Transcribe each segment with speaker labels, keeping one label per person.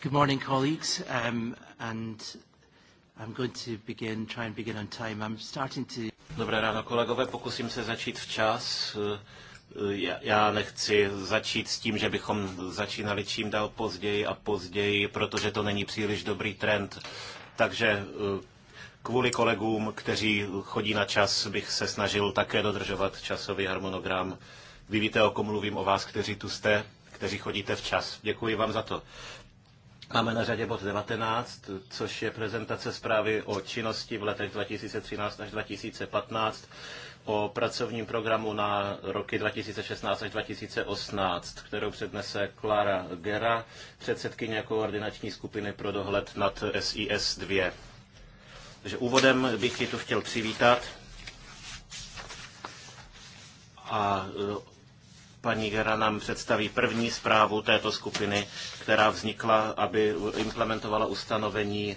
Speaker 1: Good morning, colleagues, um, and I'm going to begin, try and begin on time. I'm starting to... Dobré
Speaker 2: ráno, kolegové, pokusím se začít včas. Uh, já, já nechci začít s tím, že bychom začínali čím dál později a později, protože to není příliš dobrý trend. Takže uh, kvůli kolegům, kteří chodí na čas, bych se snažil také dodržovat časový harmonogram. Vy víte, o kom mluvím, o vás, kteří tu jste, kteří chodíte včas. Děkuji vám za to. Máme na řadě bod 19, což je prezentace zprávy o činnosti v letech 2013 až 2015 o pracovním programu na roky 2016 až 2018, kterou přednese Klara Gera, předsedkyně koordinační skupiny pro dohled nad SIS 2. Takže úvodem bych ji tu chtěl přivítat a Paní Gera nám představí první zprávu této skupiny, která vznikla, aby implementovala ustanovení e,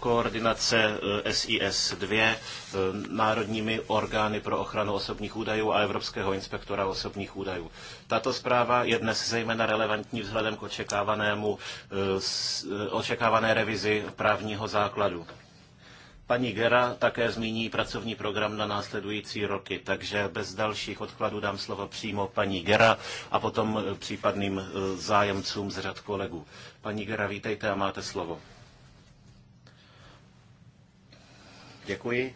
Speaker 2: koordinace SIS e, 2 e, národními orgány pro ochranu osobních údajů a Evropského inspektora osobních údajů. Tato zpráva je dnes zejména relevantní vzhledem k očekávanému, očekávané revizi právního základu. Paní Gera také zmíní pracovní program na následující roky, takže bez dalších odkladů dám slovo přímo paní Gera a potom eh, případným eh, zájemcům z řad kolegů. Paní Gera, vítejte a máte slovo. Děkuji.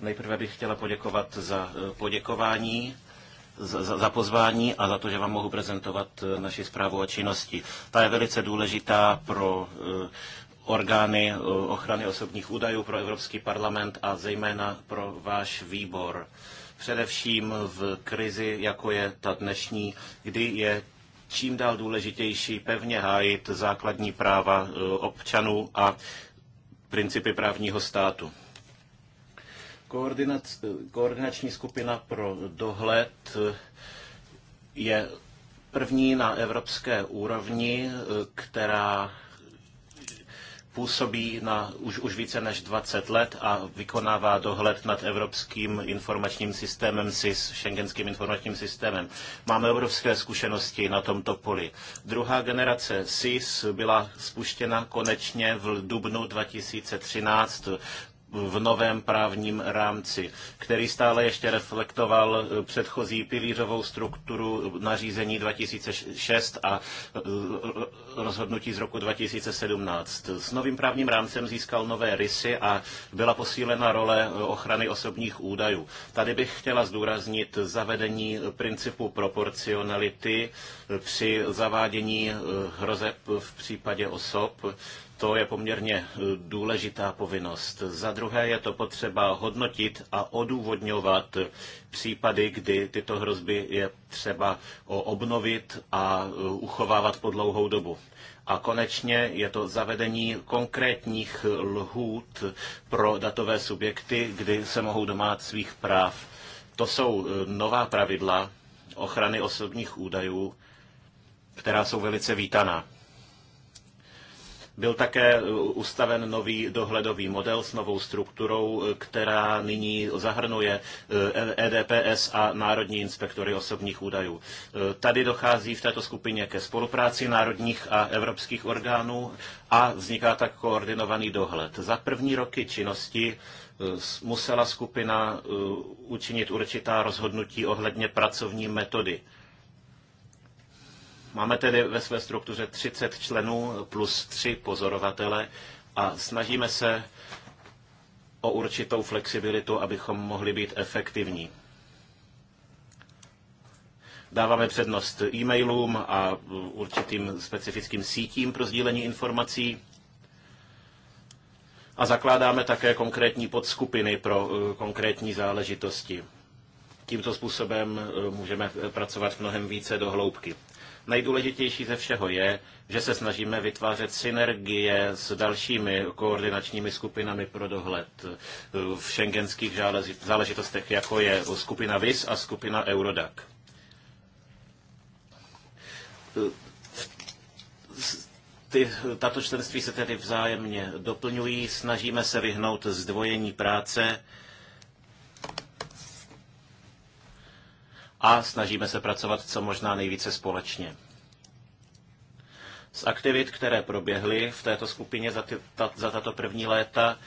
Speaker 2: Nejprve bych chtěla poděkovat za eh, poděkování za, pozvání a za to, že vám mohu prezentovat naši zprávu o činnosti. Ta je velice důležitá pro orgány eh, ochrany osobních údajů pro Evropský parlament a zejména pro váš výbor. Především v krizi, jako je ta dnešní, kdy je čím dál důležitější pevně hájit základní práva eh, občanů a principy právního státu. koordinační skupina pro dohled eh, je první na evropské úrovni, která působí na už, už více než 20 let a vykonává dohled nad evropským informačním systémem SIS, šengenským informačním systémem. Máme obrovské zkušenosti na tomto poli. Druhá generace SIS byla spuštěna konečně v dubnu 2013 v novém právním rámci, který stále ještě reflektoval eh, předchozí pilířovou strukturu nařízení 2006 a eh, rozhodnutí z roku 2017. S novým právním rámcem získal nové rysy a byla posílena role eh, ochrany osobních údajů. Tady bych chtěla zdůraznit zavedení principu proporcionality při zavádění hrozeb v případě osob, to je poměrně eh, důležitá povinnost. Za druhé je to potřeba hodnotit a odůvodňovat eh, případy, kdy tyto hrozby je třeba obnovit a eh, uchovávat po dlouhou dobu. A konečně je to zavedení konkrétních lhůt pro datové subjekty, kdy se mohou domát svých práv. To jsou nová pravidla ochrany osobních údajů, která jsou velice vítaná. Byl také e, ustaven nový dohledový model s novou strukturou, e, která nyní zahrnuje EDPS e a Národní inspektory osobních údajů. Tady dochází v této skupině ke spolupráci národních a evropských orgánů a vzniká tak koordinovaný dohled. Za první roky činnosti musela skupina učinit určitá rozhodnutí ohledně pracovní metody Máme tedy ve své struktuře 30 členů plus 3 pozorovatele a snažíme se o určitou flexibilitu, abychom mohli být efektivní. Dáváme přednost e-mailům a určitým specifickým sítím pro sdílení informací. A zakládáme také konkrétní podskupiny pro eh, konkrétní záležitosti. Tímto způsobem eh, můžeme eh, pracovat mnohem více do hloubky. Nejdůležitější ze všeho je, že se snažíme vytvářet synergie s dalšími koordinačními skupinami pro dohled eh, v šengenských záležitostech, jako je skupina VIS a skupina Eurodac ty, tato členství se tedy vzájemně doplňují, snažíme se vyhnout zdvojení práce a snažíme se pracovat co možná nejvíce společně. Z aktivit, které proběhly v této skupině za, ty, ta, za tato první léta,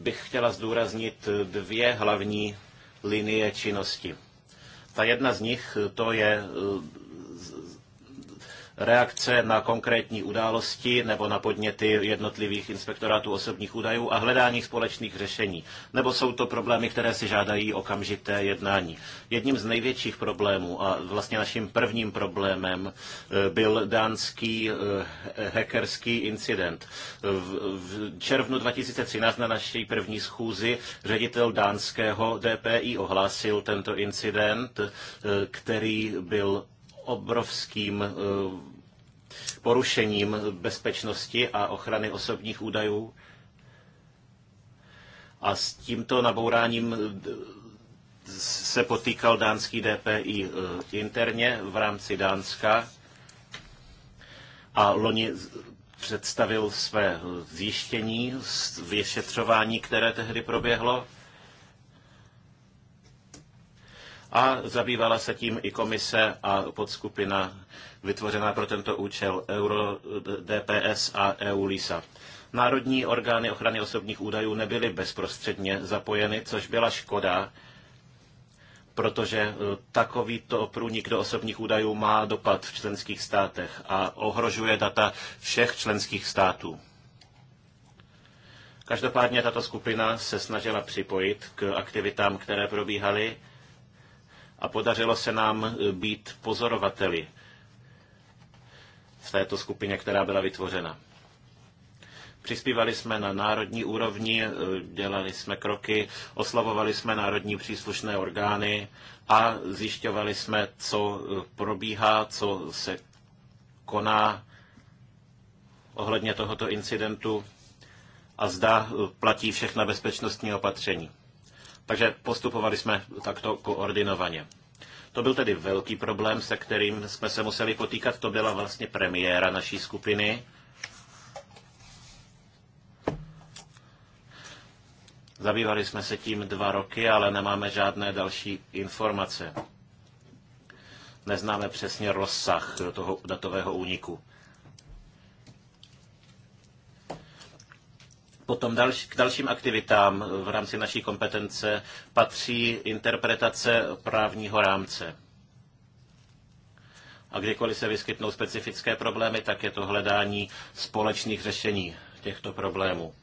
Speaker 2: bych chtěla zdůraznit dvě hlavní linie činnosti. Ta jedna z nich to je eh, reakce na konkrétní události nebo na podněty jednotlivých inspektorátů osobních údajů a hledání společných řešení. Nebo jsou to problémy, které si žádají okamžité jednání. Jedním z největších problémů a vlastně naším prvním problémem eh, byl dánský eh, hackerský incident. V červnu 2013 na naší první schůzi ředitel dánského DPI ohlásil tento incident, eh, který byl obrovským eh, porušením bezpečnosti a ochrany osobních údajů a s tímto nabouráním eh, se potýkal dánský DPI eh, interně v rámci Dánska a loni představil své zjištění z vyšetřování, které tehdy proběhlo. a zabývala se tím i komise a podskupina vytvořená pro tento účel Euro DPS a EU-LISA. Národní orgány ochrany osobních údajů nebyly bezprostředně zapojeny, což byla škoda, protože e, takovýto průnik do osobních údajů má dopad v členských státech a ohrožuje data všech členských států. Každopádně tato skupina se snažila připojit k aktivitám, které probíhaly a podařilo se nám e, být pozorovateli v této skupině, která byla vytvořena. Přispívali jsme na národní úrovni, e, dělali jsme kroky, oslavovali jsme národní příslušné orgány a zjišťovali jsme, co e, probíhá, co se koná ohledně tohoto incidentu a zda platí všechna bezpečnostní opatření. Takže postupovali jsme takto koordinovaně. To byl tedy velký problém, se kterým jsme se museli potýkat. To byla vlastně premiéra naší skupiny. Zabývali jsme se tím dva roky, ale nemáme žádné další informace. Neznáme přesně rozsah toho datového úniku. Potom další, k dalším aktivitám v rámci naší kompetence patří interpretace právního rámce. A kdykoliv se vyskytnou specifické problémy, tak je to hledání společných řešení těchto problémů.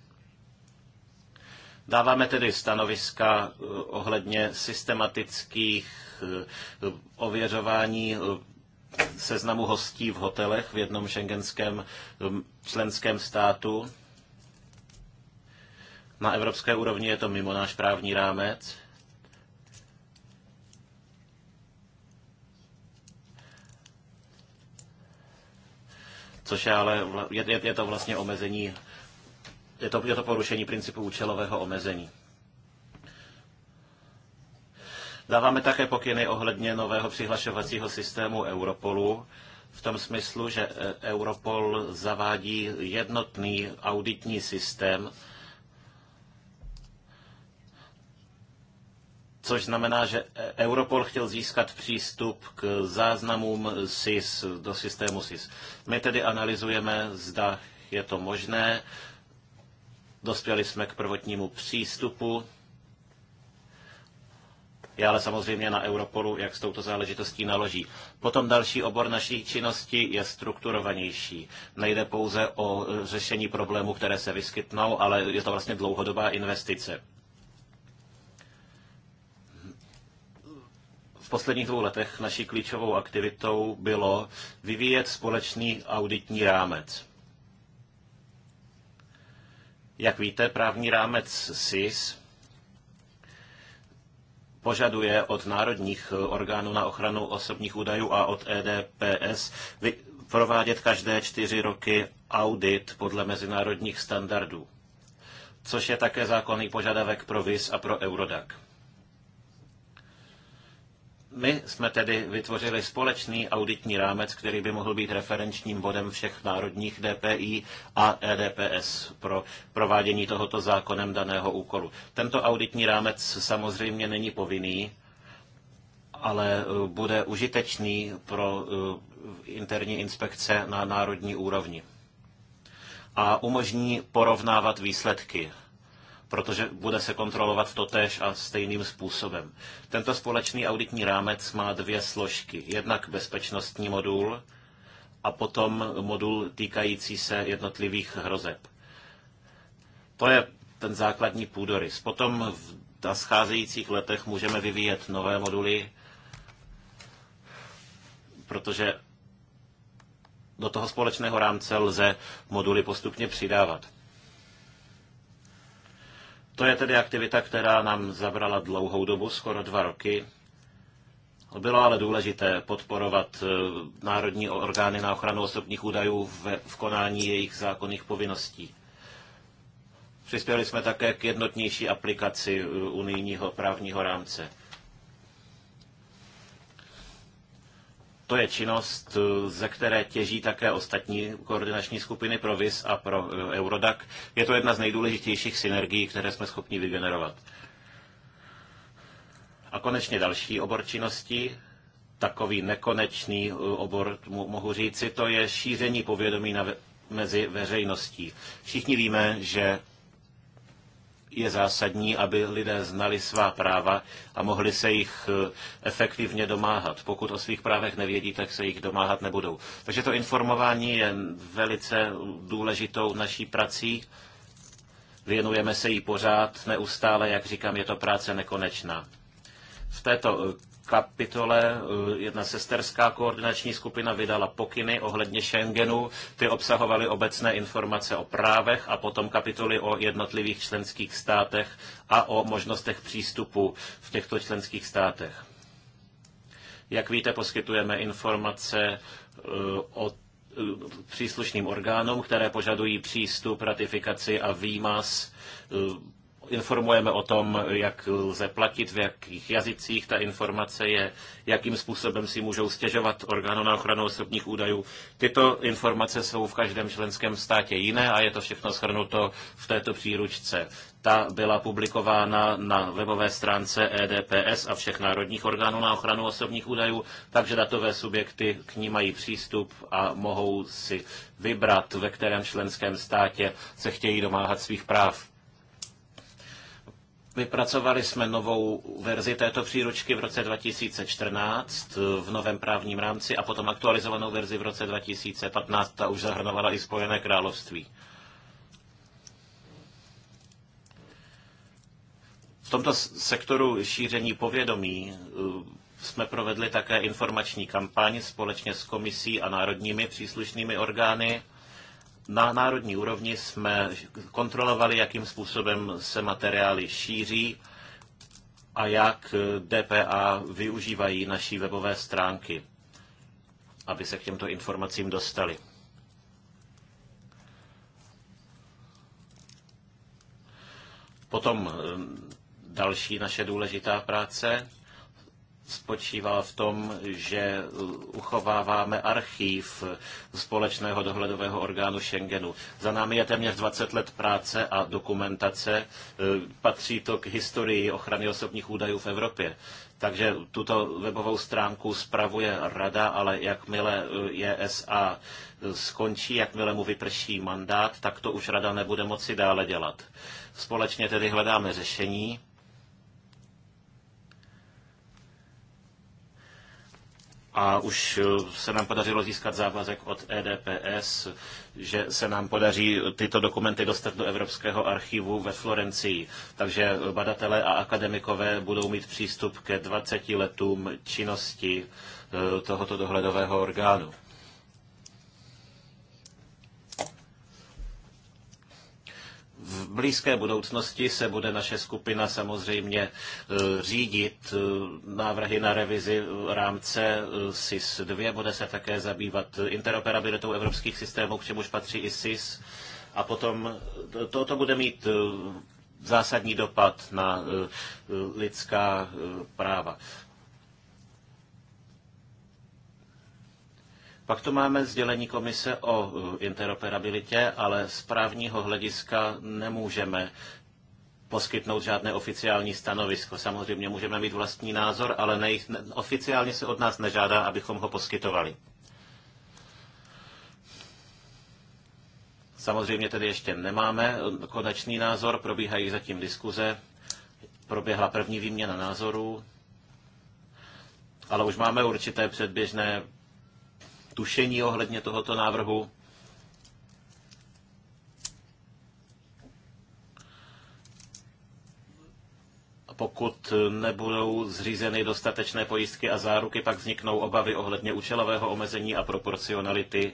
Speaker 2: Dáváme tedy stanoviska eh, ohledně systematických eh, ověřování eh, seznamu hostí v hotelech v jednom šengenském členském státu na evropské úrovni je to mimo náš právní rámec. Což je ale, je, je to vlastně omezení, je to, je to porušení principu účelového omezení. Dáváme také pokyny ohledně nového přihlašovacího systému Europolu v tom smyslu, že e, Europol zavádí jednotný auditní systém, což znamená, že Europol chtěl získat přístup k záznamům SIS, do systému SIS. My tedy analyzujeme, zda je to možné. Dospěli jsme k prvotnímu přístupu. Je ale samozřejmě na Europolu, jak s touto záležitostí naloží. Potom další obor naší činnosti je strukturovanější. Nejde pouze o řešení problémů, které se vyskytnou, ale je to vlastně dlouhodobá investice. v posledních dvou letech naší klíčovou aktivitou bylo vyvíjet společný auditní rámec. Jak víte, právní rámec SIS požaduje od národních orgánů na ochranu osobních údajů a od EDPS provádět každé čtyři roky audit podle mezinárodních standardů, což je také zákonný požadavek pro VIS a pro Eurodac. My jsme tedy vytvořili společný auditní rámec, který by mohl být referenčním bodem všech národních DPI a EDPS pro provádění tohoto zákonem daného úkolu. Tento auditní rámec samozřejmě není povinný, ale e, bude užitečný pro e, interní inspekce na národní úrovni a umožní porovnávat výsledky protože bude se kontrolovat totéž a stejným způsobem. Tento společný auditní rámec má dvě složky. Jednak bezpečnostní modul a potom modul týkající se jednotlivých hrozeb. To je ten základní půdorys. Potom v scházejících letech můžeme vyvíjet nové moduly, protože do toho společného rámce lze moduly postupně přidávat. To je tedy aktivita, která nám zabrala dlouhou dobu, skoro dva roky. Bylo ale důležité podporovat eh, národní orgány na ochranu osobních údajů v konání jejich zákonných povinností. Přispěli jsme také k jednotnější aplikaci eh, unijního právního rámce. To je činnost, ze které těží také ostatní koordinační skupiny pro VIS a pro eh, Eurodac. Je to jedna z nejdůležitějších synergií, které jsme schopni vygenerovat. A konečně další obor činnosti, takový nekonečný eh, obor, mohu říci, to je šíření povědomí na, mezi veřejností. Všichni víme, že je zásadní, aby lidé znali svá práva a mohli se jich eh, efektivně domáhat. Pokud o svých právech nevědí, tak se jich domáhat nebudou. Takže to informování je velice důležitou naší prací. Věnujeme se jí pořád, neustále, jak říkám, je to práce nekonečná. V této kapitole eh, jedna sesterská koordinační skupina vydala pokyny ohledně Schengenu. Ty obsahovaly obecné informace o právech a potom kapitoly o jednotlivých členských státech a o možnostech přístupu v těchto členských státech. Jak víte, poskytujeme informace eh, o eh, příslušným orgánům, které požadují přístup, ratifikaci a výmaz informujeme o tom, jak lze platit, v jakých jazycích ta informace je, jakým způsobem si můžou stěžovat orgánu na ochranu osobních údajů. Tyto informace jsou v každém členském státě jiné a je to všechno shrnuto v této příručce. Ta byla publikována na webové stránce EDPS a všech národních orgánů na ochranu osobních údajů, takže datové subjekty k ní mají přístup a mohou si vybrat, ve kterém členském státě se chtějí domáhat svých práv. Vypracovali jsme novou verzi této příručky v roce 2014 v novém právním rámci a potom aktualizovanou verzi v roce 2015, ta už zahrnovala i Spojené království. V tomto sektoru šíření povědomí eh, jsme provedli také informační kampaň společně s komisí a národními příslušnými orgány na národní úrovni jsme kontrolovali, jakým způsobem se materiály šíří a jak DPA využívají naší webové stránky, aby se k těmto informacím dostali. Potom eh, další naše důležitá práce spočíval v tom, že uchováváme archív společného dohledového orgánu Schengenu. Za námi je téměř 20 let práce a dokumentace. E, patří to k historii ochrany osobních údajů v Evropě. Takže tuto webovou stránku spravuje rada, ale jakmile JSA e skončí, jakmile mu vyprší mandát, tak to už rada nebude moci dále dělat. Společně tedy hledáme řešení a už eh, se nám podařilo získat závazek od EDPS, že se nám podaří tyto dokumenty dostat do Evropského archivu ve Florencii. Takže badatelé a akademikové budou mít přístup ke 20 letům činnosti eh, tohoto dohledového orgánu. V blízké budoucnosti se bude naše skupina samozřejmě e, řídit e, návrhy na revizi rámce e, SIS 2. Bude se také zabývat interoperabilitou evropských systémů, k čemuž patří i SIS. A potom toto to bude mít zásadní dopad na lidská práva. Pak tu máme sdělení komise o eh, interoperabilitě, ale z právního hlediska nemůžeme poskytnout žádné oficiální stanovisko. Samozřejmě můžeme mít vlastní názor, ale ne, oficiálně se od nás nežádá, abychom ho poskytovali. Samozřejmě tedy ještě nemáme eh, konečný názor, probíhají zatím diskuze, proběhla první výměna názorů, ale už máme určité předběžné tušení ohledně tohoto návrhu? pokud nebudou zřízeny dostatečné pojistky a záruky, pak vzniknou obavy ohledně účelového omezení a proporcionality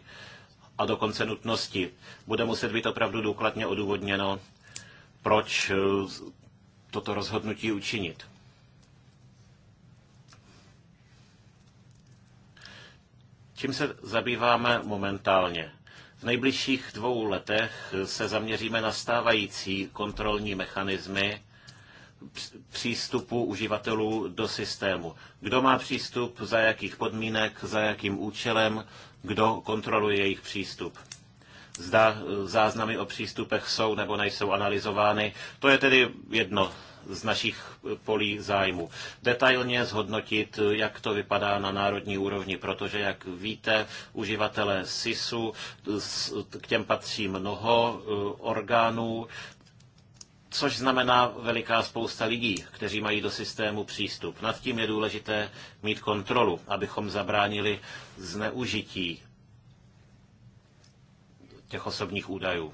Speaker 2: a dokonce nutnosti. Bude muset být opravdu důkladně odůvodněno, proč toto rozhodnutí učinit. Čím se zabýváme momentálně? V nejbližších dvou letech se zaměříme na stávající kontrolní mechanismy přístupu uživatelů do systému. Kdo má přístup, za jakých podmínek, za jakým účelem, kdo kontroluje jejich přístup. Zda e, záznamy o přístupech jsou nebo nejsou analyzovány. To je tedy jedno z našich polí zájmu. Detailně zhodnotit, jak to vypadá na národní úrovni, protože, jak víte, uživatelé SISu, k těm patří mnoho eh, orgánů, což znamená veliká spousta lidí, kteří mají do systému přístup. Nad tím je důležité mít kontrolu, abychom zabránili zneužití těch osobních údajů.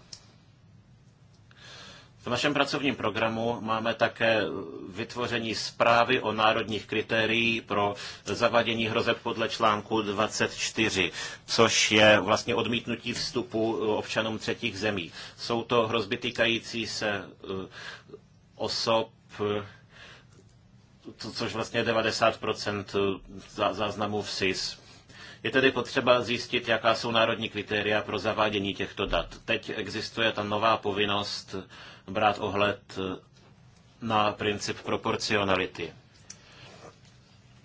Speaker 2: V našem pracovním programu máme také vytvoření zprávy o národních kritérií pro zavadění hrozeb podle článku 24, což je vlastně odmítnutí vstupu občanům třetích zemí. Jsou to hrozby týkající se eh, osob, eh, což vlastně 90% eh, záznamů v SIS. Je tedy potřeba zjistit, jaká jsou národní kritéria pro zavádění těchto dat. Teď existuje ta nová povinnost brát ohled eh, na princip proporcionality.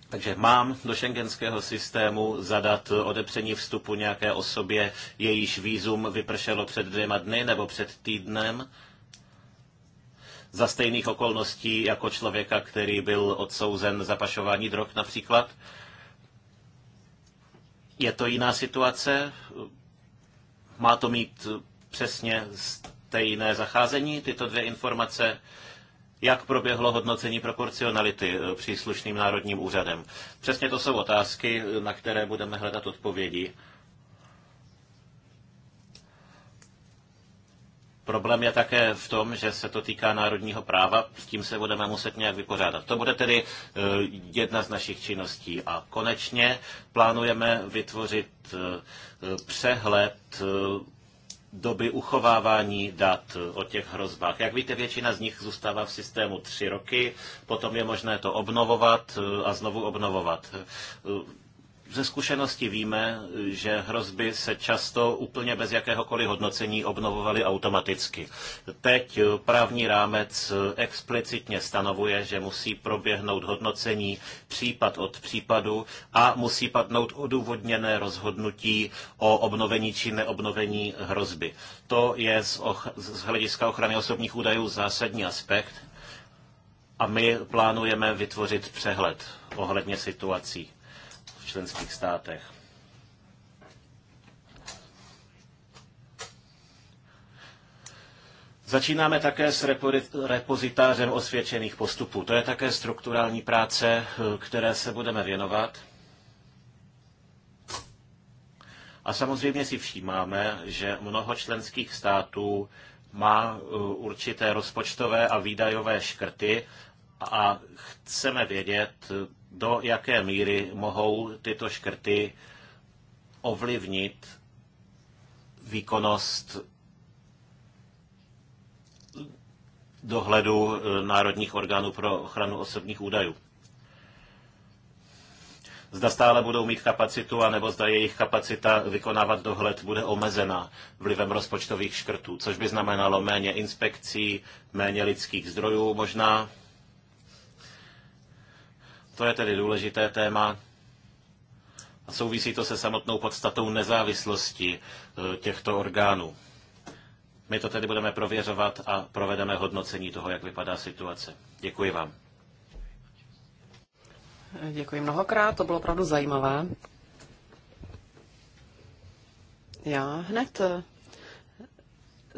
Speaker 2: Takže mám do šengenského systému zadat eh, odepření vstupu nějaké osobě, jejíž výzum vypršelo před dvěma dny nebo před týdnem, za stejných okolností jako člověka, který byl odsouzen za pašování drog například. Je to jiná situace? Má to mít eh, přesně stejné zacházení. Tyto dvě informace jak proběhlo hodnocení proporcionality eh, příslušným národním úřadem. Přesně to jsou otázky, eh, na které budeme hledat odpovědi. Problém je také v tom, že se to týká národního práva, s tím se budeme muset nějak vypořádat. To bude tedy eh, jedna z našich činností. A konečně plánujeme vytvořit přehled doby uchovávání dat o těch hrozbách. Jak víte, většina z nich zůstává v systému tři roky, potom je možné to obnovovat a znovu obnovovat. Ze zkušenosti víme, že hrozby se často úplně bez jakéhokoliv hodnocení obnovovaly automaticky. Teď právní rámec explicitně stanovuje, že musí proběhnout hodnocení případ od případu a musí padnout odůvodněné rozhodnutí o obnovení či neobnovení hrozby. To je z, och- z hlediska ochrany osobních údajů zásadní aspekt a my plánujeme vytvořit přehled ohledně situací v členských státech. Začínáme také s repozitářem osvědčených postupů. To je také strukturální práce, které se budeme věnovat. A samozřejmě si všímáme, že mnoho členských států má uh, určité rozpočtové a výdajové škrty a chceme vědět, do jaké míry mohou tyto škrty ovlivnit výkonnost dohledu eh, národních orgánů pro ochranu osobních údajů. Zda stále budou mít kapacitu, anebo zda jejich kapacita vykonávat dohled bude omezena vlivem rozpočtových škrtů, což by znamenalo méně inspekcí, méně lidských zdrojů možná to je tedy důležité téma a souvisí to se samotnou podstatou nezávislosti e, těchto orgánů. My to tedy budeme prověřovat a provedeme hodnocení toho, jak vypadá situace. Děkuji vám.
Speaker 3: Děkuji mnohokrát, to bylo opravdu zajímavé. Já hned e,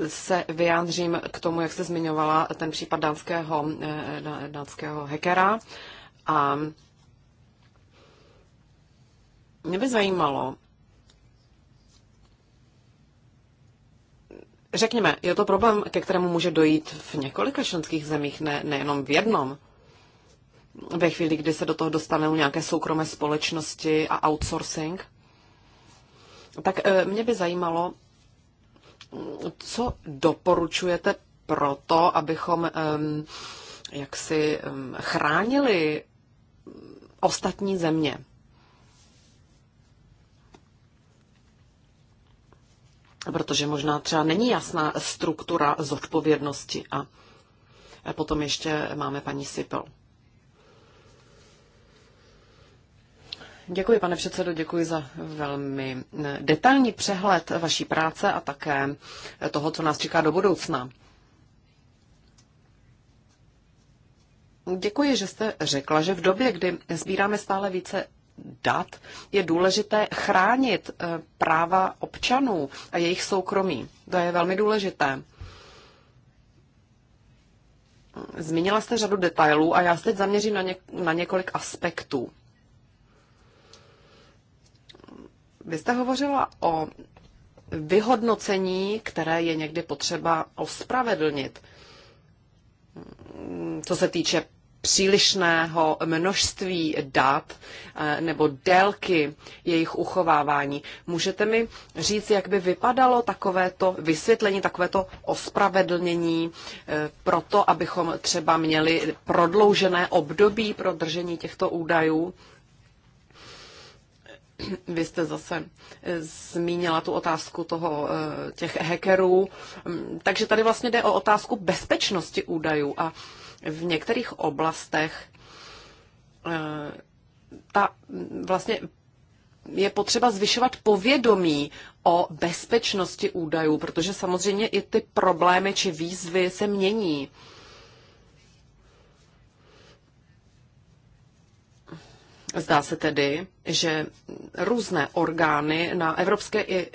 Speaker 3: se vyjádřím k tomu, jak se zmiňovala ten případ dánského, e, dánského hekera. A mě by zajímalo, řekněme, je to problém, ke kterému může dojít v několika členských zemích, ne, nejenom v jednom. Ve chvíli, kdy se do toho dostanou nějaké soukromé společnosti a outsourcing, tak eh, mě by zajímalo, co doporučujete pro to, abychom um, ehm, jak si um, ehm, chránili ostatní země. Protože možná třeba není jasná struktura zodpovědnosti. A potom ještě máme paní Sipel. Děkuji, pane předsedo, děkuji za velmi eh, detailní přehled vaší práce a také toho, co nás čeká do budoucna. Děkuji, že jste řekla, že v době, kdy sbíráme stále více dat, je důležité chránit eh, práva občanů a jejich soukromí. To je velmi důležité. Zmínila jste řadu detailů a já se teď zaměřím na, něk- na několik aspektů. Vy jste hovořila o vyhodnocení, které je někdy potřeba ospravedlnit co se týče přílišného množství dat eh, nebo délky jejich uchovávání. Můžete mi říct, jak by vypadalo takovéto vysvětlení, takovéto ospravedlnění eh, pro to, abychom třeba měli prodloužené období pro držení těchto údajů? Vy jste zase eh, zmínila tu otázku toho, eh, těch hackerů. Mm, takže tady vlastně jde o otázku bezpečnosti údajů a v některých oblastech eh, ta mm, vlastně je potřeba zvyšovat povědomí o bezpečnosti údajů, protože samozřejmě i ty problémy či výzvy se mění. Zdá se tedy, že různé orgány na evropské i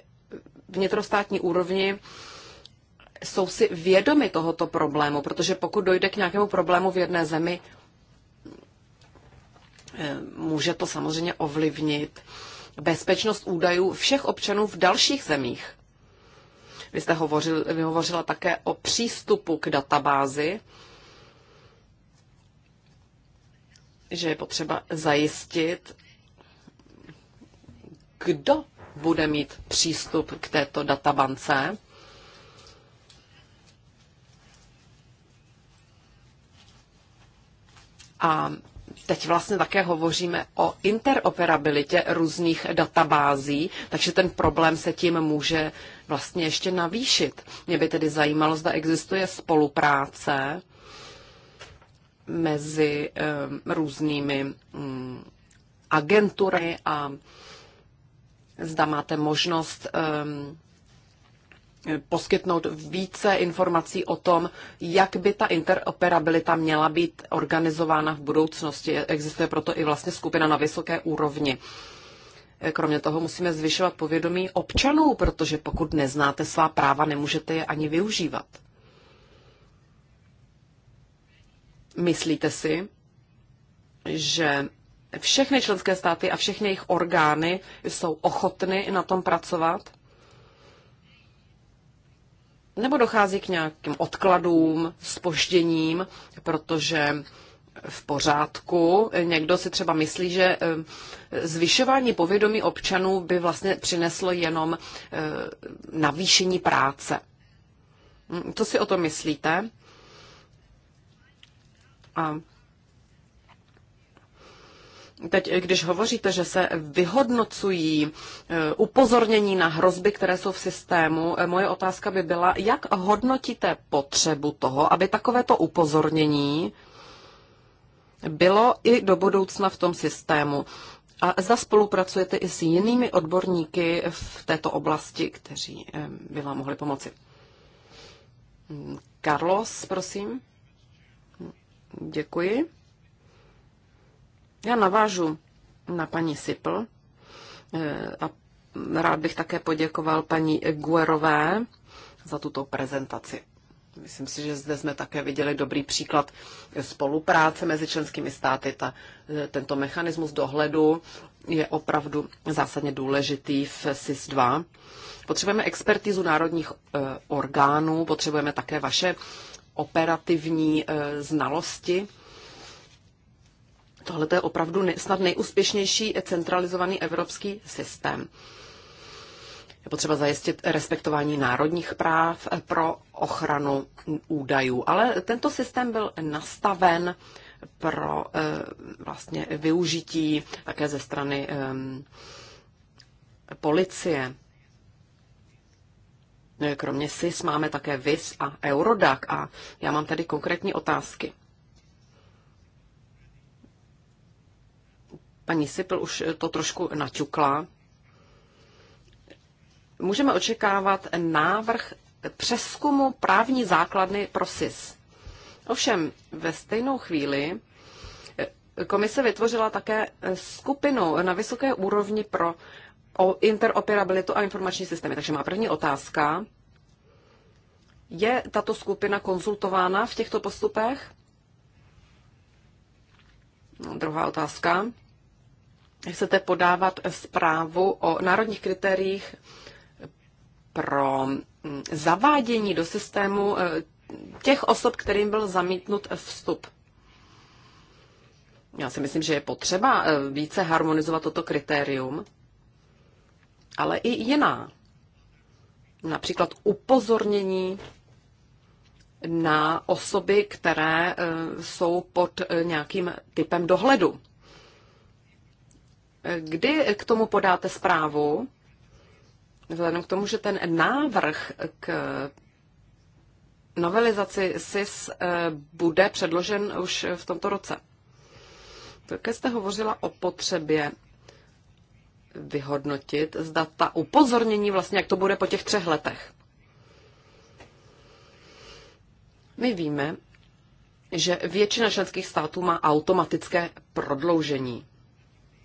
Speaker 3: vnitrostátní úrovni jsou si vědomi tohoto problému, protože pokud dojde k nějakému problému v jedné zemi, eh, může to samozřejmě ovlivnit bezpečnost údajů všech občanů v dalších zemích. Vy jste hovořil, vy hovořila také o přístupu k databázi že je potřeba zajistit, kdo bude mít přístup k této databance. A teď vlastně také hovoříme o interoperabilitě různých databází, takže ten problém se tím může vlastně ještě navýšit. Mě by tedy zajímalo, zda existuje spolupráce mezi různými mm, agentury a zda máte možnost poskytnout více informací o tom, jak by ta interoperabilita měla být organizována v budoucnosti. Existuje proto i vlastně skupina na vysoké úrovni. Kromě toho musíme zvyšovat povědomí občanů, protože pokud neznáte svá práva, nemůžete je ani využívat. Myslíte si, že všechny členské státy a všechny jejich orgány jsou ochotny na tom pracovat? Nebo dochází k nějakým odkladům, spožděním, protože v pořádku. Někdo si třeba myslí, že eh, zvyšování povědomí občanů by vlastně přineslo jenom eh, navýšení práce. Hm, co si o to myslíte? A Teď, když hovoříte, že se vyhodnocují e, upozornění na hrozby, které jsou v systému, e, moje otázka by byla, jak hodnotíte potřebu toho, aby takovéto upozornění bylo i do budoucna v tom systému? A zda spolupracujete i s jinými odborníky v této oblasti, kteří e, by vám mohli pomoci? Hm, Carlos, prosím. Děkuji. Já navážu na paní Sipl eh, a rád bych také poděkoval paní Guerové za tuto prezentaci. Myslím si, že zde jsme také viděli dobrý příklad spolupráce mezi členskými státy. Ta, eh, tento mechanismus dohledu je opravdu zásadně důležitý v SIS-2. Potřebujeme expertizu národních eh, orgánů, potřebujeme také vaše operativní eh, znalosti. Tohle je opravdu snad nejúspěšnější centralizovaný evropský systém. Je potřeba zajistit respektování národních práv eh, pro ochranu údajů. Ale tento systém byl nastaven pro eh, vlastně využití také ze strany ehm, policie. Eh, kromě SIS máme také VIS a Eurodac a já mám tady konkrétní otázky. Paní Sipl už eh, to trošku naťukla. Můžeme očekávat návrh přeskumu právní základny pro SIS. Ovšem, ve stejnou chvíli eh, komise vytvořila také skupinu na vysoké úrovni pro o interoperabilitu a informační systémy. Takže má první otázka. Je tato skupina konzultována v těchto postupech? No, druhá otázka. Chcete podávat zprávu o národních kritériích pro mm, zavádění do systému e, těch osob, kterým byl zamítnut vstup. Já si myslím, že je potřeba e, více harmonizovat toto kritérium ale i jiná. Například upozornění na osoby, které e, jsou pod e, nějakým typem dohledu. E, kdy k tomu podáte zprávu? Vzhledem k tomu, že ten návrh k novelizaci SIS bude předložen už v tomto roce. Také jste hovořila o potřebě vyhodnotit, zda ta upozornění vlastně, jak to bude po těch třech letech. My víme, že většina členských států má automatické prodloužení.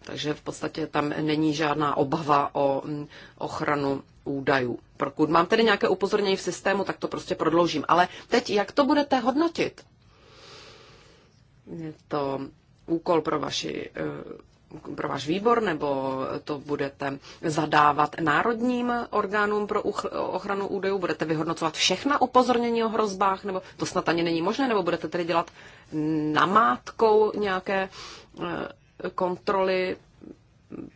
Speaker 3: Takže v podstatě tam není žádná obava o mm, ochranu údajů. Pokud mám tedy nějaké upozornění v systému, tak to prostě prodloužím. Ale teď, jak to budete hodnotit? Je to úkol pro vaši eh, pro váš výbor, nebo to budete zadávat národním orgánům pro ochranu údajů? Budete vyhodnocovat všechna upozornění o hrozbách, nebo to snad ani není možné, nebo budete tedy dělat namátkou nějaké e, kontroly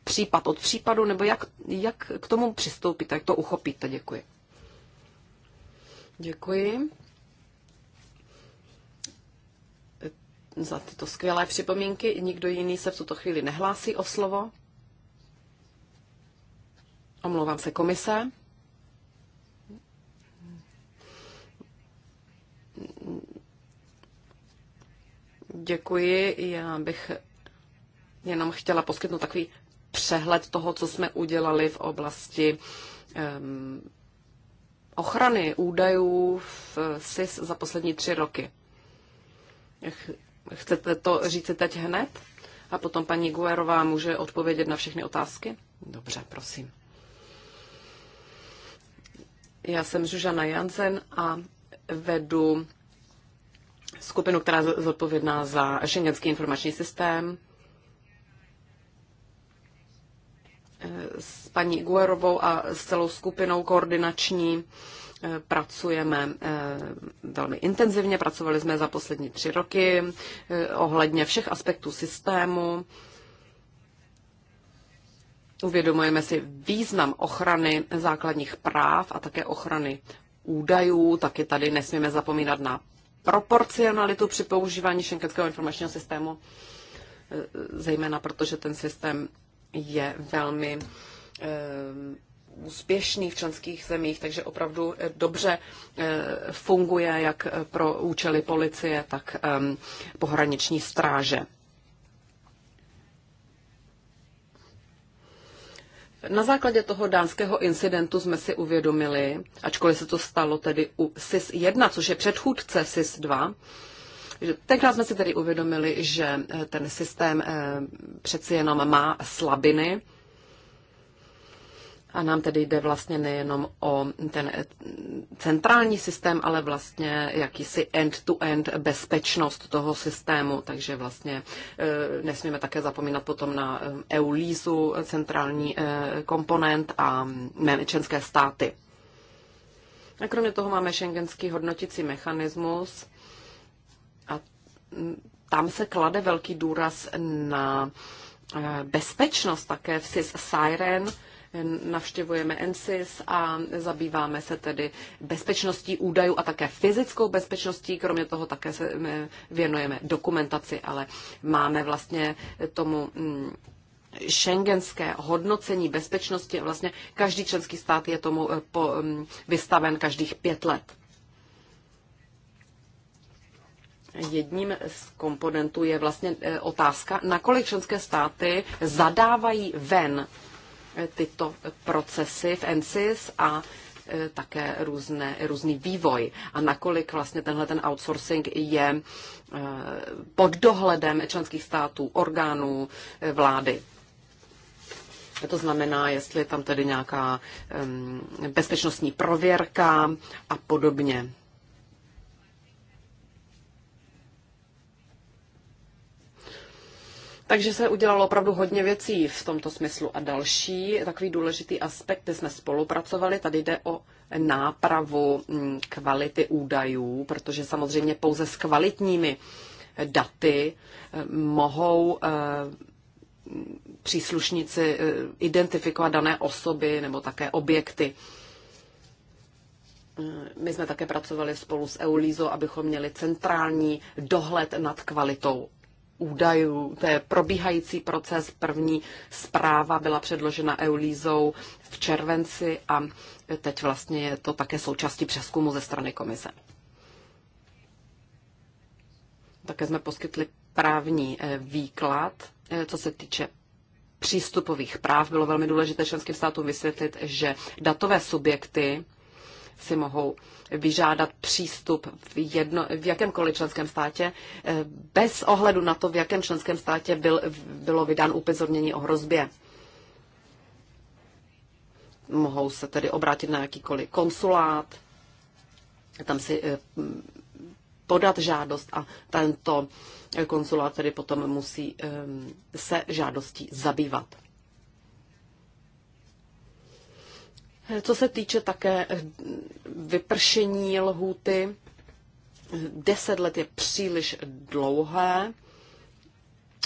Speaker 3: případ od případu, nebo jak, jak k tomu přistoupíte, jak to uchopíte? Děkuji. Děkuji. za tyto skvělé připomínky. Nikdo jiný se v tuto chvíli nehlásí o slovo. Omlouvám se komise. Děkuji. Já bych jenom chtěla poskytnout takový přehled toho, co jsme udělali v oblasti um, ochrany údajů v SIS za poslední tři roky. Chcete to říct teď hned? A potom paní Guerová může odpovědět na všechny otázky? Dobře, prosím. Já jsem Žužana Jansen a vedu skupinu, která je zodpovědná za ženěcký informační systém. S paní Guerovou a s celou skupinou koordinační Eh, pracujeme eh, velmi intenzivně, pracovali jsme za poslední tři roky eh, ohledně všech aspektů systému. Uvědomujeme si význam ochrany základních práv a také ochrany údajů. Taky tady nesmíme zapomínat na proporcionalitu při používání šenkenského informačního systému, zejména protože ten systém je velmi úspěšný v členských zemích, takže opravdu eh, dobře eh, funguje jak eh, pro účely policie, tak ehm, pohraniční stráže. Na základě toho dánského incidentu jsme si uvědomili, ačkoliv se to stalo tedy u SIS 1, což je předchůdce SIS 2, Tenkrát jsme si tedy uvědomili, že ten systém přeci jenom má slabiny, a nám tedy jde vlastně nejenom o ten centrální systém, ale vlastně jakýsi end-to-end -end bezpečnost toho systému, takže vlastně eh, nesmíme také zapomínat potom na EULISu, eh, e centrální eh, komponent a členské státy. A kromě toho máme šengenský hodnoticí mechanismus a hm, tam se klade velký důraz na bezpečnost také v SIS Siren, navštěvujeme NSIS a zabýváme se tedy bezpečností údajů a také fyzickou bezpečností. Kromě toho také se eh, věnujeme dokumentaci, ale máme vlastně tomu mm, šengenské hodnocení bezpečnosti. Vlastně každý členský stát je tomu eh, mm, vystaven každých pět let. Jedním z komponentů je vlastně eh, otázka, nakolik členské státy zadávají ven tyto procesy v NSIS a e, také různé, různý vývoj a nakolik vlastně tenhle ten outsourcing je e, pod dohledem členských států, orgánů, e, vlády. To znamená, jestli je tam tedy nějaká bezpečnostní prověrka a podobně. Takže se udělalo opravdu hodně věcí v tomto smyslu. A další takový důležitý aspekt, kde jsme spolupracovali, tady jde o nápravu mm, kvality údajů, protože samozřejmě pouze s kvalitními eh, daty eh, mohou eh, příslušníci identifikovat dané osoby nebo také objekty. My jsme také pracovali spolu s Eulízo, abychom měli centrální dohled nad kvalitou údajů. To je probíhající proces. První zpráva byla předložena Eulízou v červenci a teď vlastně je to také součástí přeskumu ze strany komise. Také jsme poskytli právní eh, výklad, eh, co se týče přístupových práv. Bylo velmi důležité členským státům vysvětlit, že datové subjekty si mohou vyžádat přístup v, jedno, v jakémkoliv členském státě, eh, bez ohledu na to, v jakém členském státě byl, bylo vydán upozornění o hrozbě. Mohou se tedy obrátit na jakýkoliv konsulát, tam si eh, podat žádost a tento konsulát tedy potom musí eh, se žádostí zabývat. Co se týče také eh, vypršení lhůty, deset let je příliš dlouhé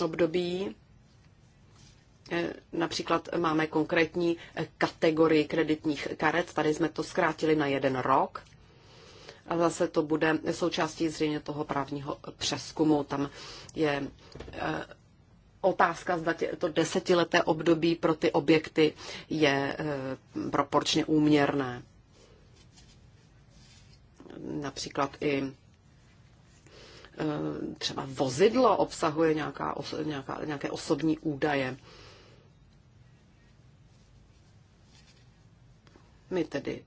Speaker 3: období. Eh, například máme konkrétní eh, kategorii kreditních karet, tady jsme to zkrátili na jeden rok. A zase to bude součástí zřejmě toho právního přeskumu. Tam je otázka, zda tě, to desetileté období pro ty objekty je e, proporčně úměrné. Například i e, třeba vozidlo obsahuje nějaká, nějaká, nějaké osobní údaje. My tedy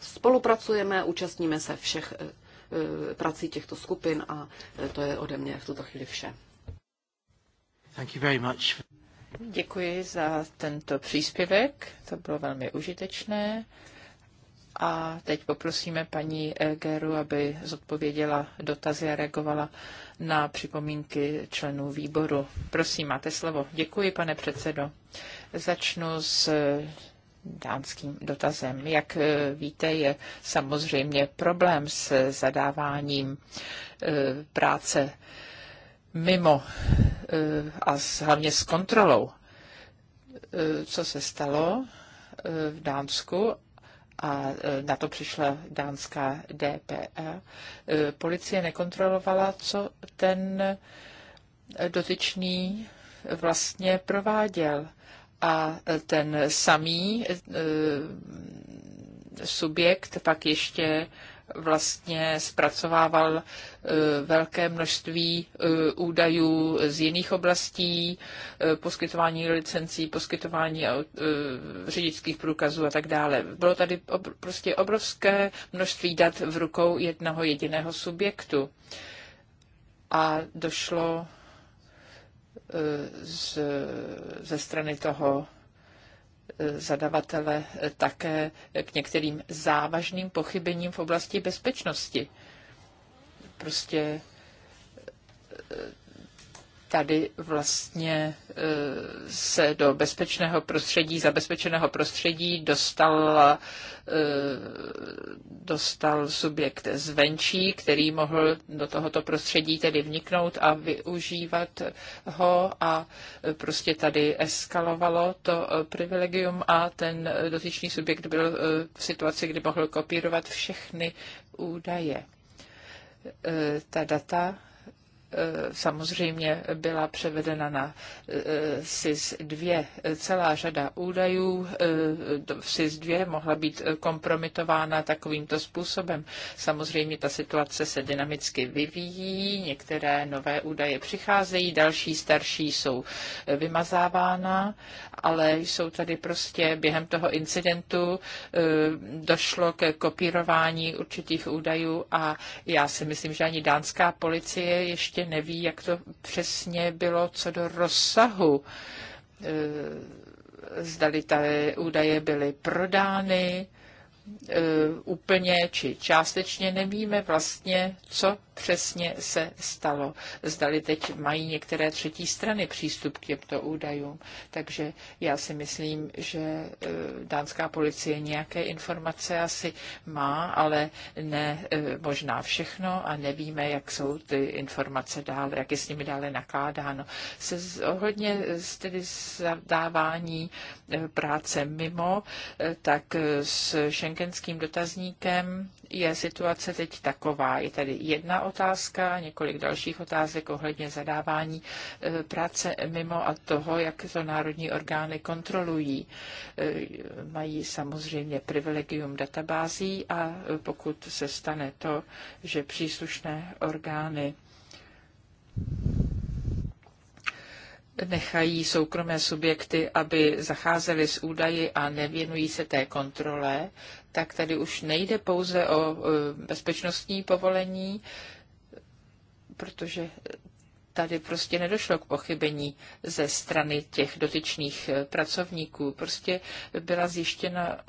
Speaker 3: spolupracujeme, účastníme se všech e, prací těchto skupin a to je ode mě v tuto chvíli vše. Děkuji
Speaker 4: za tento příspěvek, to bylo velmi užitečné. A teď poprosíme paní Geru, aby zodpověděla dotazy a reagovala na připomínky členů výboru. Prosím, máte slovo. Děkuji, pane předsedo. Začnu s eh, dánským dotazem. Jak eh, víte, je samozřejmě problém s zadáváním eh, práce mimo eh, a hlavně s kontrolou, eh, co se stalo eh, v Dánsku a na to přišla dánská DPE. Policie nekontrolovala, co ten dotyčný vlastně prováděl. A ten samý subjekt pak ještě vlastně zpracovával e, velké množství e, údajů z jiných oblastí, e, poskytování licencí, poskytování řidičských průkazů a tak dále. Bylo tady prostě obrovské množství dat v rukou jednoho jediného subjektu. A došlo z, ze strany toho zadavatele také k některým závažným pochybením v oblasti bezpečnosti. Prostě tady vlastně e, se do bezpečného prostředí, zabezpečeného prostředí dostal, e, dostal subjekt zvenčí, který mohl do tohoto prostředí tedy vniknout a využívat ho a prostě tady eskalovalo to e, privilegium a ten dotyčný subjekt byl v situaci, kdy mohl kopírovat všechny údaje ta data Eh, samozřejmě byla převedena na eh, SIS-2. Celá řada údajů eh, v SIS-2 mohla být kompromitována takovýmto způsobem. Samozřejmě ta situace se dynamicky vyvíjí, některé nové údaje přicházejí, další starší jsou vymazávána, ale jsou tady prostě během toho incidentu došlo ke kopírování určitých údajů a já si myslím, že ani dánská policie ještě ještě prostě neví, jak to přesně bylo co do rozsahu. Eh, zdali ty údaje byly prodány, E, úplně či částečně nevíme vlastně, co přesně se stalo. Zdali teď mají některé třetí strany přístup k těmto údajům. Takže já si myslím, že e, dánská policie nějaké informace asi má, ale ne e, možná všechno a nevíme, jak jsou ty informace dále, jak je s nimi dále nakládáno. Se ohledně tedy zadávání práce mimo, tak s Schengen šengenským dotazníkem je situace teď taková. Je tady jedna otázka, několik dalších otázek ohledně zadávání eh, práce mimo a toho, jak to národní orgány kontrolují. Eh, mají samozřejmě privilegium databází a pokud se stane to, že příslušné orgány nechají soukromé subjekty, aby zacházely s údaji a nevěnují se té kontrole, tak tady už nejde pouze o e, bezpečnostní povolení, protože tady prostě nedošlo k pochybení ze strany těch dotyčných eh, pracovníků. Prostě byla zjištěna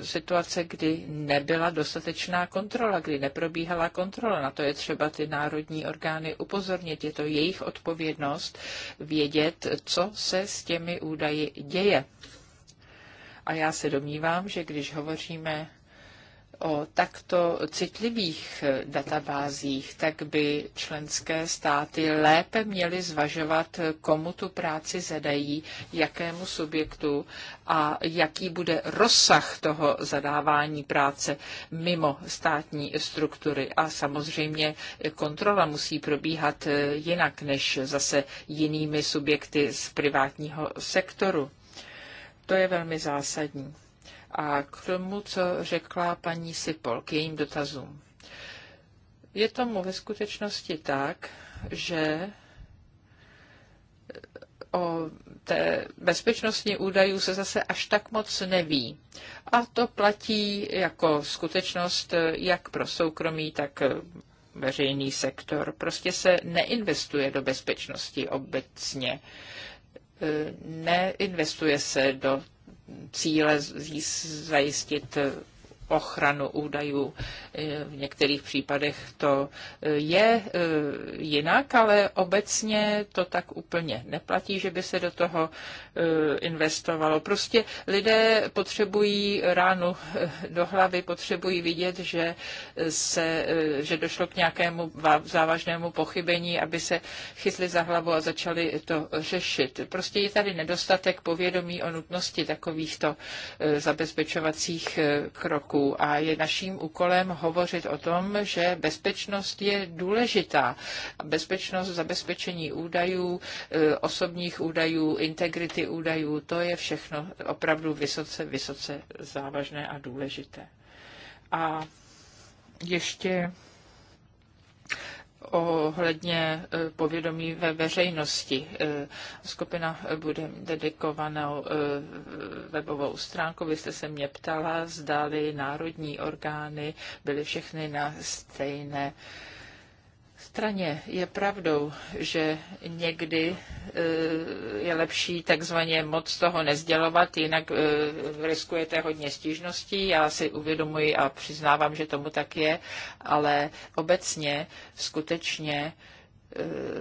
Speaker 4: e, situace, kdy nebyla dostatečná kontrola, kdy neprobíhala kontrola. Na to je třeba ty národní orgány upozornit. Je to jejich odpovědnost vědět, co se s těmi údaji děje. A já se domnívám, že když hovoříme o takto citlivých eh, databázích, tak by členské státy lépe měly zvažovat, eh, komu tu práci zadají, jakému subjektu a jaký bude rozsah toho zadávání práce mimo státní struktury. A samozřejmě kontrola musí probíhat eh, jinak než zase jinými subjekty z privátního sektoru. To je velmi zásadní a k tomu, co řekla paní Sipol, k jejím dotazům. Je tomu ve skutečnosti tak, že o té bezpečnostní údajů se zase až tak moc neví. A to platí jako skutečnost jak pro soukromí, tak veřejný sektor. Prostě se neinvestuje do bezpečnosti obecně. Neinvestuje se do cíle zajistit ochranu údajů. Eh, v některých případech to eh, je eh, jinak, ale obecně to tak úplně neplatí, že by se do toho investovalo. Prostě lidé potřebují ránu do hlavy, potřebují vidět, že, se, že došlo k nějakému závažnému pochybení, aby se chytli za hlavu a začali to řešit. Prostě je tady nedostatek povědomí o nutnosti takovýchto zabezpečovacích kroků roku a je naším úkolem hovořit o tom, že bezpečnost je důležitá. Bezpečnost zabezpečení údajů, eh, osobních údajů, integrity údajů, to je všechno opravdu vysoce, vysoce závažné a důležité. A ještě ohledně eh, povědomí ve veřejnosti. Eh, skupina bude dedikovanou eh, webovou stránku. Vy jste se mě ptala, zdali národní orgány byly všechny na stejné straně je pravdou, že někdy e, je lepší takzvaně moc toho nezdělovat, jinak e, riskujete hodně stížností. Já si uvědomuji a přiznávám, že tomu tak je, ale obecně skutečně e,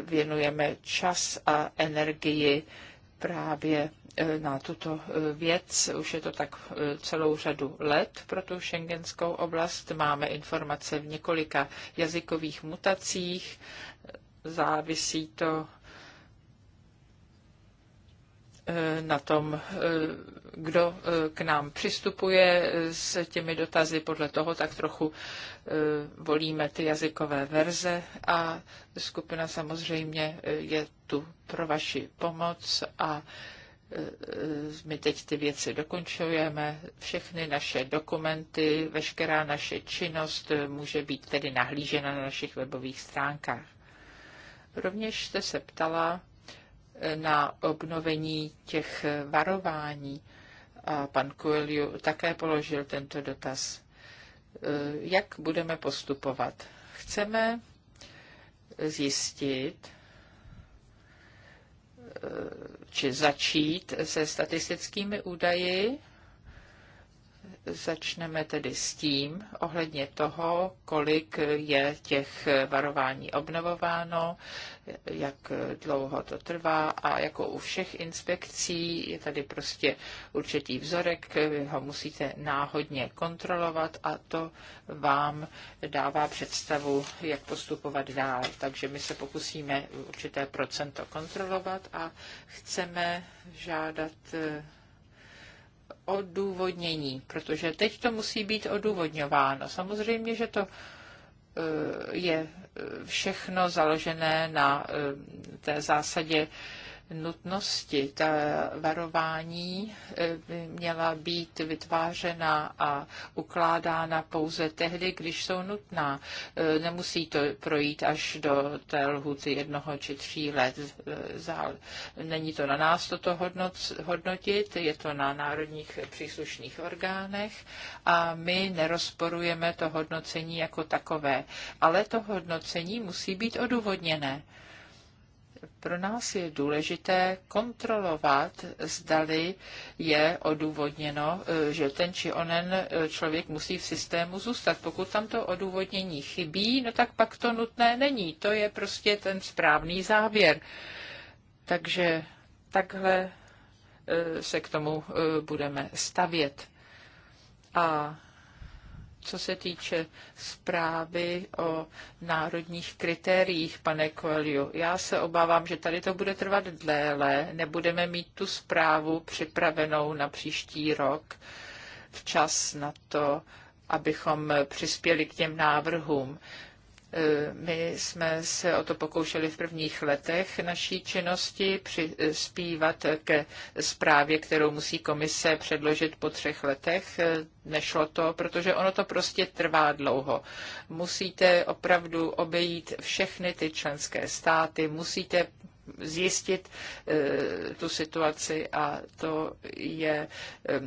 Speaker 4: věnujeme čas a energii právě na tuto eh, věc. Už je to tak eh, celou řadu let pro tu šengenskou oblast. Máme informace v několika jazykových mutacích. Závisí to eh, na tom, kdo k nám přistupuje s těmi dotazy, podle toho tak trochu volíme ty jazykové verze a skupina samozřejmě je tu pro vaši pomoc a my teď ty věci dokončujeme, všechny naše dokumenty, veškerá naše činnost může být tedy nahlížena na našich webových stránkách. Rovněž jste se ptala na obnovení těch varování a pan Coelho také položil tento dotaz. Jak budeme postupovat? Chceme zjistit, či začít se statistickými údaji. Začneme tedy s tím, ohledně toho, kolik je těch varování obnovováno, jak dlouho to trvá a jako u všech inspekcí je tady prostě určitý vzorek, vy ho musíte náhodně kontrolovat a to vám dává představu, jak postupovat dál. Takže my se pokusíme určité procento kontrolovat a chceme žádat eh, odůvodnění, protože teď to musí být odůvodňováno. Samozřejmě, že to je všechno založené na eh, té zásadě nutnosti. Ta varování eh, by měla být vytvářena a ukládána pouze tehdy, když jsou nutná. Eh, nemusí to projít až do té lhuty jednoho či tří let. Eh, není to na nás toto hodnotit, je to na národních příslušných orgánech a my nerozporujeme to hodnocení jako takové. Ale to hodnocení musí být odůvodněné pro nás je důležité kontrolovat, zdali je odůvodněno, eh, že ten či onen eh, člověk musí v systému zůstat. Pokud tam to odůvodnění chybí, no tak pak to nutné není. To je prostě ten správný závěr. Takže takhle eh, se k tomu budeme stavět. A co se týče zprávy o národních kritériích, pane Koeliu. já se obávám, že tady to bude trvat déle, nebudeme mít tu zprávu připravenou na příští rok včas na to, abychom přispěli k těm návrhům. E, my jsme se o to pokoušeli v prvních letech naší činnosti přispívat ke zprávě, kterou musí komise předložit po třech letech. E, nešlo to, protože ono to prostě trvá dlouho. Musíte opravdu obejít všechny ty členské státy, musíte zjistit eh, tu situaci a to je eh,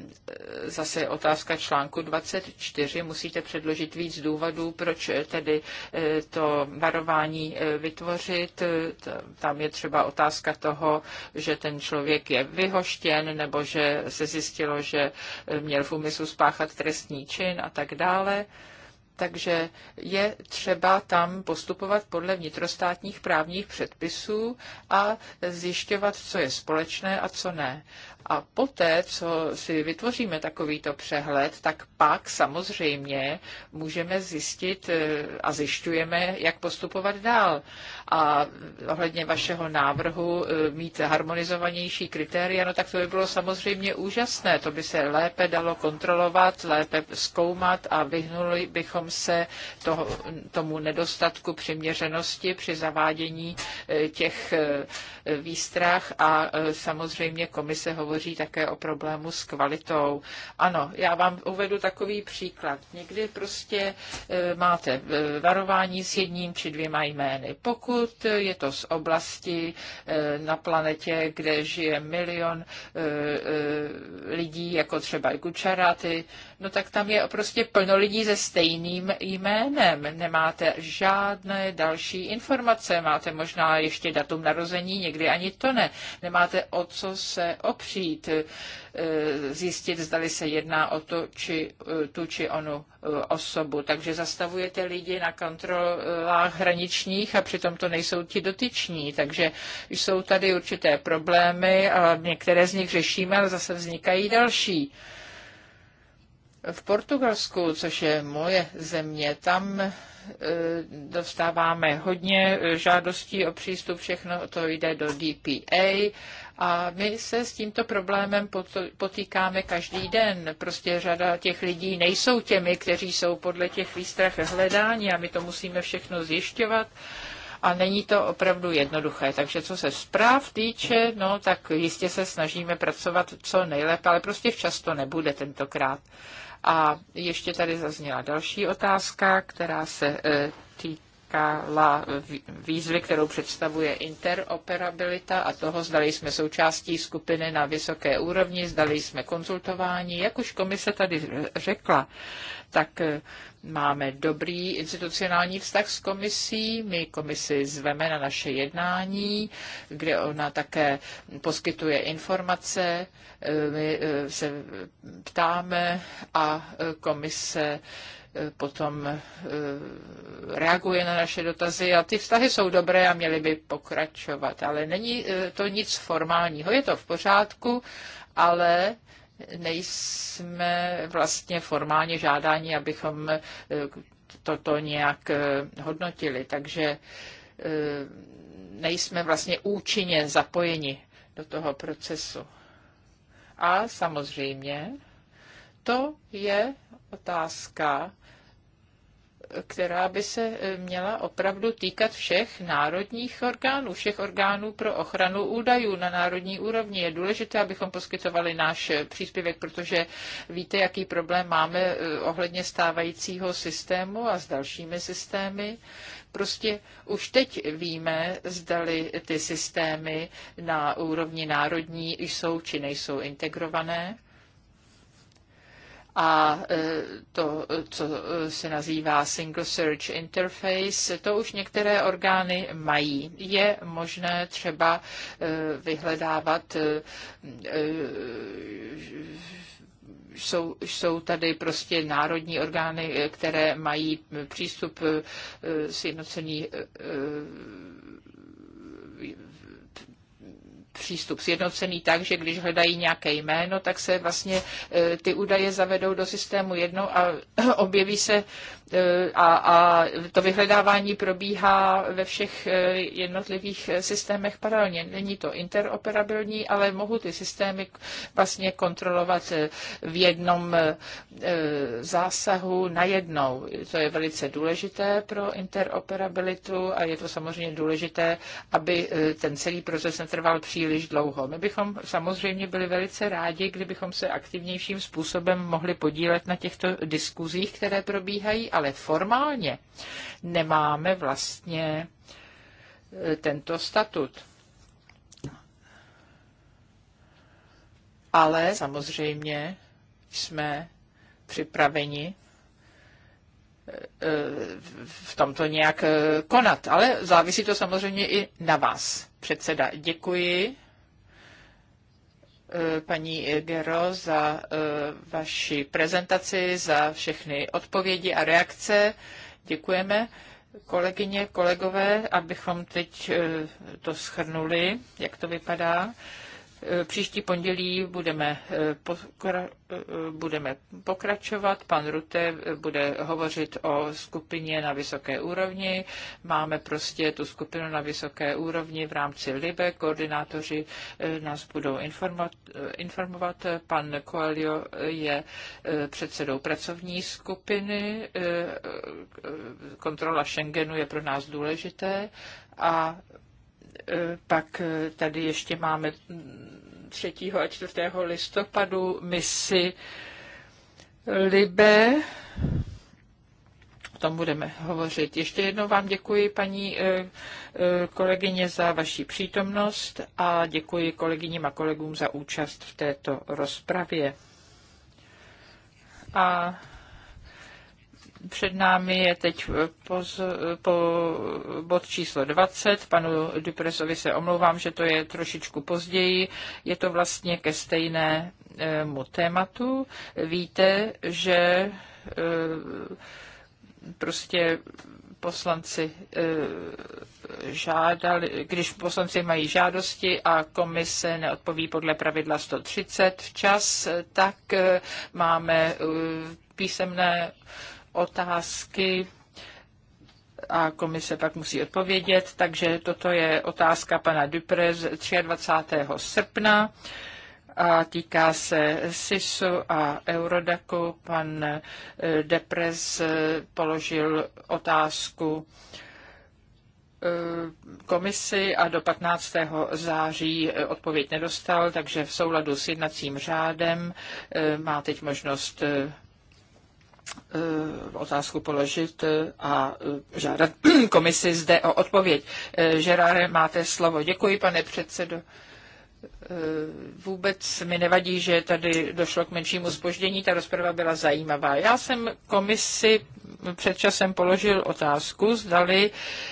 Speaker 4: zase otázka článku 24. Musíte předložit víc důvodů, proč tedy eh, to varování vytvořit. Tam je třeba otázka toho, že ten člověk je vyhoštěn nebo že se zjistilo, že měl v úmyslu spáchat trestní čin a tak dále. Takže je třeba tam postupovat podle vnitrostátních právních předpisů a zjišťovat, co je společné a co ne. A poté, co si vytvoříme takovýto přehled, tak pak samozřejmě můžeme zjistit eh, a zjišťujeme, jak postupovat dál. A ohledně vašeho návrhu eh, mít harmonizovanější kritéria, no tak to by bylo samozřejmě úžasné. To by se lépe dalo kontrolovat, lépe zkoumat a vyhnuli bychom se toho, tomu nedostatku přiměřenosti při zavádění eh, těch výstrah a samozřejmě komise hovoří hovoří také o problému s kvalitou. Ano, já vám uvedu takový příklad. Někdy prostě e, máte e, varování s jedním či dvěma jmény. Pokud je to z oblasti e, na planetě, kde žije milion lidí, jako třeba i Gučaráty, no tak tam je prostě plno lidí se stejným jménem. Nemáte žádné další informace, máte možná ještě datum narození, někdy ani to ne. Nemáte o co se opřít, eh, zjistit, zdali se jedná o to, či, eh, tu či onu eh, osobu. Takže zastavujete lidi na kontrolách hraničních a přitom to nejsou ti dotyční. Takže jsou tady určité problémy a některé z nich řešíme, ale zase vznikají další. V Portugalsku, což je moje země, tam e, dostáváme hodně e, žádostí o přístup, všechno to jde do DPA a my se s tímto problémem potýkáme každý den. Prostě řada těch lidí nejsou těmi, kteří jsou podle těch výstrach hledání a my to musíme všechno zjišťovat a není to opravdu jednoduché. Takže co se zpráv týče, no tak jistě se snažíme pracovat co nejlépe, ale prostě včas to nebude tentokrát. A ještě tady zazněla další otázka, která se eh, týká čekala výzvy, kterou představuje interoperabilita a toho, zdali jsme součástí skupiny na vysoké úrovni, zdali jsme konzultování. Jak už komise tady řekla, tak eh, máme dobrý institucionální vztah s komisí. My komisi zveme na naše jednání, kde ona také poskytuje informace. Eh, my eh, se ptáme a komise potom eh, reaguje na naše dotazy a ty vztahy jsou dobré a měly by pokračovat. Ale není eh, to nic formálního, je to v pořádku, ale nejsme vlastně formálně žádáni, abychom eh, toto nějak hodnotili. Takže nejsme vlastně účinně zapojeni do toho procesu. A samozřejmě to je otázka která by se eh, měla opravdu týkat všech národních orgánů, všech orgánů pro ochranu údajů na národní úrovni. Je důležité, abychom poskytovali náš eh, příspěvek, protože víte, jaký problém máme eh, ohledně stávajícího systému a s dalšími systémy. Prostě už teď víme, zdali ty systémy na úrovni národní jsou či nejsou integrované a e, to, co se nazývá Single Search Interface, to už některé orgány mají. Je možné třeba e, vyhledávat e, jsou, jsou tady prostě národní orgány, které mají přístup sjednocený přístup sjednocený tak, že když hledají nějaké jméno, tak se vlastně eh, ty údaje zavedou do systému jedno a objeví se E, a, a to vyhledávání probíhá ve všech e, jednotlivých systémech paralelně. Není to interoperabilní, ale mohu ty systémy vlastně kontrolovat e, v jednom zásahu na jednou. To je velice důležité pro interoperabilitu a je to samozřejmě důležité, aby ten celý proces netrval příliš dlouho. My bychom samozřejmě byli velice rádi, kdybychom se aktivnějším způsobem mohli podílet na těchto diskuzích, které probíhají, ale formálně nemáme vlastně eh, tento statut. Ale samozřejmě jsme připraveni eh, v tomto nějak eh, konat. Ale závisí to samozřejmě i na vás. Předseda, děkuji. Eh, paní Gero, za eh, vaši prezentaci, za všechny odpovědi a reakce. Děkujeme, kolegyně, kolegové, abychom teď eh, to schrnuli, jak to vypadá. Eh, příští pondělí budeme, eh, pokra- eh, budeme pokračovat. Pan Rute bude hovořit o skupině na vysoké úrovni. Máme prostě tu skupinu na vysoké úrovni v rámci LIBE. Koordinátoři nás budou informovat. informovat. Pan Coelho je předsedou pracovní skupiny. Kontrola Schengenu je pro nás důležité a Eh, pak eh, tady ještě máme 3. a 4. listopadu misi Libe. O tom budeme hovořit. Ještě jednou vám děkuji, paní eh, kolegyně, za vaši přítomnost a děkuji kolegyním a kolegům za účast v této rozpravě. A před námi je teď poz, po bod číslo 20. Panu Dupresovi se omlouvám, že to je trošičku později. Je to vlastně ke stejnému tématu. Víte, že eh, prostě poslanci eh, žádali, když poslanci mají žádosti a komise neodpoví podle pravidla 130 včas, tak eh, máme písemné otázky a komise pak musí odpovědět. Takže toto je otázka pana Dupre z 23. srpna a týká se SISu a Eurodaku. Pan eh, Deprez eh, položil otázku eh, komisi a do 15. září odpověď nedostal, takže v souladu s jednacím řádem má teď možnost Eh, otázku položit a eh, žádat komisi zde o odpověď. Eh, Žeráre, máte slovo. Děkuji, pane předsedo. Vůbec mi nevadí, že tady došlo k menšímu zpoždění. Ta rozprava byla zajímavá. Já jsem komisi před časem položil otázku, zdali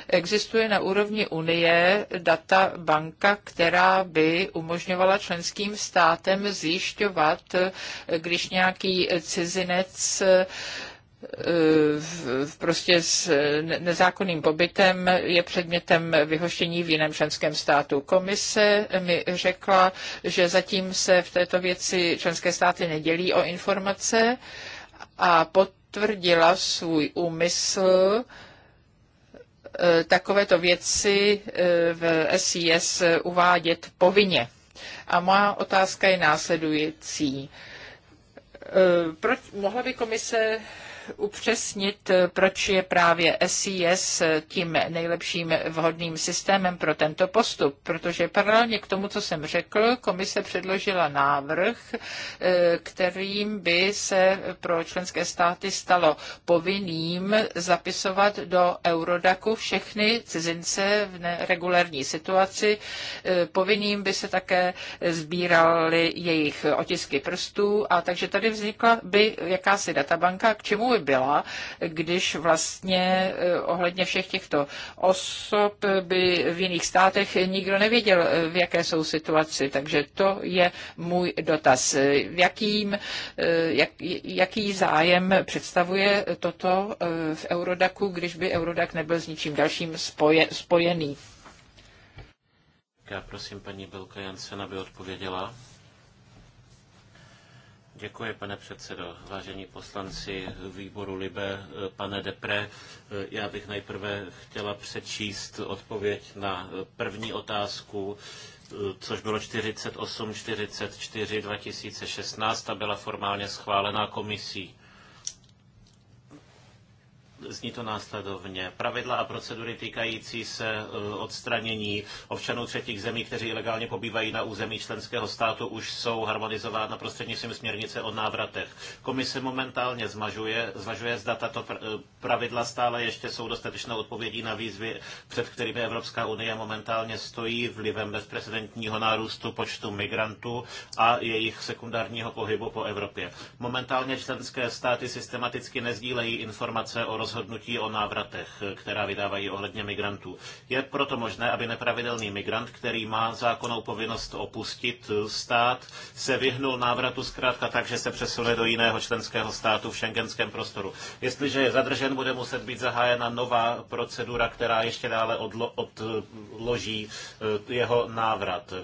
Speaker 4: existuje na úrovni Unie data banka, která by umožňovala členským státem zjišťovat, když nějaký cizinec eh, prostě s nezákonným pobytem je předmětem vyhoštění v jiném členském státu. Komise mi řekla, že zatím se v této věci členské státy nedělí o informace a pot potvrdila svůj úmysl eh, takovéto věci eh, v SIS uvádět povinně. A má otázka je následující. Eh, proč, mohla by komise upřesnit, proč je právě SIS tím nejlepším vhodným systémem pro tento postup, protože paralelně k tomu, co jsem řekl, komise předložila návrh, eh, kterým by se pro členské státy stalo povinným zapisovat do Eurodaku všechny cizince v neregulární situaci. Eh, povinným by se také sbíraly jejich otisky prstů a takže tady vznikla by jakási databanka, k čemu školy byla, když vlastně eh, ohledně všech těchto osob by v jiných státech nikdo nevěděl, eh, v jaké jsou situaci. Takže to je můj dotaz. Eh, jakým, jak, jaký zájem představuje toto v Eurodaku, když by Eurodak nebyl s ničím dalším spoje, spojený?
Speaker 2: Já prosím paní Belka Jansen, aby odpověděla. Děkuji, pane předsedo. Vážení poslanci výboru Libe, pane Depre, já bych nejprve chtěla přečíst odpověď na první otázku, což bylo 4844 2016 a byla formálně schválena komisí zní to následovně. Pravidla a procedury týkající se eh, odstranění občanů třetích zemí, kteří ilegálně pobývají na území členského státu, už jsou harmonizována prostřednictvím směrnice o návratech. Komise momentálně zmažuje, zvažuje, zda tato eh, pravidla stále ještě jsou dostatečnou odpovědí na výzvy, před kterými Evropská unie momentálně stojí vlivem bezprecedentního nárůstu počtu migrantů a jejich sekundárního pohybu po Evropě. Momentálně členské státy systematicky nezdílejí informace o rozhodnutí rozhodnutí o návratech, která vydávají ohledně migrantů. Je proto možné, aby nepravidelný migrant, který má zákonnou povinnost opustit stát, se vyhnul návratu zkrátka tak, že se přesune do jiného členského státu v šengenském prostoru. Jestliže je zadržen, bude muset být zahájena nová procedura, která ještě dále odlo- odloží eh, jeho návrat.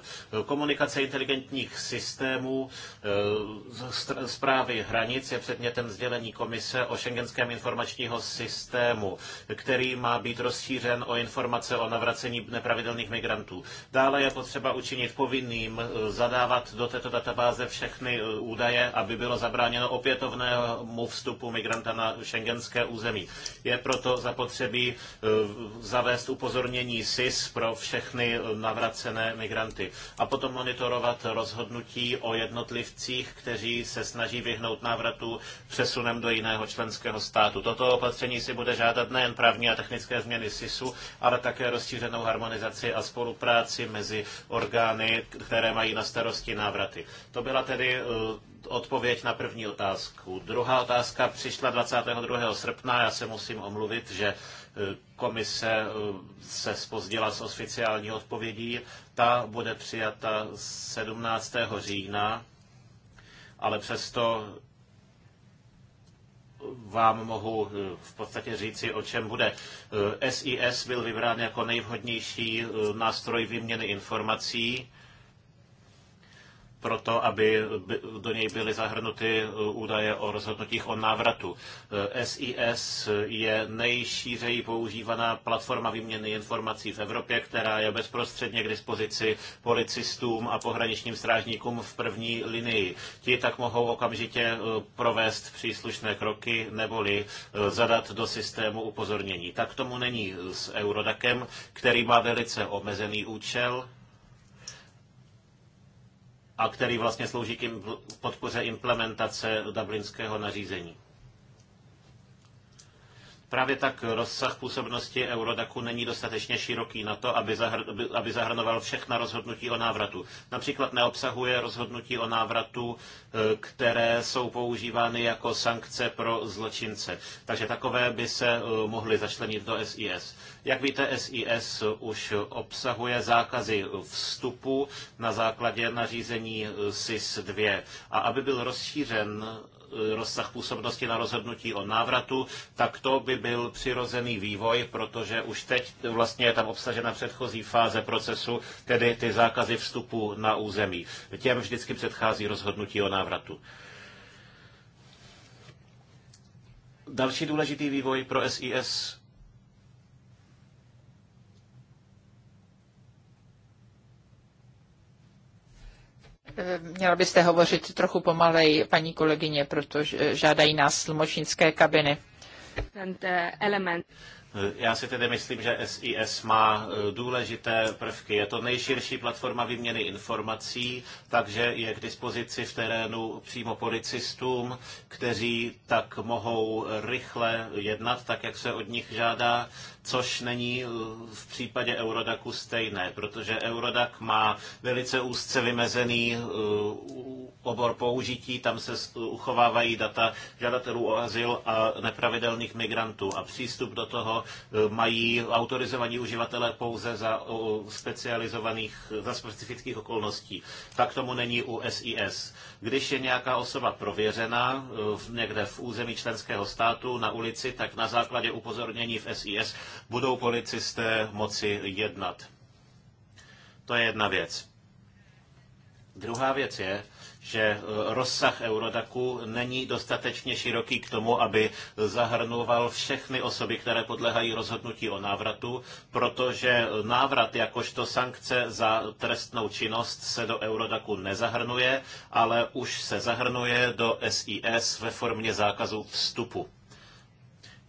Speaker 2: Komunikace inteligentních systémů eh, zprávy hranic je předmětem sdělení komise o šengenském informačního systému, který má být rozšířen o informace o navracení nepravidelných migrantů. Dále je potřeba učinit povinným eh, zadávat do této databáze všechny eh, údaje, aby bylo zabráněno opětovnému vstupu migranta na šengenské území. Je proto zapotřebí eh, zavést upozornění SIS pro všechny navracené migranty a potom monitorovat rozhodnutí o jednotlivcích, kteří se snaží vyhnout návratu přesunem do jiného členského státu. Toto opatření opatření si bude žádat nejen právní a technické změny SISu, ale také rozšířenou harmonizaci a spolupráci mezi orgány, které mají na starosti návraty. To byla tedy eh, odpověď na první otázku. Druhá otázka přišla 22. srpna. Já se musím omluvit, že eh, komise eh, se spozdila s oficiální odpovědí. Ta bude přijata 17. října, ale přesto vám mohu eh, v podstatě říci, o čem bude. SIS eh, byl vybrán jako nejvhodnější eh, nástroj výměny informací pro to, aby do něj byly zahrnuty e, údaje o rozhodnutích o návratu. SIS e, je nejšířeji používaná platforma výměny informací v Evropě, která je bezprostředně k dispozici policistům a pohraničním strážníkům v první linii. Ti tak mohou okamžitě e, provést příslušné kroky neboli zadat do systému upozornění. Tak tomu není s Eurodakem, který má velice omezený účel a který vlastně slouží k podpoře implementace dublinského nařízení. Právě tak rozsah působnosti Eurodaku není dostatečně široký na to, aby, zahr, aby zahrnoval všechna rozhodnutí o návratu. Například neobsahuje rozhodnutí o návratu, eh, které jsou používány jako sankce pro zločince. Takže takové by se eh, mohly začlenit do SIS. Jak víte, SIS už obsahuje zákazy vstupu na základě nařízení SIS eh, 2. A aby byl rozšířen Eh, rozsah působnosti na rozhodnutí o návratu, tak to by byl přirozený vývoj, protože už teď vlastně je tam obsažena předchozí fáze procesu, tedy ty zákazy vstupu na území. Těm vždycky předchází rozhodnutí o návratu. Další důležitý vývoj pro SIS
Speaker 4: Měla byste hovořit trochu pomalej, paní kolegyně, protože žádají nás tlmočnické kabiny.
Speaker 3: Element.
Speaker 2: Já si tedy myslím, že SIS má e, důležité prvky. Je to nejširší platforma výměny informací, takže je k dispozici v terénu přímo policistům, kteří tak mohou rychle jednat, tak jak se od nich žádá což není eh, v případě Eurodaku stejné, protože Eurodak má velice úzce vymezený eh, obor použití, tam se uchovávají data žadatelů o azyl a nepravidelných migrantů a přístup do toho eh, mají autorizovaní uživatelé pouze za specializovaných, za specifických okolností. Tak tomu není u SIS. Když je nějaká osoba prověřena někde v území členského státu na ulici, tak na základě upozornění v SIS budou policisté moci jednat. To je jedna věc. Druhá věc je, že e, rozsah Eurodaku není dostatečně široký k tomu, aby zahrnoval všechny osoby, které podléhají rozhodnutí o návratu, protože návrat jakožto sankce za trestnou činnost se do Eurodaku nezahrnuje, ale už se zahrnuje do SIS ve formě zákazu vstupu.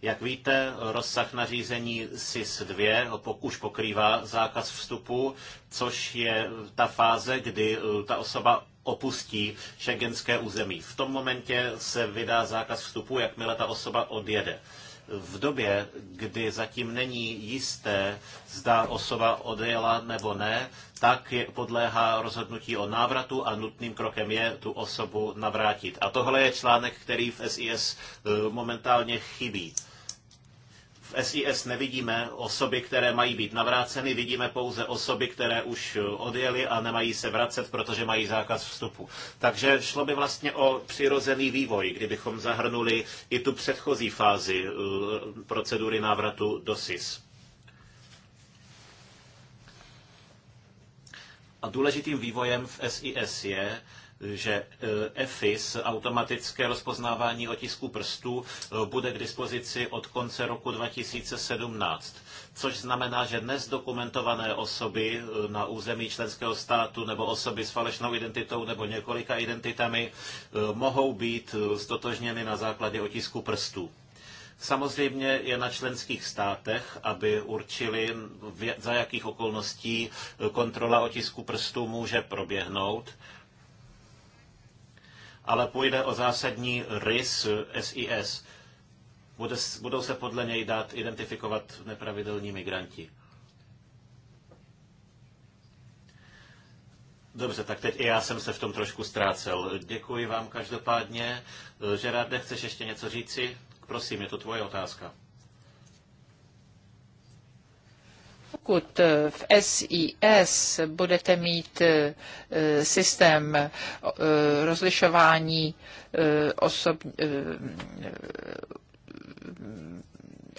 Speaker 2: Jak víte, rozsah nařízení SIS 2 už pokrývá zákaz vstupu, což je ta fáze, kdy eh, ta osoba opustí šengenské území. V tom momentě se vydá zákaz vstupu, jakmile ta osoba odjede. V době, kdy zatím není jisté, zda osoba odjela nebo ne, tak je, podléhá rozhodnutí o návratu a nutným krokem je tu osobu navrátit. A tohle je článek, který v SIS eh, momentálně chybí. SIS nevidíme osoby, které mají být navráceny, vidíme pouze osoby, které už odjeli a nemají se vracet, protože mají zákaz vstupu. Takže šlo by vlastně o přirozený vývoj, kdybychom zahrnuli i tu předchozí fázi eh, procedury návratu do SIS. A důležitým vývojem v SIS je, že eh, EFIS, automatické rozpoznávání otisků prstů, eh, bude k dispozici od konce roku 2017, což znamená, že nezdokumentované osoby eh, na území členského státu nebo osoby s falešnou identitou nebo několika identitami mohou být stotožněny na základě otisku prstů. Samozřejmě je na členských státech, aby určili, za jakých okolností kontrola otisku prstů může proběhnout ale půjde o zásadní rys SIS. Bude, budou se podle něj dát identifikovat nepravidelní migranti. Dobře, tak teď i já jsem se v tom trošku ztrácel. Děkuji vám každopádně. Žerarde, chceš ještě něco říci? Prosím, je to tvoje otázka.
Speaker 4: Pokud eh, v SIS budete mít eh, systém eh, rozlišování osob,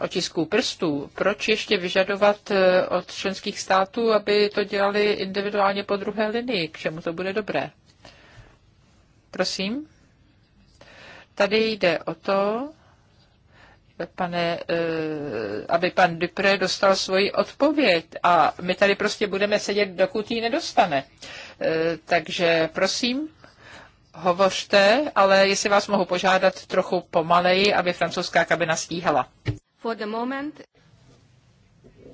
Speaker 4: otisků prstů, proč ještě vyžadovat od členských států, aby to dělali individuálně po druhé linii? K čemu to bude dobré? Prosím. Tady jde o to, pane, eh, aby pan Dupré dostal svoji odpověď a my tady prostě budeme sedět, dokud ji nedostane. Eh, takže prosím, hovořte, ale jestli vás mohu požádat trochu pomaleji, aby francouzská kabina stíhala.
Speaker 3: For the moment...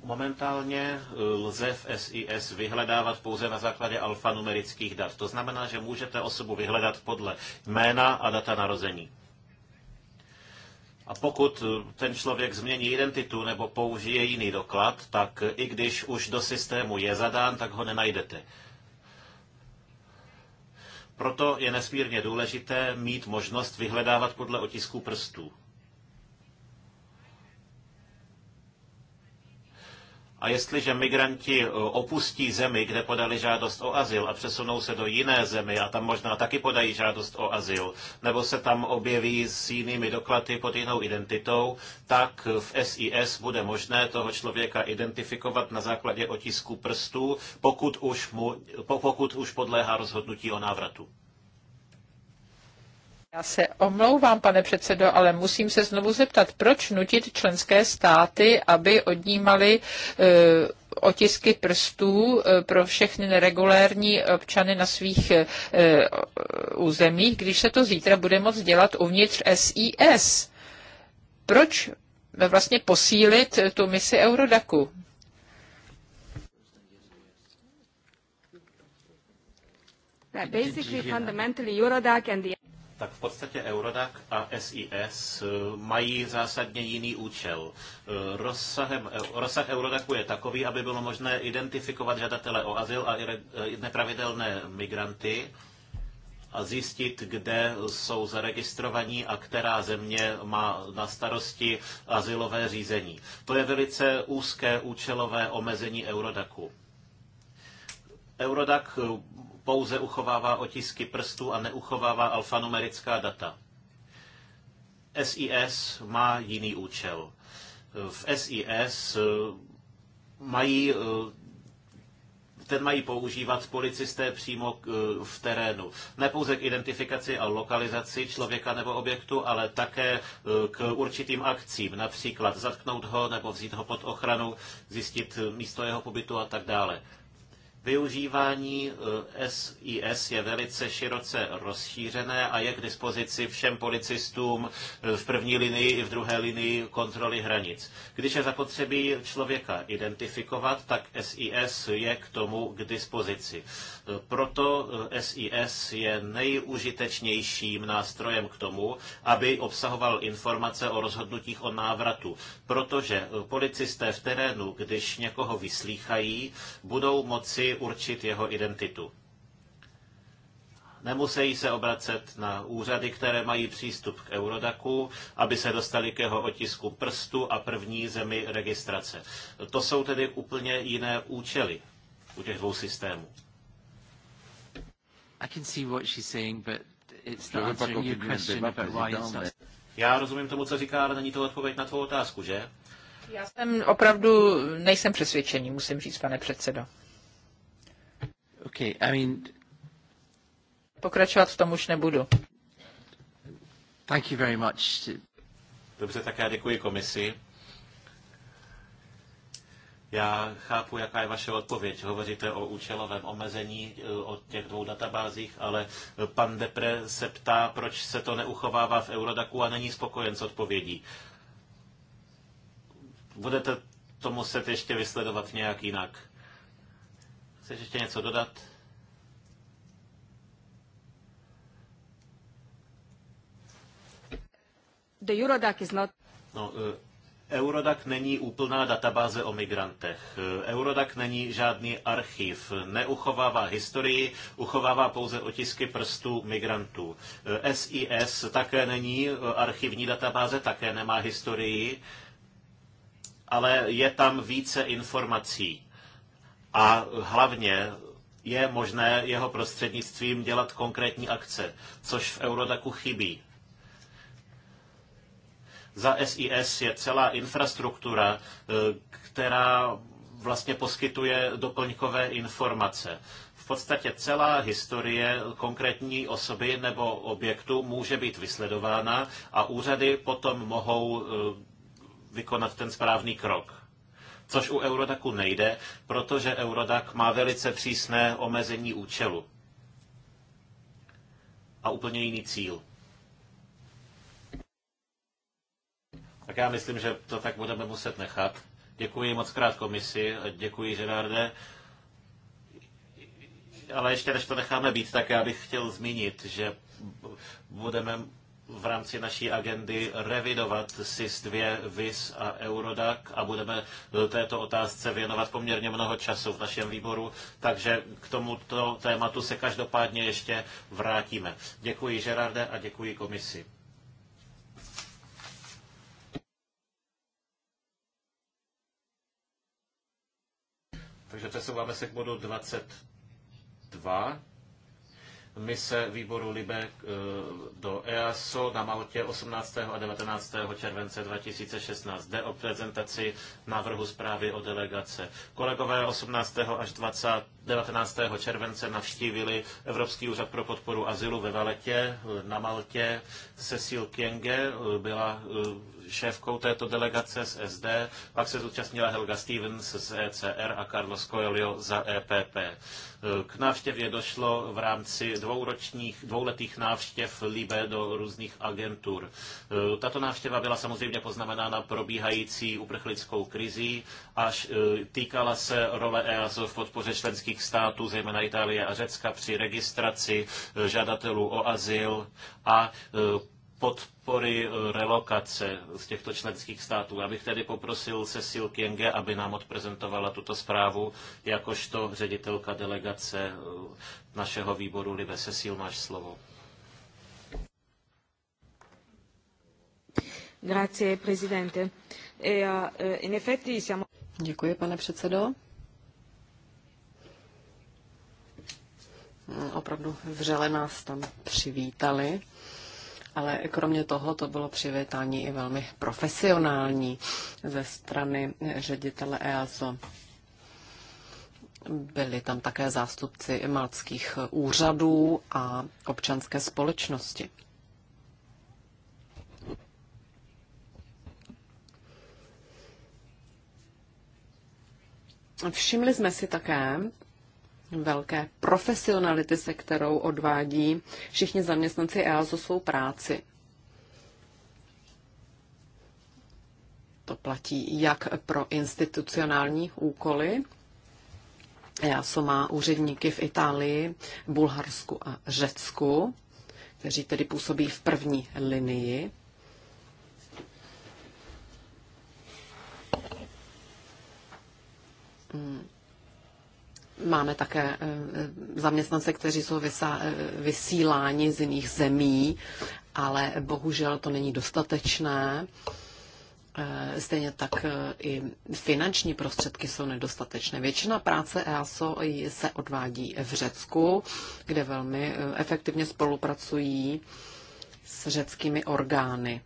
Speaker 2: Momentálně eh, lze v SIS vyhledávat pouze na základě alfanumerických dat. To znamená, že můžete osobu vyhledat podle jména a data narození. A pokud eh, ten člověk změní identitu nebo použije jiný doklad, tak eh, i když už do systému je zadán, tak ho nenajdete. Proto je nesmírně důležité mít možnost vyhledávat podle otisků prstů. A jestliže migranti e, opustí zemi, kde podali žádost o azyl a přesunou se do jiné zemi a tam možná taky podají žádost o azyl, nebo se tam objeví s jinými doklady pod jinou identitou, tak v SIS bude možné toho člověka identifikovat na základě otisku prstů, pokud už, mu, pokud už podléhá rozhodnutí o návratu.
Speaker 4: Já se omlouvám, pane předsedo, ale musím se znovu zeptat, proč nutit členské státy, aby odnímali e, otisky prstů e, pro všechny neregulérní občany na svých e, územích, když se to zítra bude moct dělat uvnitř SIS. Proč vlastně posílit tu misi Eurodaku? Basically,
Speaker 2: fundamentally,
Speaker 3: Eurodac and the
Speaker 2: tak v podstatě Eurodac a SIS eh, mají zásadně jiný účel. Eh, rozsahem, eh, rozsah Eurodacu je takový, aby bylo možné identifikovat žadatele o azyl a nepravidelné migranty a zjistit, kde jsou zaregistrovaní a která země má na starosti azylové řízení. To je velice úzké účelové omezení Eurodacu. Eurodac pouze uchovává otisky prstů a neuchovává alfanumerická data. SIS má jiný účel. V SIS eh, mají eh, ten mají používat policisté přímo eh, v terénu. Ne pouze k identifikaci a lokalizaci člověka nebo objektu, ale také k určitým akcím, například zatknout ho nebo vzít ho pod ochranu, zjistit místo jeho pobytu a tak dále. Využívání SIS eh, je velice široce rozšířené a je k dispozici všem policistům eh, v první linii i v druhé linii kontroly hranic. Když je zapotřebí člověka identifikovat, tak SIS je k tomu k dispozici. Proto SIS eh, je nejužitečnějším nástrojem k tomu, aby obsahoval informace o rozhodnutích o návratu. Protože eh, policisté v terénu, když někoho vyslýchají, budou moci určit jeho identitu. Nemusí se obracet na úřady, které mají přístup k Eurodaku, aby se dostali k jeho otisku prstu a první zemi registrace. To jsou tedy úplně jiné účely u těch dvou systémů.
Speaker 1: I can see what she's saying, but it's not answering your question about why it's not.
Speaker 2: Já rozumím tomu, co říká, ale není to odpověď na tvou otázku, že?
Speaker 4: Já jsem opravdu nejsem přesvědčený, musím říct, pane předsedo. Okay, I mean... Pokračovat v tom už nebudu.
Speaker 2: Thank you very much. Dobře, tak já děkuji komisi. Já chápu, jaká je vaše odpověď. Hovoříte o účelovém omezení eh, od těch dvou databázích, ale pan Depre se ptá, proč se to neuchovává v Eurodaku a není spokojen s odpovědí. Budete to muset ještě vysledovat nějak jinak. Chceš ještě něco dodat?
Speaker 3: The Eurodac is not...
Speaker 2: No, eh, Eurodac není úplná databáze o migrantech. Eurodac není žádný archiv, neuchovává historii, uchovává pouze otisky prstů migrantů. SIS také není archivní databáze, také nemá historii, ale je tam více informací. A hlavně je možné jeho prostřednictvím dělat konkrétní akce, což v Eurodaku chybí. Za SIS je celá infrastruktura, eh, která vlastně poskytuje doplňkové informace. V podstatě celá historie konkrétní osoby nebo objektu může být vysledována a úřady potom mohou eh, vykonat ten správný krok. Což u Eurodaku nejde, protože Eurodac má velice přísné omezení účelu a úplně jiný cíl. Tak já myslím, že to tak budeme muset nechat. Děkuji moc krát komisi, děkuji Gerarde. Ale ještě než to necháme být, tak já bych chtěl zmínit, že budeme v rámci naší agendy revidovat SIS-2, VIS a Eurodac a budeme této otázce věnovat poměrně mnoho času v našem výboru, takže k tomuto tématu se každopádně ještě vrátíme. Děkuji Gerarde a děkuji komisi. Takže přesouváme se k bodu 22. Mise výboru Libe eh, do EASO na Maltě 18. a 19. července 2016. Jde o prezentaci návrhu zprávy o delegace. Kolegové 18. až 20. 19. července navštívili Evropský úřad pro podporu azylu ve Valetě na Maltě. Cecil Kienge byla eh, šéfkou této delegace z SD, pak se zúčastnila Helga Stevens z ECR a Carlos Coelho za EPP. Eh, k návštěvě došlo v rámci dvouročních, dvouletých návštěv Libe do různých agentur. Eh, tato návštěva byla samozřejmě poznamenána probíhající uprchlickou krizí, až týkala se role EASO v podpoře členských členských států, zejména Itálie a Řecka, při registraci e, žadatelů o azyl a e, podpory e, relokace z těchto členských států. Já bych tedy poprosil Cecil Kienge, aby nám odprezentovala tuto zprávu jakožto ředitelka delegace našeho výboru Libe. Cecil, máš slovo.
Speaker 3: Grazie, presidente. E, e, in effetti siamo... Děkuji, pane předsedo. opravdu vřele nás tam přivítali. Ale kromě toho to bylo přivítání i velmi profesionální ze strany ředitele EASO. Byli tam také zástupci malckých úřadů a občanské společnosti. Všimli jsme si také, velké profesionality, se kterou odvádí všichni zaměstnanci EASO svou práci. To platí jak pro institucionální úkoly, EASO má úředníky v Itálii, Bulharsku a Řecku, kteří tedy působí v první linii. Hmm Máme také eh, zaměstnance, kteří jsou eh, vysíláni z jiných zemí, ale bohužel to není dostatečné. Eh, stejně tak i finanční prostředky jsou nedostatečné. Většina práce EASO se odvádí v Řecku, kde velmi efektivně spolupracují s řeckými orgány.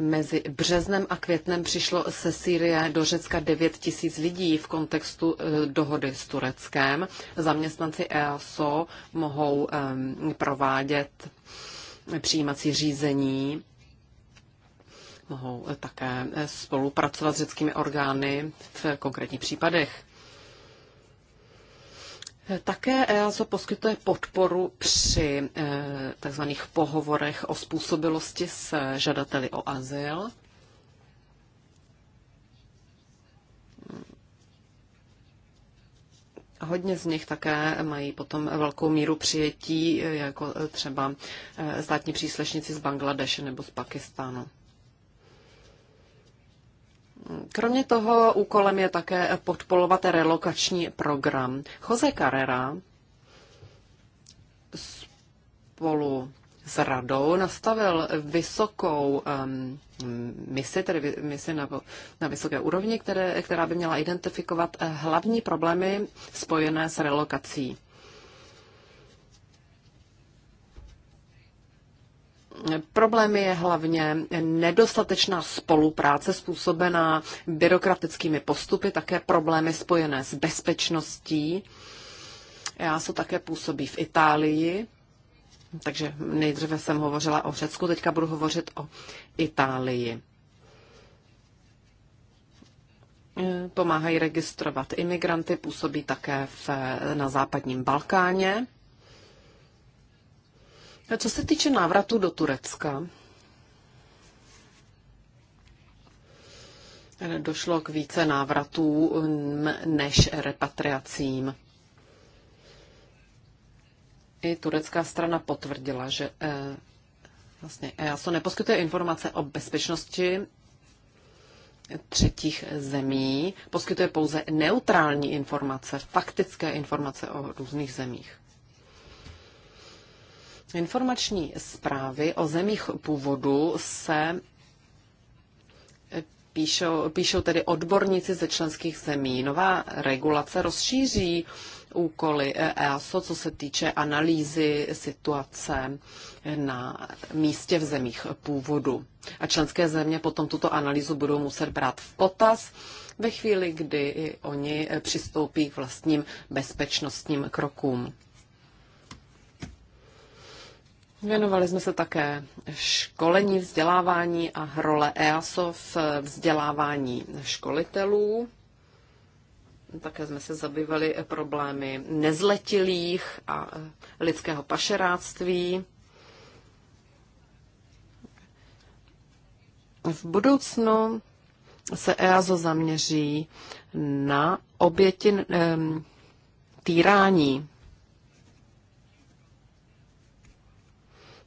Speaker 3: Mezi březnem a květnem přišlo se Sýrie do Řecka 9 tisíc lidí v kontextu eh, dohody s Tureckem. Zaměstnanci EASO mohou provádět přijímací řízení, mohou eh, také eh, spolupracovat s řeckými orgány v konkrétních případech. Také EASO poskytuje podporu při eh, tzv. pohovorech o způsobilosti s žadateli o azyl. Hodně z nich také mají potom velkou míru přijetí, eh, jako eh, třeba státní příslešníci z Bangladeše nebo z Pakistánu. Kromě toho úkolem je také podpolovat relokační program. Jose Carrera spolu s radou nastavil vysokou um, misi, tedy misi na, na vysoké úrovni, které, která by měla identifikovat hlavní problémy spojené s relokací. Problém je hlavně nedostatečná spolupráce způsobená byrokratickými postupy, také problémy spojené s bezpečností. Já se také působí v Itálii, takže nejdříve jsem hovořila o Řecku, teďka budu hovořit o Itálii. Pomáhají registrovat imigranty, působí také v, na západním Balkáně. Co se týče návratu do Turecka, došlo k více návratů než repatriacím. I turecká strana potvrdila, že eh, vlastně eh, EASO neposkytuje informace o bezpečnosti třetích zemí, poskytuje pouze neutrální informace, faktické informace o různých zemích. Informační zprávy o zemích původu se eh, píšou, píšou tedy odborníci ze členských zemí. Nová regulace rozšíří úkoly EASO, co se týče analýzy situace na místě v zemích původu. A členské země potom tuto analýzu budou muset brát v potaz ve chvíli, kdy oni přistoupí k vlastním bezpečnostním krokům. Věnovali jsme se také školení, vzdělávání a role EASO v vzdělávání školitelů. Také jsme se zabývali problémy nezletilých a lidského pašeráctví. V budoucnu se EASO zaměří na oběti týrání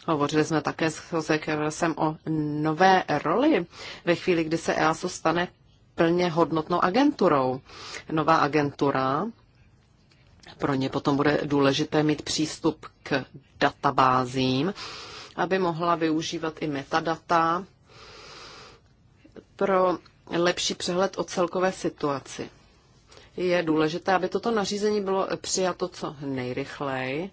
Speaker 3: Hovořili jsme také s Jose Kevrasem o nové roli ve chvíli, kdy se EASO stane plně hodnotnou agenturou. Nová agentura pro ně potom bude důležité mít přístup k databázím, aby mohla využívat i metadata pro lepší přehled o celkové situaci. Je důležité, aby toto nařízení bylo přijato co nejrychleji,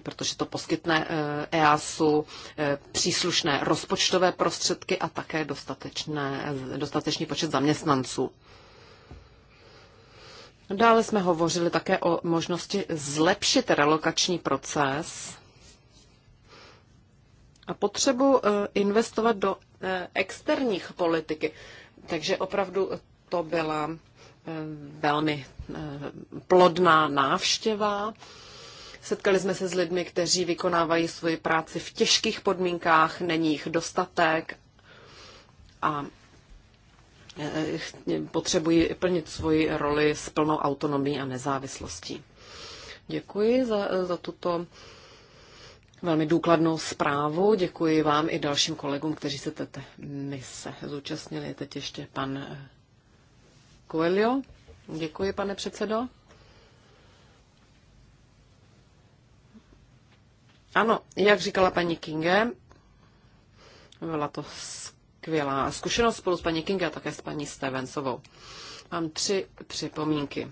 Speaker 3: protože to poskytne eh, EASu eh, příslušné rozpočtové prostředky a také dostatečné, dostatečný počet zaměstnanců. Dále jsme hovořili také o možnosti zlepšit relokační proces a potřebu eh, investovat do externích politiky. Takže opravdu to byla velmi plodná návštěva Setkali jsme se s lidmi, kteří vykonávají svoji práci v těžkých podmínkách, není jich dostatek a eh, potřebují plnit svoji roli s plnou autonomií a nezávislostí. Děkuji za, eh, za tuto velmi důkladnou zprávu. Děkuji vám i dalším kolegům, kteří se této mise zúčastnili. Teď ještě pan eh, Coelho. Děkuji, pane předsedo. Ano, jak říkala paní Kinge, byla to skvělá zkušenost spolu s paní Kinge a také s paní Stevensovou. Mám tři připomínky.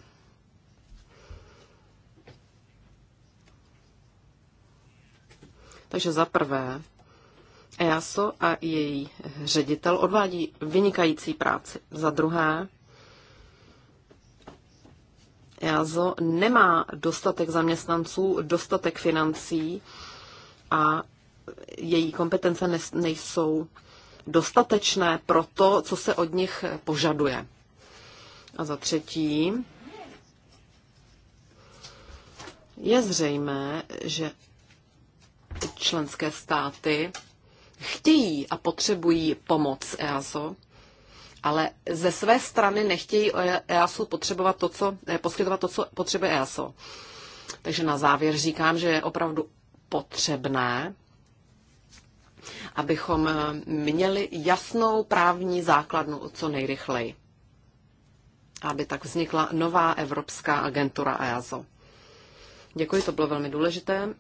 Speaker 3: Takže za prvé, EASO a její ředitel odvádí vynikající práci. Za druhé, EASO nemá dostatek zaměstnanců, dostatek financí a její kompetence nejsou dostatečné pro to, co se od nich požaduje. A za třetí, je zřejmé, že členské státy chtějí a potřebují pomoc EASO, ale ze své strany nechtějí EASO potřebovat to, co, eh, poskytovat to, co potřebuje EASO. Takže na závěr říkám, že je opravdu potřebné, abychom měli jasnou právní základnu co nejrychleji. Aby tak vznikla nová Evropská agentura EASO. Děkuji, to bylo velmi důležité.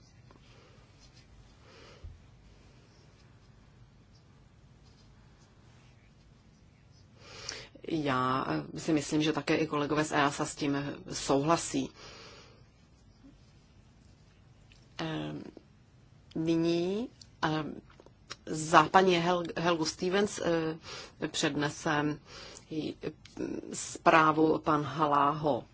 Speaker 3: Já si myslím, že také i kolegové z EASA s tím souhlasí. Ehm, Nyní eh, za paní Helgu Stevens eh, přednese eh, zprávu pan Haláho.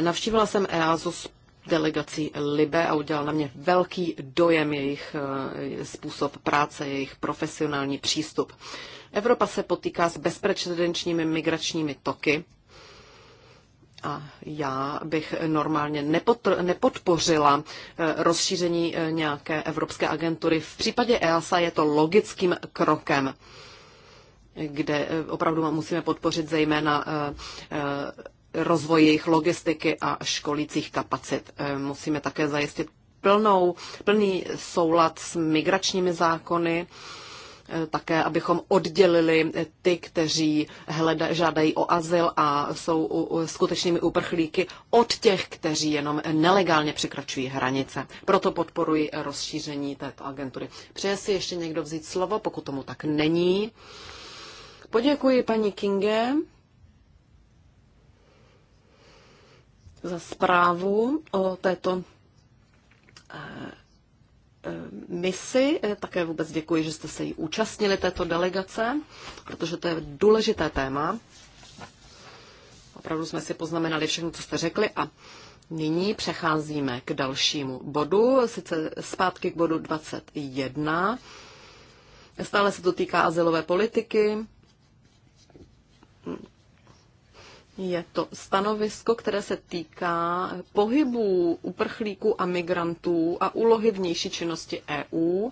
Speaker 3: Navštívila jsem EASO s delegací Libe a udělal na mě velký dojem jejich způsob práce, jejich profesionální přístup. Evropa se potýká s bezprecedenčními migračními toky a já bych normálně nepodpořila eh, rozšíření eh, nějaké evropské agentury. V případě EASA je to logickým krokem kde eh, opravdu musíme podpořit zejména rozvoj jejich logistiky a školících kapacit. Musíme také zajistit plnou, plný soulad s migračními zákony Eh, také, abychom oddělili eh, ty, kteří hleda, žádají o azyl a jsou skutečnými uprchlíky od těch, kteří jenom nelegálně překračují hranice. Proto podporuji rozšíření této agentury. Přeje si ještě někdo vzít slovo, pokud tomu tak není. Poděkuji paní Kinge za zprávu o této eh, Eh, misi. Eh, také vůbec děkuji, že jste se jí účastnili této delegace, protože to je důležité téma. Opravdu jsme si poznamenali všechno, co jste řekli a nyní přecházíme k dalšímu bodu, sice zpátky k bodu 21. Stále se to týká azylové politiky. Je to stanovisko, které se týká pohybů uprchlíků a migrantů a úlohy vnější činnosti EU.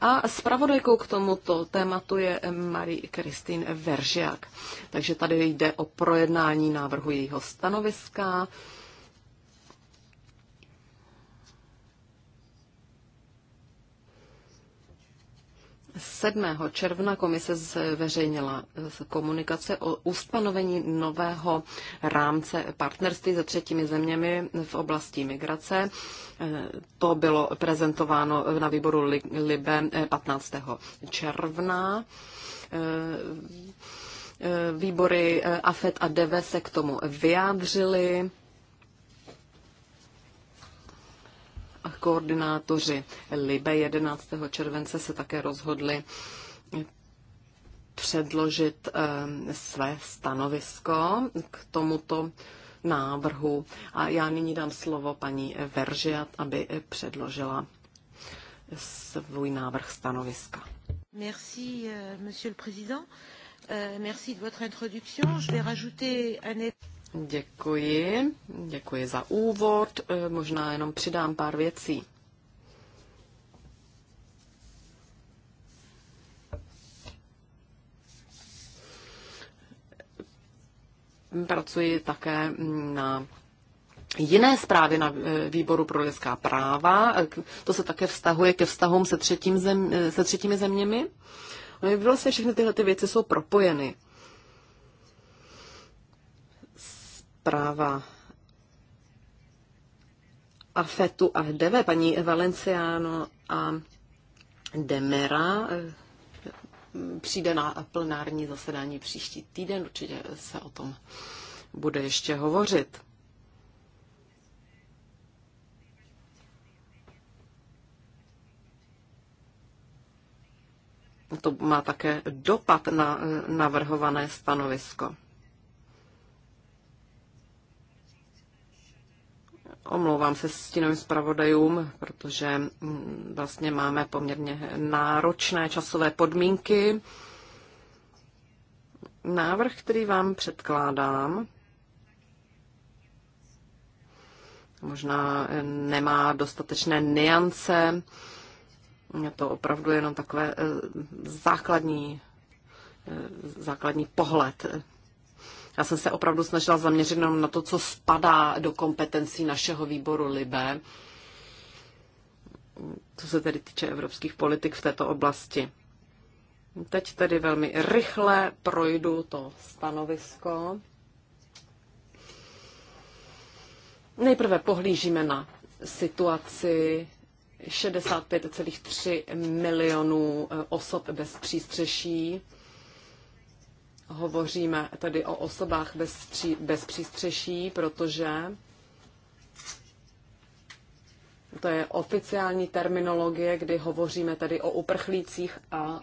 Speaker 3: A zpravodajkou k tomuto tématu je Marie Kristýn Veržiak. Takže tady jde o projednání návrhu jejího stanoviska 7. června komise zveřejnila eh, komunikace o ustanovení nového rámce partnerství se třetími zeměmi v oblasti migrace. Eh, to bylo prezentováno na výboru Libe 15. Eh, června. Výbory AFET a DEVE se k tomu vyjádřili. koordinátoři Libe 11. července se také rozhodli předložit eh, své stanovisko k tomuto návrhu. A já nyní dám slovo paní Veržiat, aby předložila svůj návrh stanoviska. Merci, eh, monsieur le président. Eh, merci de votre introduction. Je vais rajouter un Děkuji. Děkuji za úvod. E, možná jenom přidám pár věcí. Pracuji také na jiné zprávy na e, výboru pro lidská práva. E, to se také vztahuje ke vztahům se, třetím zem, se třetími zeměmi. No vlastně všechny tyhle ty věci jsou propojeny. práva AFETu a DEVE, paní Valenciano a Demera, eh, přijde na plenární zasedání příští týden, určitě se o tom bude ještě hovořit. To má také dopad na eh, navrhované stanovisko. Omlouvám se s stínovým zpravodajům, protože mm, vlastně máme poměrně náročné časové podmínky. Návrh, který vám předkládám, možná eh, nemá dostatečné niance. Je to opravdu jenom takové eh, základní, eh, základní pohled já jsem se opravdu snažila zaměřit jenom na to, co spadá do kompetencí našeho výboru LIBE, co se tedy týče evropských politik v této oblasti. Teď tedy velmi rychle projdu to stanovisko. Nejprve pohlížíme na situaci 65,3 milionů eh, osob bez přístřeší. Hovoříme tady o osobách bez, stří, bez přístřeší, protože to je oficiální terminologie, kdy hovoříme tady o uprchlících a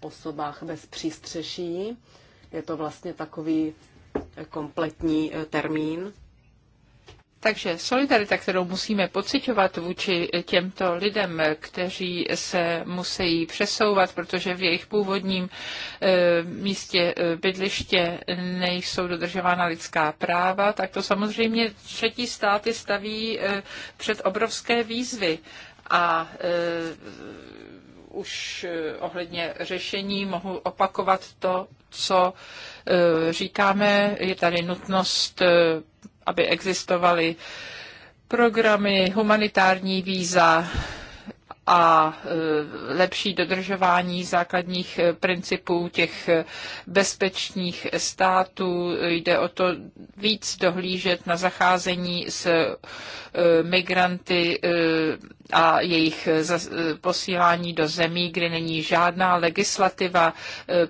Speaker 3: osobách bez přístřeší. Je to vlastně takový kompletní eh, termín. Takže solidarita, kterou musíme pocitovat
Speaker 4: vůči těmto lidem, kteří se musí přesouvat, protože v jejich původním eh, místě eh, bydliště nejsou dodržována lidská práva, tak to samozřejmě třetí státy staví eh, před obrovské výzvy. A už ohledně řešení mohu opakovat to, co říkáme. Je tady nutnost aby existovaly programy, humanitární víza a e, lepší dodržování základních e, principů těch e, bezpečných států. Jde o to víc dohlížet na zacházení s migranty a jejich posílání do zemí, kde není žádná legislativa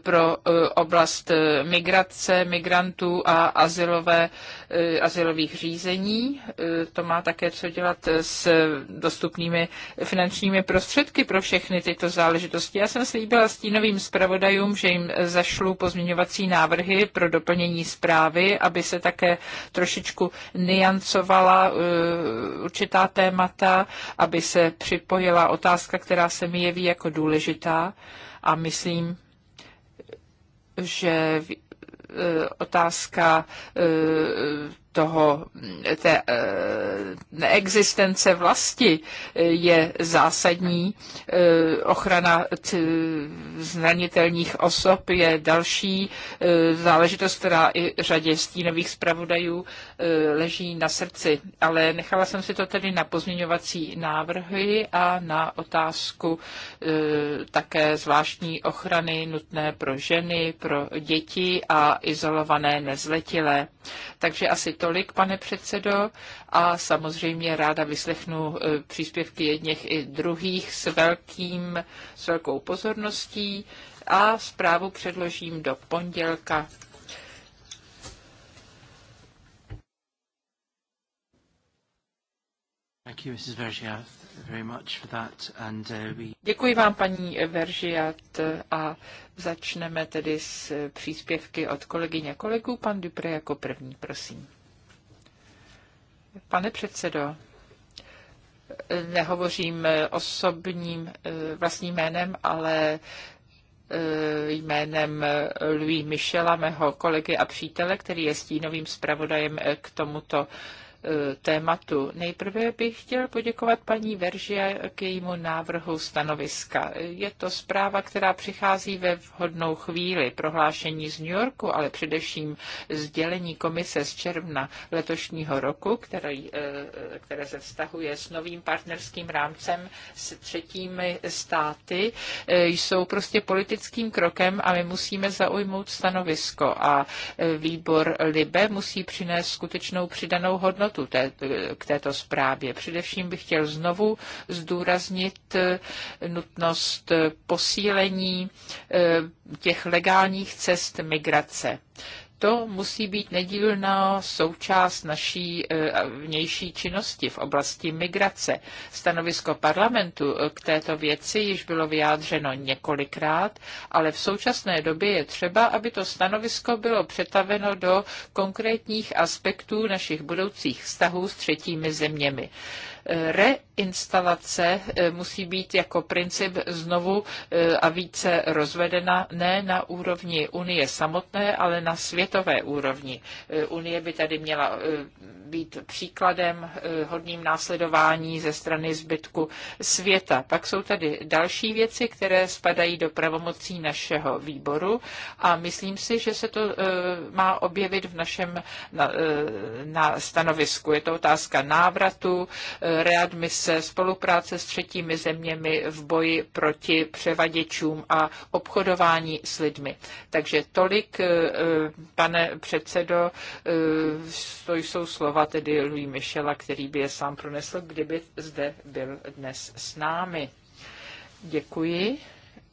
Speaker 4: pro oblast migrace, migrantů a asilové Eh, azylových řízení. Eh, to má také co dělat s dostupnými finančními prostředky pro všechny tyto záležitosti. Já jsem slíbila stínovým zpravodajům, že jim zašlu pozměňovací návrhy pro doplnění zprávy, aby se také trošičku niancovala eh, určitá témata, aby se připojila otázka, která se mi jeví jako důležitá. A myslím, že Eh, otázka eh, toho, té eh, neexistence vlasti eh, je zásadní. Eh, ochrana zranitelných osob je další záležitost, která i řadě stínových zpravodajů leží na srdci. Ale nechala jsem si to tedy na pozměňovací návrhy a na otázku také zvláštní ochrany nutné pro ženy, pro děti a izolované nezletilé. Takže asi to tolik, pane předsedo, a samozřejmě ráda vyslechnu eh, příspěvky jedněch i druhých s, velkým, s velkou pozorností a zprávu předložím do pondělka.
Speaker 1: Uh,
Speaker 4: Děkuji vám, paní Veržiat, a začneme tedy s příspěvky od kolegyně kolegů. Pan Dupre jako první, prosím. Pane předsedo, nehovořím osobním eh, vlastním jménem, ale eh, jménem Louis Michela, mého kolegy a přítele, který je stínovým zpravodajem eh, k tomuto Eh, tématu. Nejprve bych chtěl poděkovat paní Veržie k jejímu návrhu stanoviska. Je to zpráva, která přichází ve vhodnou chvíli. Prohlášení z New Yorku, ale především sdělení komise z června letošního roku, které, eh, které se vztahuje s novým partnerským rámcem s třetími státy, eh, jsou prostě politickým krokem a my musíme zaujmout stanovisko a výbor LIBE musí přinést skutečnou přidanou hodnotu tématu, té, k této zprávě. Především bych chtěl znovu zdůraznit eh, nutnost posílení eh, těch legálních cest migrace to musí být nedílná součást naší eh, vnější činnosti v oblasti migrace. Stanovisko parlamentu eh, k této věci již bylo vyjádřeno několikrát, ale v současné době je třeba, aby to stanovisko bylo přetaveno do konkrétních aspektů našich budoucích vztahů s třetími zeměmi. Reinstalace eh, musí být jako princip znovu eh, a více rozvedena ne na úrovni Unie samotné, ale na světové úrovni. Eh, Unie by tady měla být příkladem hodným následování ze strany zbytku světa. Pak jsou tady další věci, které spadají do pravomocí našeho výboru a myslím si, že se to má objevit v našem na, na stanovisku. Je to otázka návratu, readmise, spolupráce s třetími zeměmi v boji proti převaděčům a obchodování s lidmi. Takže tolik, eh, pane předsedo, eh, to jsou slova tedy Louis Michela, který by je sám pronesl, kdyby zde byl dnes s námi. Děkuji.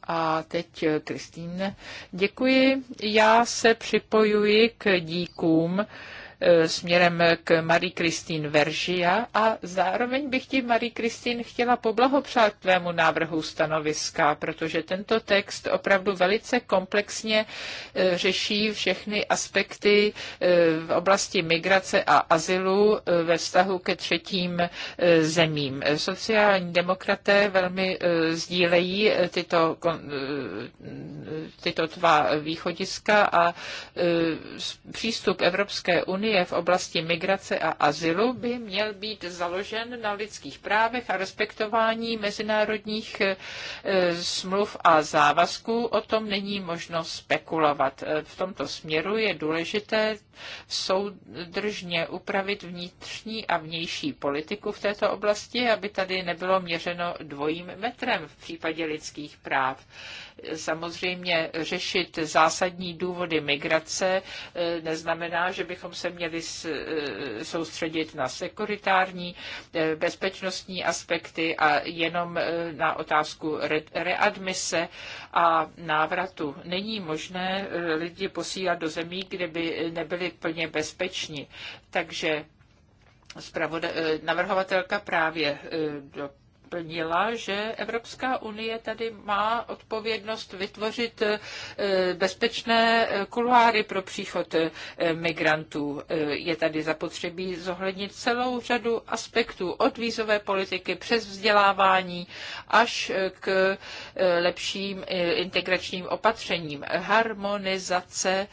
Speaker 4: A teď eh, Kristýn. Děkuji. Já se připojuji k díkům E, směrem k Marie Christine Veržia a zároveň bych ti Marie Christine chtěla poblahopřát tvému návrhu stanoviska, protože tento text opravdu velice komplexně e, řeší všechny aspekty e, v oblasti migrace a azylu ve vztahu ke třetím zemím. Sociální demokraté velmi sdílejí tyto, tyto tvá východiska a přístup Evropské unie unie v oblasti migrace a azylu by měl být založen na lidských právech a respektování mezinárodních eh, smluv a závazků. O tom není možno spekulovat. Eh, v tomto směru je důležité soudržně upravit vnitřní a vnější politiku v této oblasti, aby tady nebylo měřeno dvojím metrem v případě lidských práv. Samozřejmě řešit zásadní důvody migrace eh, neznamená, že bychom se měli eh, soustředit na sekuritární, eh, bezpečnostní aspekty a jenom na otázku readmise a návratu. Není možné lidi posílat do zemí, kde by nebyli plně bezpeční. Takže navrhovatelka právě do plnila, že Evropská unie tady má odpovědnost vytvořit eh, bezpečné eh, kuluáry pro příchod eh, migrantů. Je tady zapotřebí zohlednit celou řadu aspektů od vízové politiky přes vzdělávání až k lepším integračním opatřením. Harmonizace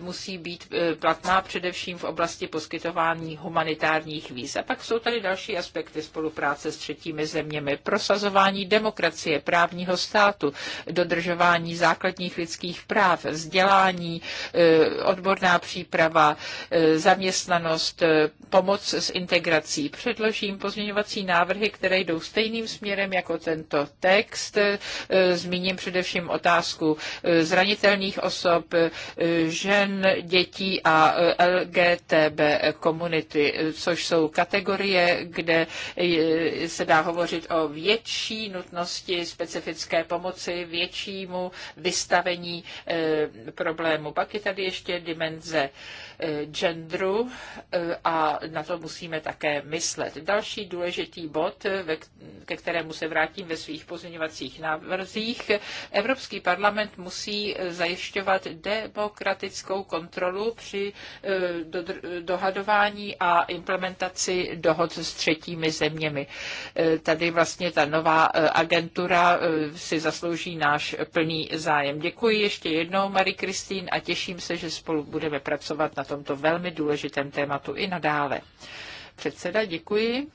Speaker 4: musí být platná především v oblasti poskytování humanitárních víz. A pak jsou tady další aspekty spolupráce s třetími zeměmi zeměmi, prosazování demokracie, právního státu, dodržování základních lidských práv, vzdělání, e, odborná příprava, e, zaměstnanost, e, pomoc s integrací. Předložím pozměňovací návrhy, které jdou stejným směrem jako tento text. Zmíním především otázku zranitelných osob, žen, dětí a LGTB komunity, což jsou kategorie, kde se dá hovořit hovořit o větší nutnosti specifické pomoci, většímu vystavení eh, problému. Pak je tady ještě dimenze genderu eh, a na to musíme také myslet. Další důležitý bod, ke kterému se vrátím ve svých pozměňovacích návrzích, Evropský parlament musí zajišťovat demokratickou kontrolu při eh, dohadování a implementaci dohod s třetími zeměmi. Eh, tady vlastně ta nová agentura si zaslouží náš plný zájem. Děkuji ještě jednou, Marie Kristýn, a těším se, že spolu budeme pracovat na tomto velmi důležitém tématu i nadále. Předseda, děkuji.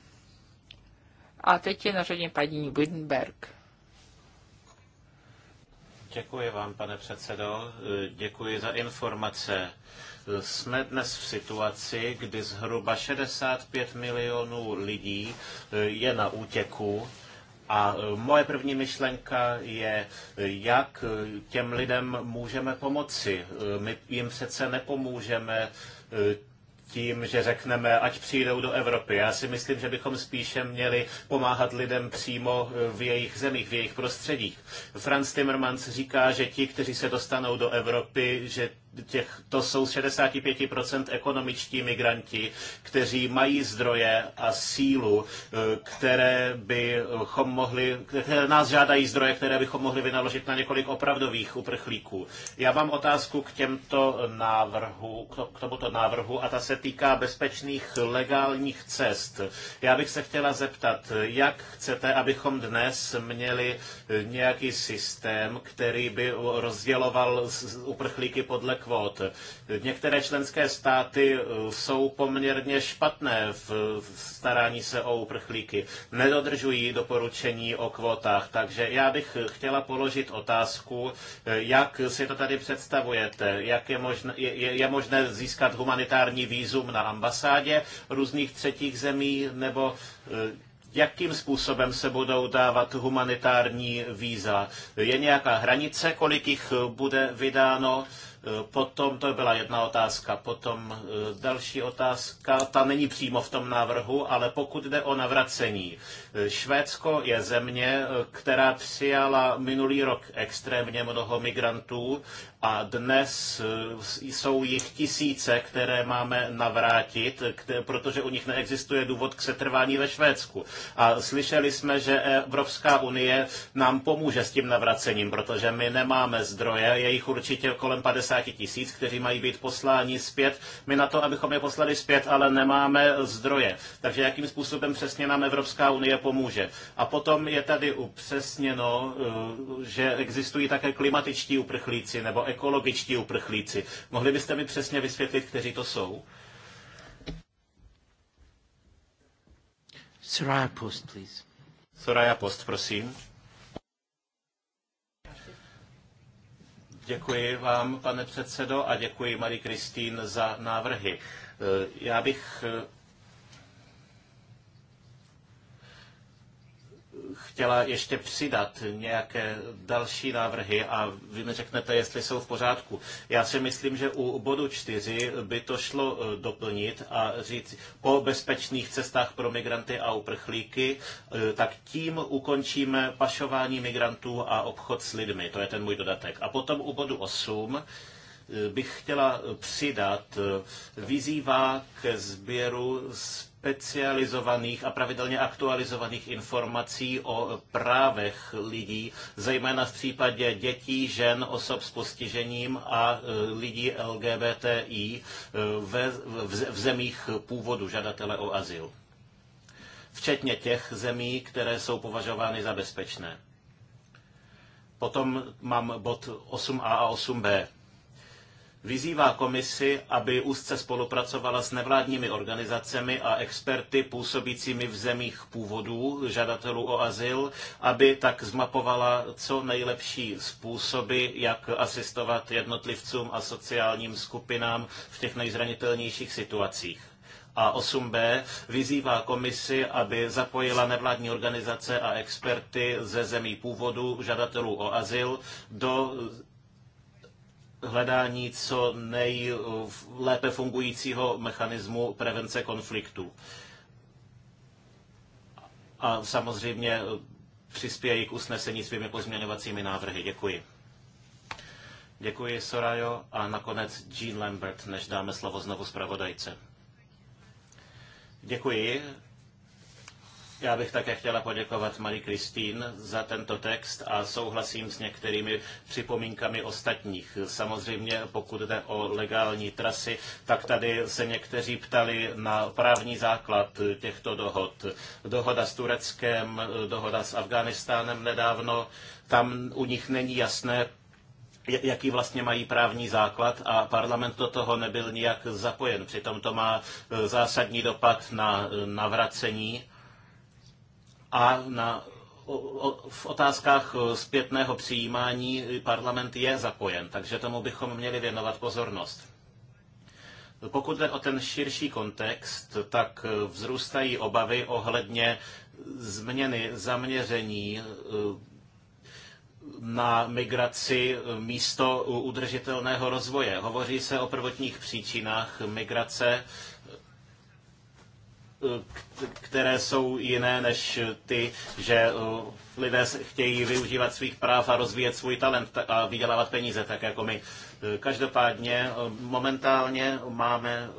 Speaker 4: A teď je na řadě paní Wittenberg.
Speaker 2: Děkuji vám, pane předsedo. Děkuji za informace. Jsme dnes v situaci, kdy zhruba 65 milionů lidí je na útěku a e, moje první myšlenka je, e, jak e, těm lidem můžeme pomoci. My jim přece nepomůžeme tím, že řekneme, ať přijdou do Evropy. Já si myslím, že bychom spíše měli pomáhat lidem přímo v jejich zemích, v jejich prostředích. Franz Timmermans říká, že ti, kteří se dostanou do Evropy, že těch, to jsou 65% ekonomičtí migranti, kteří mají zdroje a sílu, eh, které bychom mohli, které nás žádají zdroje, které bychom mohli vynaložit na několik opravdových uprchlíků. Já mám otázku k těmto návrhu, k tomuto návrhu a ta se týká bezpečných legálních cest. Já bych se chtěla zeptat, jak chcete, abychom dnes měli eh, nějaký systém, který by rozděloval uprchlíky podle kvót. Některé členské státy eh, jsou poměrně špatné v starání se o uprchlíky. Nedodržují doporučení o kvótách, takže já bych chtěla položit otázku, eh, jak si to tady představujete, jak je možné, je, je možné získat humanitární výzum na ambasádě různých třetích zemí, nebo eh, jakým způsobem se budou dávat humanitární víza. Je nějaká hranice, kolik jich bude vydáno? Eh, potom to byla jedna otázka. Potom eh, další otázka, ta není přímo v tom návrhu, ale pokud jde o navracení. Eh, Švédsko je země, která přijala minulý rok extrémně mnoho migrantů a dnes eh, jsou jich tisíce, které máme navrátit, protože u nich neexistuje důvod k setrvání ve Švédsku. A slyšeli jsme, že Evropská unie nám pomůže s tím navracením, protože my nemáme zdroje, je jich určitě kolem 50 tisíc, kteří mají být posláni zpět. My na to, abychom je poslali zpět, ale nemáme zdroje. Takže jakým způsobem přesně nám Evropská unie pomůže? A potom je tady upřesněno, eh, že existují také klimatičtí uprchlíci nebo ekologičtí uprchlíci. Mohli byste mi přesně vysvětlit, kteří to jsou? Soraya Post, please. Soraya Post, prosím. Děkuji vám, pane předsedo, a děkuji Marie Kristýn za návrhy. Eh, já bych eh, chtěla ještě přidat nějaké další návrhy a vy mi řeknete, jestli jsou v pořádku. Já si myslím, že u bodu 4 by to šlo e, doplnit a říct po bezpečných cestách pro migranty a uprchlíky, e, tak tím ukončíme pašování migrantů a obchod s lidmi. To je ten můj dodatek. A potom u bodu 8 e, bych chtěla přidat, vyzývá ke sběru specializovaných a pravidelně aktualizovaných informací o právech lidí, zejména v případě dětí, žen, osob s postižením a e, lidí LGBTI e, ve, v, v zemích původu žadatele o azyl. Včetně těch zemí, které jsou považovány za bezpečné. Potom mám bod 8a a 8b vyzývá komisi, aby úzce spolupracovala s nevládními organizacemi a experty působícími v zemích původů žadatelů o azyl, aby tak zmapovala co nejlepší způsoby, jak asistovat jednotlivcům a sociálním skupinám v těch nejzranitelnějších situacích a 8b vyzývá komisi, aby zapojila nevládní organizace a experty ze zemí původu žadatelů o azyl do hledání co nejlépe fungujícího mechanismu prevence konfliktů. A samozřejmě eh, přispějí k usnesení svými pozměňovacími návrhy. Děkuji. Děkuji, Sorajo. A nakonec Jean Lambert, než dáme slovo znovu zpravodajce. Děkuji. Já bych také chtěla poděkovat Marie Kristýn za tento text a souhlasím s některými připomínkami ostatních. Samozřejmě, pokud jde o legální trasy, tak tady se někteří ptali na právní základ těchto dohod. Dohoda s Tureckem, dohoda s Afghánistánem nedávno, tam u nich není jasné, jaký vlastně mají právní základ a parlament do toho nebyl nijak zapojen. Přitom to má e, zásadní dopad na e, navracení a na v otázkách zpětného přijímání parlament je zapojen, takže tomu bychom měli věnovat pozornost. Pokud jde o ten širší kontext, tak e, vzrůstají obavy ohledně změny zaměření e, na migraci místo udržitelného rozvoje. Hovoří se o prvotních příčinách migrace, které jsou jiné než ty, že eh, lidé chtějí využívat svých práv a rozvíjet svůj talent a vydělávat peníze, tak jako my. Eh, každopádně eh, momentálně máme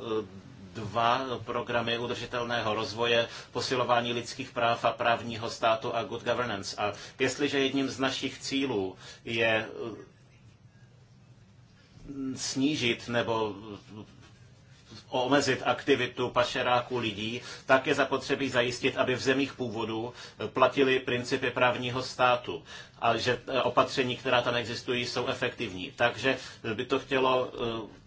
Speaker 2: dva programy udržitelného rozvoje, posilování lidských práv a právního státu a good governance. A jestliže jedním z našich cílů je snížit nebo omezit aktivitu pašeráků lidí, tak je zapotřebí zajistit, aby v zemích původu platili principy právního státu a že opatření, která tam existují, jsou efektivní. Takže by to chtělo eh,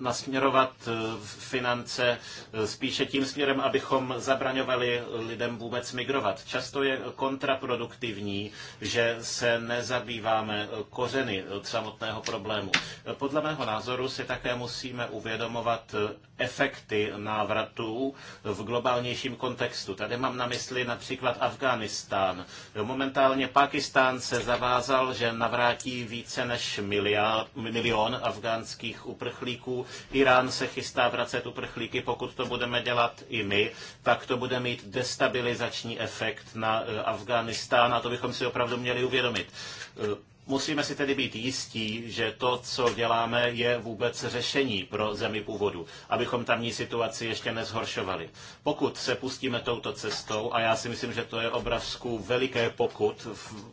Speaker 2: nasměrovat eh, finance eh, spíše tím směrem, abychom zabraňovali lidem vůbec migrovat. Často je kontraproduktivní, že se nezabýváme eh, kořeny samotného problému. Podle mého názoru si také musíme uvědomovat efekty návratů v globálnějším kontextu. Tady mám na mysli například Afghánistán. Momentálně Pakistán se zavázal, že navrátí více než miliard, milion afgánských uprchlíků. Irán se chystá vracet uprchlíky. Pokud to budeme dělat i my, tak to bude mít destabilizační efekt na eh, Afghánistán a to bychom si opravdu měli uvědomit. Eh, Musíme si tedy být jistí, že to, co děláme, je vůbec řešení pro zemi původu, abychom tamní situaci ještě nezhoršovali. Pokud se pustíme touto cestou, a já si myslím, že to je obrovskou veliké pokud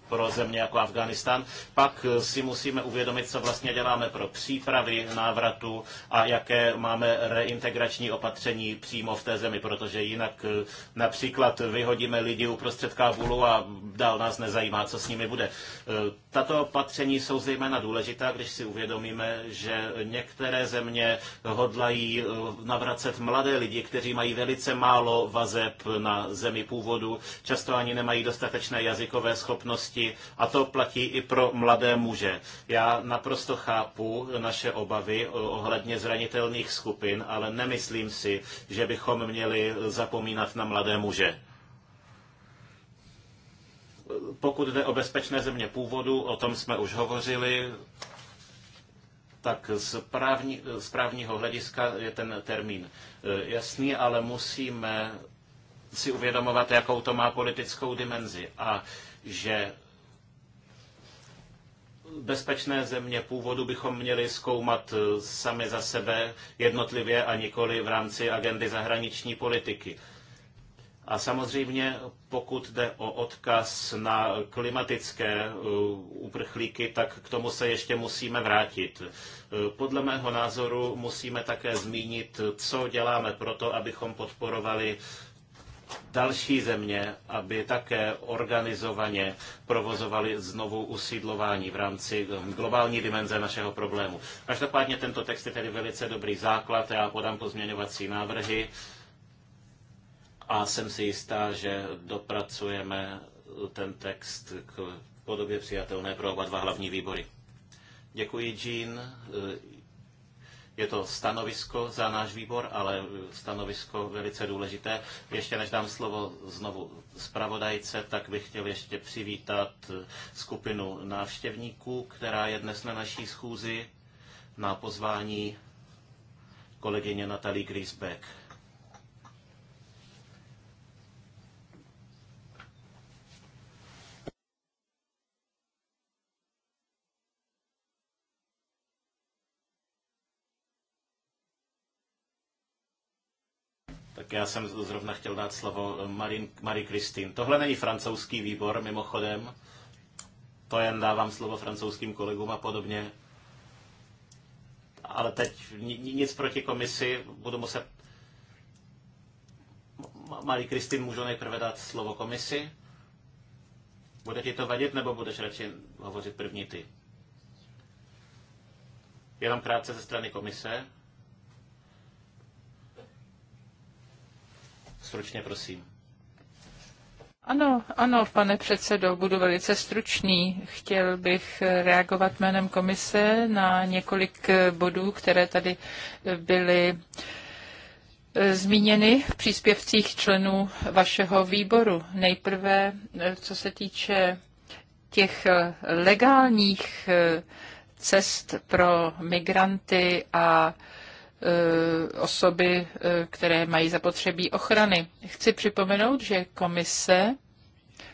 Speaker 2: pro země jako Afghánistán, pak eh, si musíme uvědomit, co vlastně děláme pro přípravy návratu a jaké máme reintegrační opatření přímo v té zemi, protože jinak eh, například vyhodíme lidi uprostřed Kábulu a dál nás nezajímá, co s nimi bude. Eh, tato opatření jsou zejména důležitá, když si uvědomíme, že některé země hodlají eh, navracet mladé lidi, kteří mají velice málo vazeb na zemi původu, často ani nemají dostatečné jazykové schopnosti a to platí i pro mladé muže. Já naprosto chápu naše obavy eh, ohledně zranitelných skupin, ale nemyslím si, že bychom měli zapomínat na mladé muže. Pokud jde o bezpečné země původu, o tom jsme už hovořili, tak z, právní, z právního hlediska je ten termín eh, jasný, ale musíme si uvědomovat, jakou to má politickou dimenzi a že bezpečné země původu bychom měli zkoumat eh, sami za sebe jednotlivě a nikoli v rámci agendy zahraniční politiky. A samozřejmě, pokud jde o odkaz na klimatické uh, uprchlíky, tak k tomu se ještě musíme vrátit. Uh, podle mého názoru musíme také zmínit, co děláme pro to, abychom podporovali další země, aby také organizovaně provozovali znovu usídlování v rámci um, globální dimenze našeho problému. Každopádně tento text je tedy velice dobrý základ, já podám pozměňovací návrhy a jsem si jistá, že dopracujeme ten text k podobě přijatelné pro oba dva hlavní výbory. Děkuji, Jean. Je to stanovisko za náš výbor, ale stanovisko velice důležité. Ještě než dám slovo znovu zpravodajce, tak bych chtěl ještě přivítat skupinu návštěvníků, která je dnes na naší schůzi na pozvání kolegyně Natalie Griesbeck. tak já jsem zrovna chtěl dát slovo eh, Marie, Christine. Tohle není francouzský výbor, mimochodem. To jen dávám slovo francouzským kolegům a podobně. Ale teď nic proti komisi, budu muset... Marie Christine, můžu nejprve dát slovo komisi? Bude ti to vadit, nebo budeš radši hovořit první ty? Jenom krátce ze strany komise. Stručně, prosím.
Speaker 4: Ano, ano, pane předsedo, budu velice stručný. Chtěl bych reagovat jménem komise na několik bodů, které tady byly eh, zmíněny v příspěvcích členů vašeho výboru. Nejprve, eh, co se týče těch eh, legálních cest pro migranty a Eh, osoby, eh, které mají zapotřebí ochrany. Chci připomenout, že komise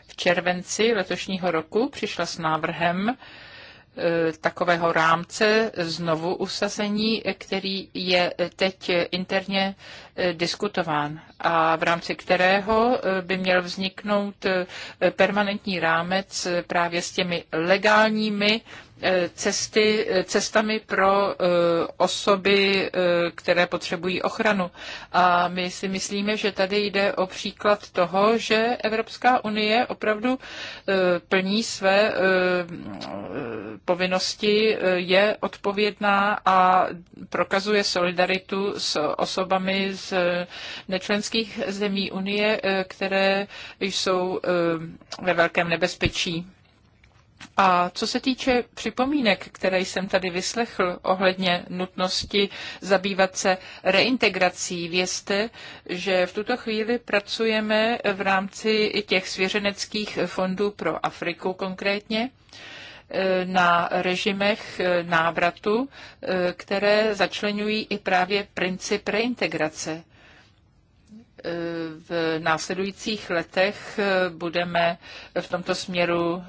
Speaker 4: v červenci letošního roku přišla s návrhem eh, takového rámce znovu usazení, který je teď interně diskutován a v rámci kterého by měl vzniknout permanentní rámec právě s těmi legálními Eh, cesty, eh, cestami pro eh, osoby, které potřebují ochranu. A my si myslíme, že tady jde o příklad toho, že Evropská unie opravdu plní své povinnosti, je odpovědná a prokazuje solidaritu s osobami z nečlenských zemí unie, které jsou ve velkém nebezpečí a co se týče připomínek, které jsem tady vyslechl ohledně nutnosti zabývat se reintegrací, vězte, že v tuto chvíli pracujeme v rámci těch svěřeneckých fondů pro Afriku konkrétně eh, na režimech eh, návratu, eh, které začlenují i právě princip reintegrace v následujících letech budeme v tomto směru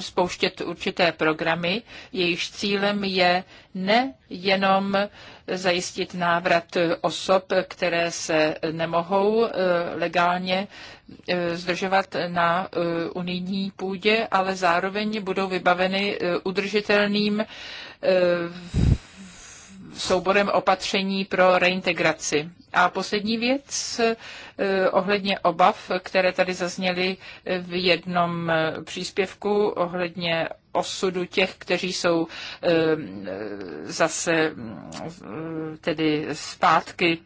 Speaker 4: spouštět určité programy, jejichž cílem je nejenom zajistit návrat osob, které se nemohou eh, legálně eh, zdržovat na eh, unijní půdě, ale zároveň budou vybaveny udržitelným souborem opatření pro reintegraci. A poslední věc eh, ohledně obav, které tady zazněly v jednom eh, příspěvku ohledně osudu těch, kteří jsou eh, zase mm, tedy zpátky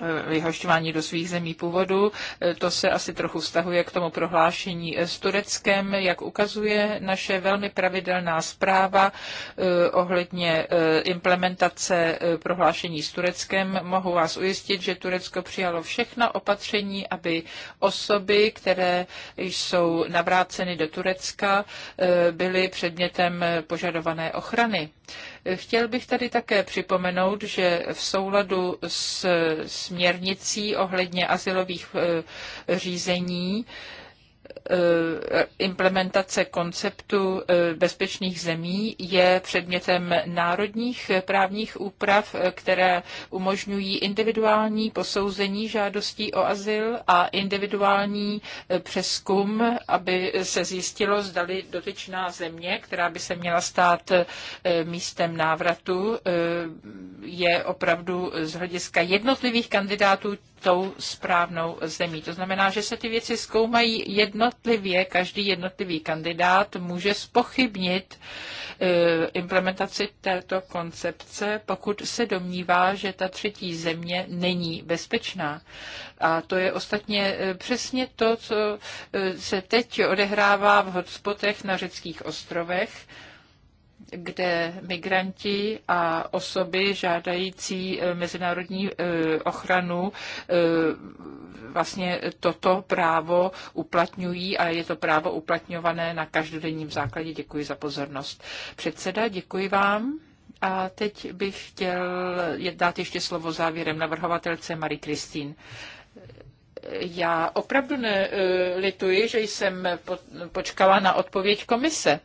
Speaker 4: Eh, vyhošťování do svých zemí původu. Eh, to se asi trochu vztahuje k tomu prohlášení eh, s Tureckem, jak ukazuje naše velmi pravidelná zpráva ohledně implementace prohlášení s Tureckem. Mohu vás ujistit, že Turecko přijalo všechna opatření, aby osoby, které jsou navráceny do Turecka, byly předmětem požadované ochrany. Chtěl bych tady také připomenout, že v souladu s směrnicí ohledně asilových eh, řízení Eh, implementace konceptu eh, bezpečných zemí je předmětem národních právních úprav, eh, které umožňují individuální posouzení žádostí o azyl a individuální přeskum, aby se zjistilo, zdali dotyčná země, která by se měla stát místem návratu, je opravdu z hlediska jednotlivých kandidátů tou správnou zemí. To znamená, že se ty věci zkoumají jednotlivě, každý jednotlivý kandidát může spochybnit eh, implementaci této koncepce, pokud se domnívá, že ta třetí země není bezpečná. A to je ostatně eh, přesně to, co eh, se teď odehrává v hotspotech na řeckých ostrovech, kde migranti a osoby žádající eh, mezinárodní eh, ochranu eh, vlastně toto právo uplatňují a je to právo uplatňované na každodenním základě. Děkuji za pozornost. Předseda, děkuji vám. A teď bych chtěl dát ještě slovo závěrem navrhovatelce Marie Kristín já opravdu ne, lituji, že jsem počkala na odpověď komise.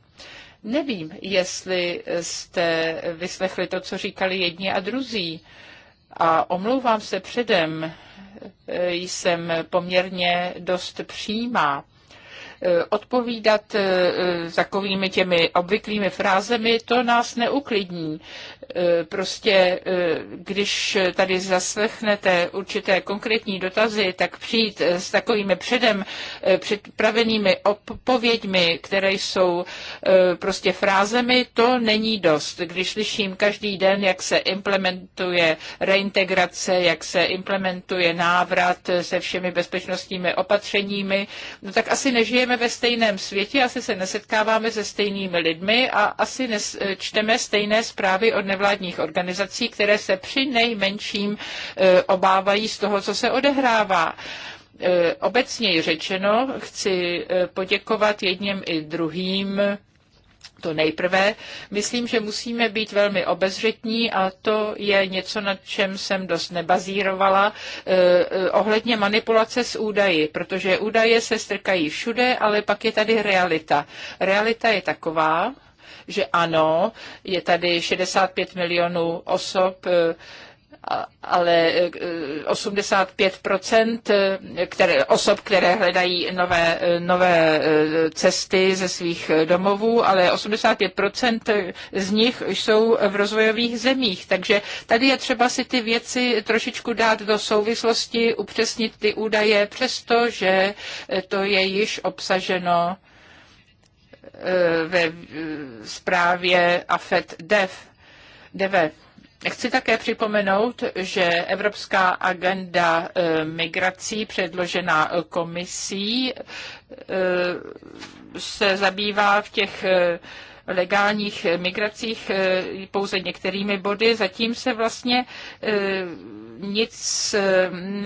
Speaker 4: Nevím, jestli jste vyslechli to, co říkali jedni a druzí. A omlouvám se předem, e, jsem poměrně dost přímá. Eh, odpovídat eh, eh, takovými těmi obvyklými frázemi, to nás neuklidní. Prostě když tady zaslechnete určité konkrétní dotazy, tak přijít s takovými předem připravenými odpověďmi, které jsou prostě frázemi, to není dost. Když slyším každý den, jak se implementuje reintegrace, jak se implementuje návrat se všemi bezpečnostními opatřeními, no tak asi nežijeme žijeme ve stejném světě, asi se nesetkáváme se stejnými lidmi a asi nes, eh, čteme stejné zprávy od nevládních organizací, které se při nejmenším eh, obávají z toho, co se odehrává. Eh, obecněji řečeno, chci poděkovat jedním i druhým to nejprve, myslím, že musíme být velmi obezřetní a to je něco, nad čem jsem dost nebazírovala eh, eh, ohledně manipulace s údaji, protože údaje se strkají všude, ale pak je tady realita. Realita je taková, že ano, je tady 65 milionů osob, eh, ale 85 e, e, které, osob, které hledají nové, e, nové cesty ze svých domovů, ale 85 z nich jsou v rozvojových zemích. Takže tady je třeba si ty věci trošičku dát do souvislosti, upřesnit ty údaje, přestože to je již obsaženo ve zprávě AFED DEV. Chci také připomenout, že Evropská agenda eh, migrací předložená eh, komisí eh, se zabývá v těch legálních migracích pouze některými body. Zatím se vlastně nic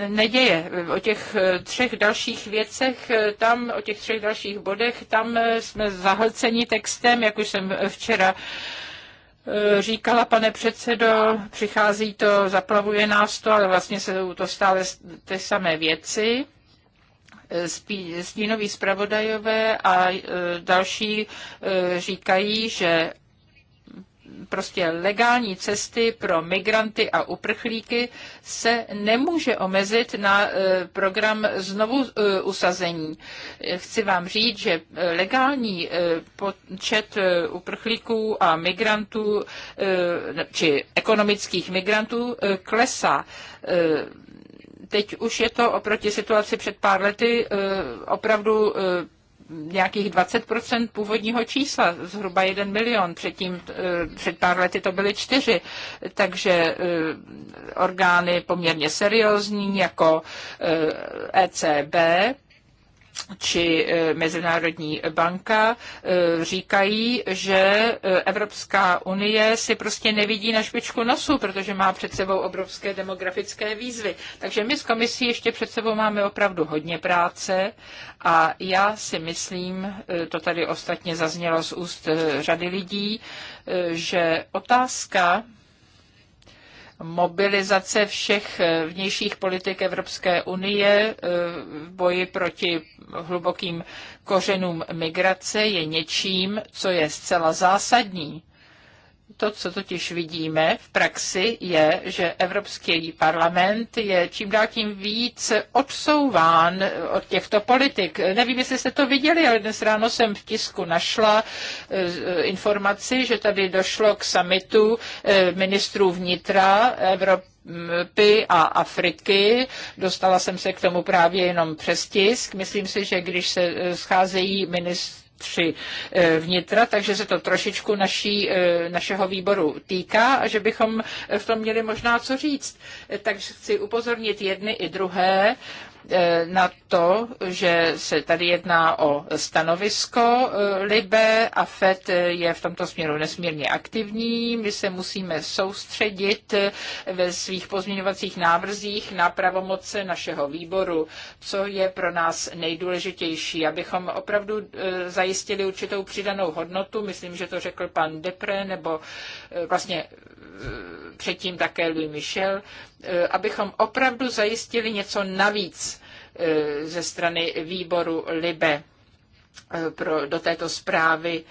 Speaker 4: neděje. O těch třech dalších věcech, tam, o těch třech dalších bodech, tam jsme zahlceni textem, jak už jsem včera Eh, říkala, pane předsedo, přichází to, zaplavuje nás to, ale vlastně se to stále ty samé věci. Eh, stínoví zpravodajové a eh, další říkají, že prostě legální cesty pro migranty a uprchlíky se nemůže omezit na e, program znovu e, usazení. Chci vám říct, že legální e, počet uprchlíků a migrantů či ekonomických migrantů klesá teď už je to oproti situaci před pár lety opravdu nějakých 20% původního čísla, zhruba 1 milion, předtím, eh, před pár lety to byly čtyři, takže eh, orgány poměrně seriózní jako ECB eh, e či e, Mezinárodní banka e, říkají, že e, Evropská unie si prostě nevidí na špičku nosu, protože má před sebou obrovské demografické výzvy. Takže my s komisí ještě před sebou máme opravdu hodně práce a já si myslím, to tady ostatně zaznělo z úst řady lidí, že otázka mobilizace všech eh, vnějších politik Evropské unie eh, v boji proti hlubokým kořenům migrace je něčím, co je zcela zásadní to, co totiž vidíme v praxi, je, že Evropský parlament je čím dál tím víc odsouván od těchto politik. Nevím, jestli jste to viděli, ale dnes ráno jsem v tisku našla eh, informaci, že tady došlo k samitu eh, ministrů vnitra Evropy a Afriky. Dostala jsem se k tomu právě jenom přes tisk. Myslím si, že když se eh, scházejí ministři tři eh, vnitra, takže se to trošičku naší, eh, našeho výboru týká a že bychom eh, v tom měli možná co říct. Takže chci upozornit jedny i druhé, na to, že se tady jedná o stanovisko Libe a FED je v tomto směru nesmírně aktivní. My se musíme soustředit ve svých pozměňovacích návrzích na pravomoce našeho výboru, co je pro nás nejdůležitější, abychom opravdu zajistili zajistili určitou přidanou hodnotu. Myslím, že to řekl pan Depre, nebo eh, vlastně eh, předtím také Louis Michel, eh, abychom opravdu zajistili něco navíc ze strany výboru LIBE pro, do této zprávy,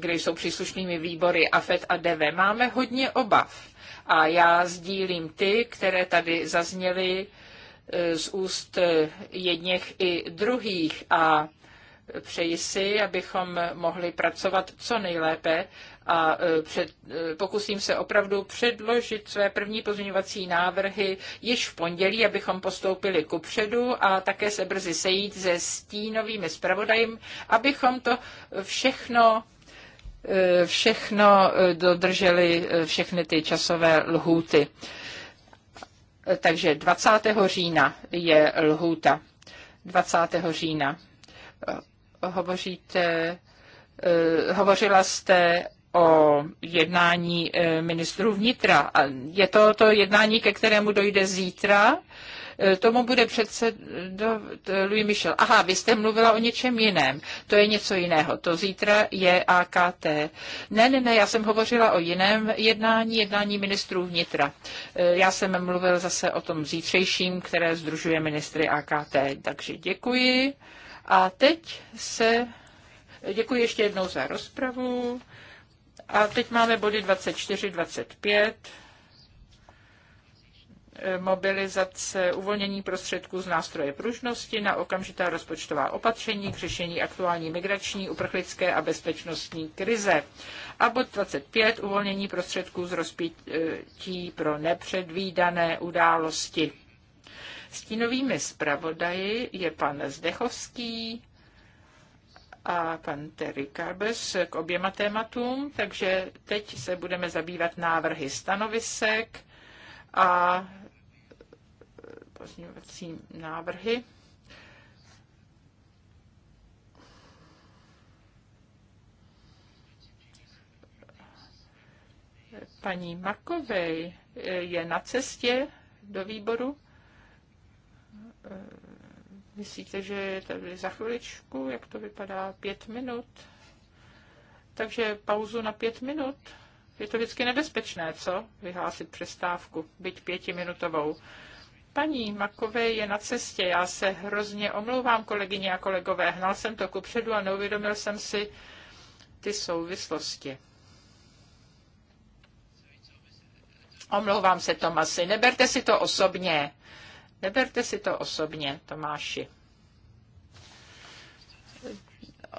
Speaker 4: kde jsou příslušnými výbory AFET a DV. Máme hodně obav a já sdílím ty, které tady zazněly z úst jedněch i druhých a Přeji si, abychom mohli pracovat co nejlépe a e, před, e, pokusím se opravdu předložit své první pozměňovací návrhy již v pondělí, abychom postoupili ku předu a také se brzy sejít se stínovými zpravodajem, abychom to všechno e, všechno dodrželi, všechny ty časové lhůty. Takže 20. října je lhůta. 20. října hovoříte, eh, hovořila jste o jednání eh, ministrů vnitra. A je to to jednání, ke kterému dojde zítra. Eh, tomu bude předsedat Louis Michel. Aha, vy jste mluvila o něčem jiném. To je něco jiného. To zítra je AKT. Ne, ne, ne, já jsem hovořila o jiném jednání, jednání ministrů vnitra. Já jsem mluvil zase o tom zítřejším, které združuje ministry AKT. Takže děkuji. A teď se děkuji ještě jednou za
Speaker 3: rozpravu.
Speaker 4: A teď máme body 24, 25 mobilizace, uvolnění prostředků z nástroje pružnosti na okamžitá rozpočtová opatření k řešení aktuální migrační, uprchlické a bezpečnostní krize. A bod 25, uvolnění prostředků z rozpětí pro nepředvídané události. Stínovými zpravodaji je pan Zdechovský a pan Terry Karbes k oběma tématům, takže teď se budeme zabývat návrhy stanovisek a pozměňovací návrhy. Paní Makovej je na cestě do výboru. Eh, myslíte, že je tady za chviličku, jak to vypadá, pět minut? Takže pauzu na pět minut. Je to vždycky nebezpečné, co? Vyhlásit přestávku, byť pětiminutovou. Paní Makové je na cestě, já se hrozně omlouvám, kolegyně a kolegové. Hnal jsem to kupředu a neuvědomil jsem si ty souvislosti. Omlouvám se, Tomasi, neberte si to osobně. Neberte si to osobně, Tomáši.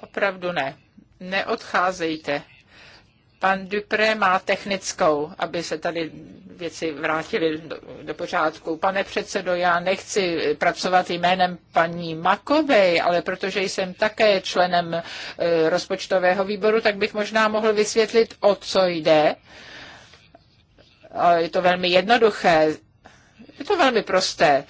Speaker 4: Opravdu ne. Neodcházejte. Pan Dupré má technickou, aby se tady věci vrátily do, do pořádku. Pane předsedo, já nechci pracovat jménem paní Makovej, ale protože jsem také členem e, rozpočtového výboru, tak bych možná mohl vysvětlit, o co jde. A je to velmi jednoduché. Je to velmi prosté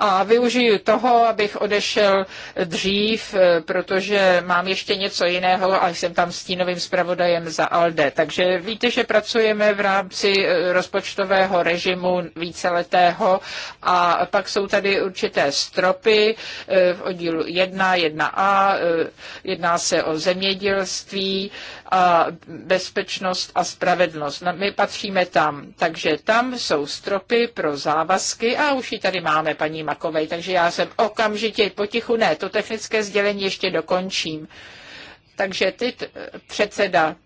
Speaker 4: a využiju toho, abych odešel dřív, eh, protože mám ještě něco jiného a jsem tam stínovým zpravodajem za ALDE. Takže víte, že pracujeme v rámci eh, rozpočtového režimu víceletého a pak jsou tady určité stropy eh, v oddílu 1, 1a, jedná se o zemědělství a bezpečnost a spravedlnost. No, my patříme tam, takže tam jsou stropy pro závazky a už ji tady máme, paní Makovej, takže já jsem okamžitě potichu, ne, to technické sdělení ještě dokončím. Takže ty eh, předseda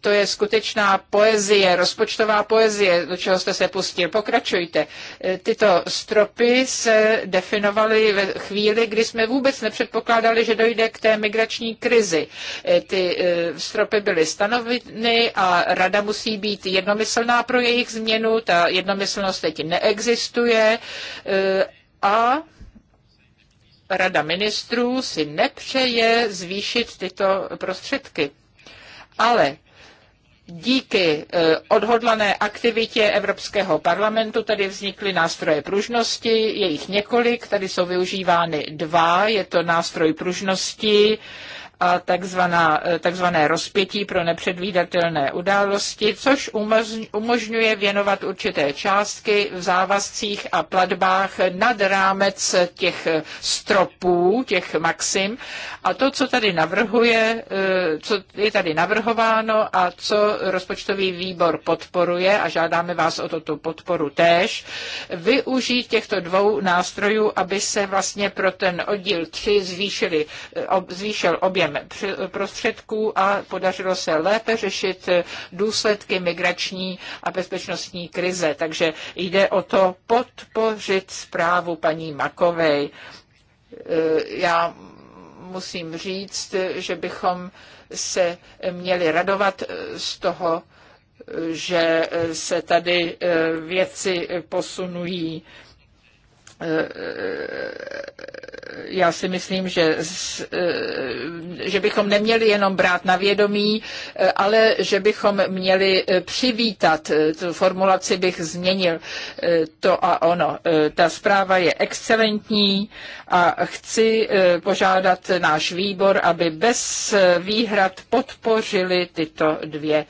Speaker 4: to je skutečná poezie, rozpočtová poezie, do čeho jste se pustil. Pokračujte. E, tyto stropy se definovaly ve chvíli, kdy jsme vůbec nepředpokládali, že dojde k té migrační krizi. E, ty e, stropy byly stanoveny a rada musí být jednomyslná pro jejich změnu. Ta jednomyslnost teď neexistuje a Rada ministrů si nepřeje zvýšit tyto prostředky. Ale díky eh, odhodlané aktivitě Evropského parlamentu tady vznikly nástroje pružnosti, je jich několik, tady jsou využívány dva, je to nástroj pružnosti, a takzvaná, eh, takzvané rozpětí pro nepředvídatelné události, což umožňuje věnovat určité částky v závazcích a platbách nad rámec těch eh, stropů, těch maxim. A to, co tady navrhuje, eh, co je tady navrhováno a co rozpočtový výbor podporuje, a žádáme vás o toto podporu též, využít těchto dvou nástrojů, aby se vlastně pro ten oddíl 3 zvýšili, zvýšil objem objem prostředků a podařilo se lépe řešit důsledky migrační a bezpečnostní krize. Takže jde o to podpořit zprávu paní Makovej. Já musím říct, že bychom se měli radovat z toho, že se tady věci posunují já si myslím, že, že bychom neměli jenom brát na vědomí, ale že bychom měli přivítat. Tu formulaci bych změnil to a ono. Ta zpráva je excelentní a chci požádat náš výbor, aby bez výhrad podpořili tyto dvě,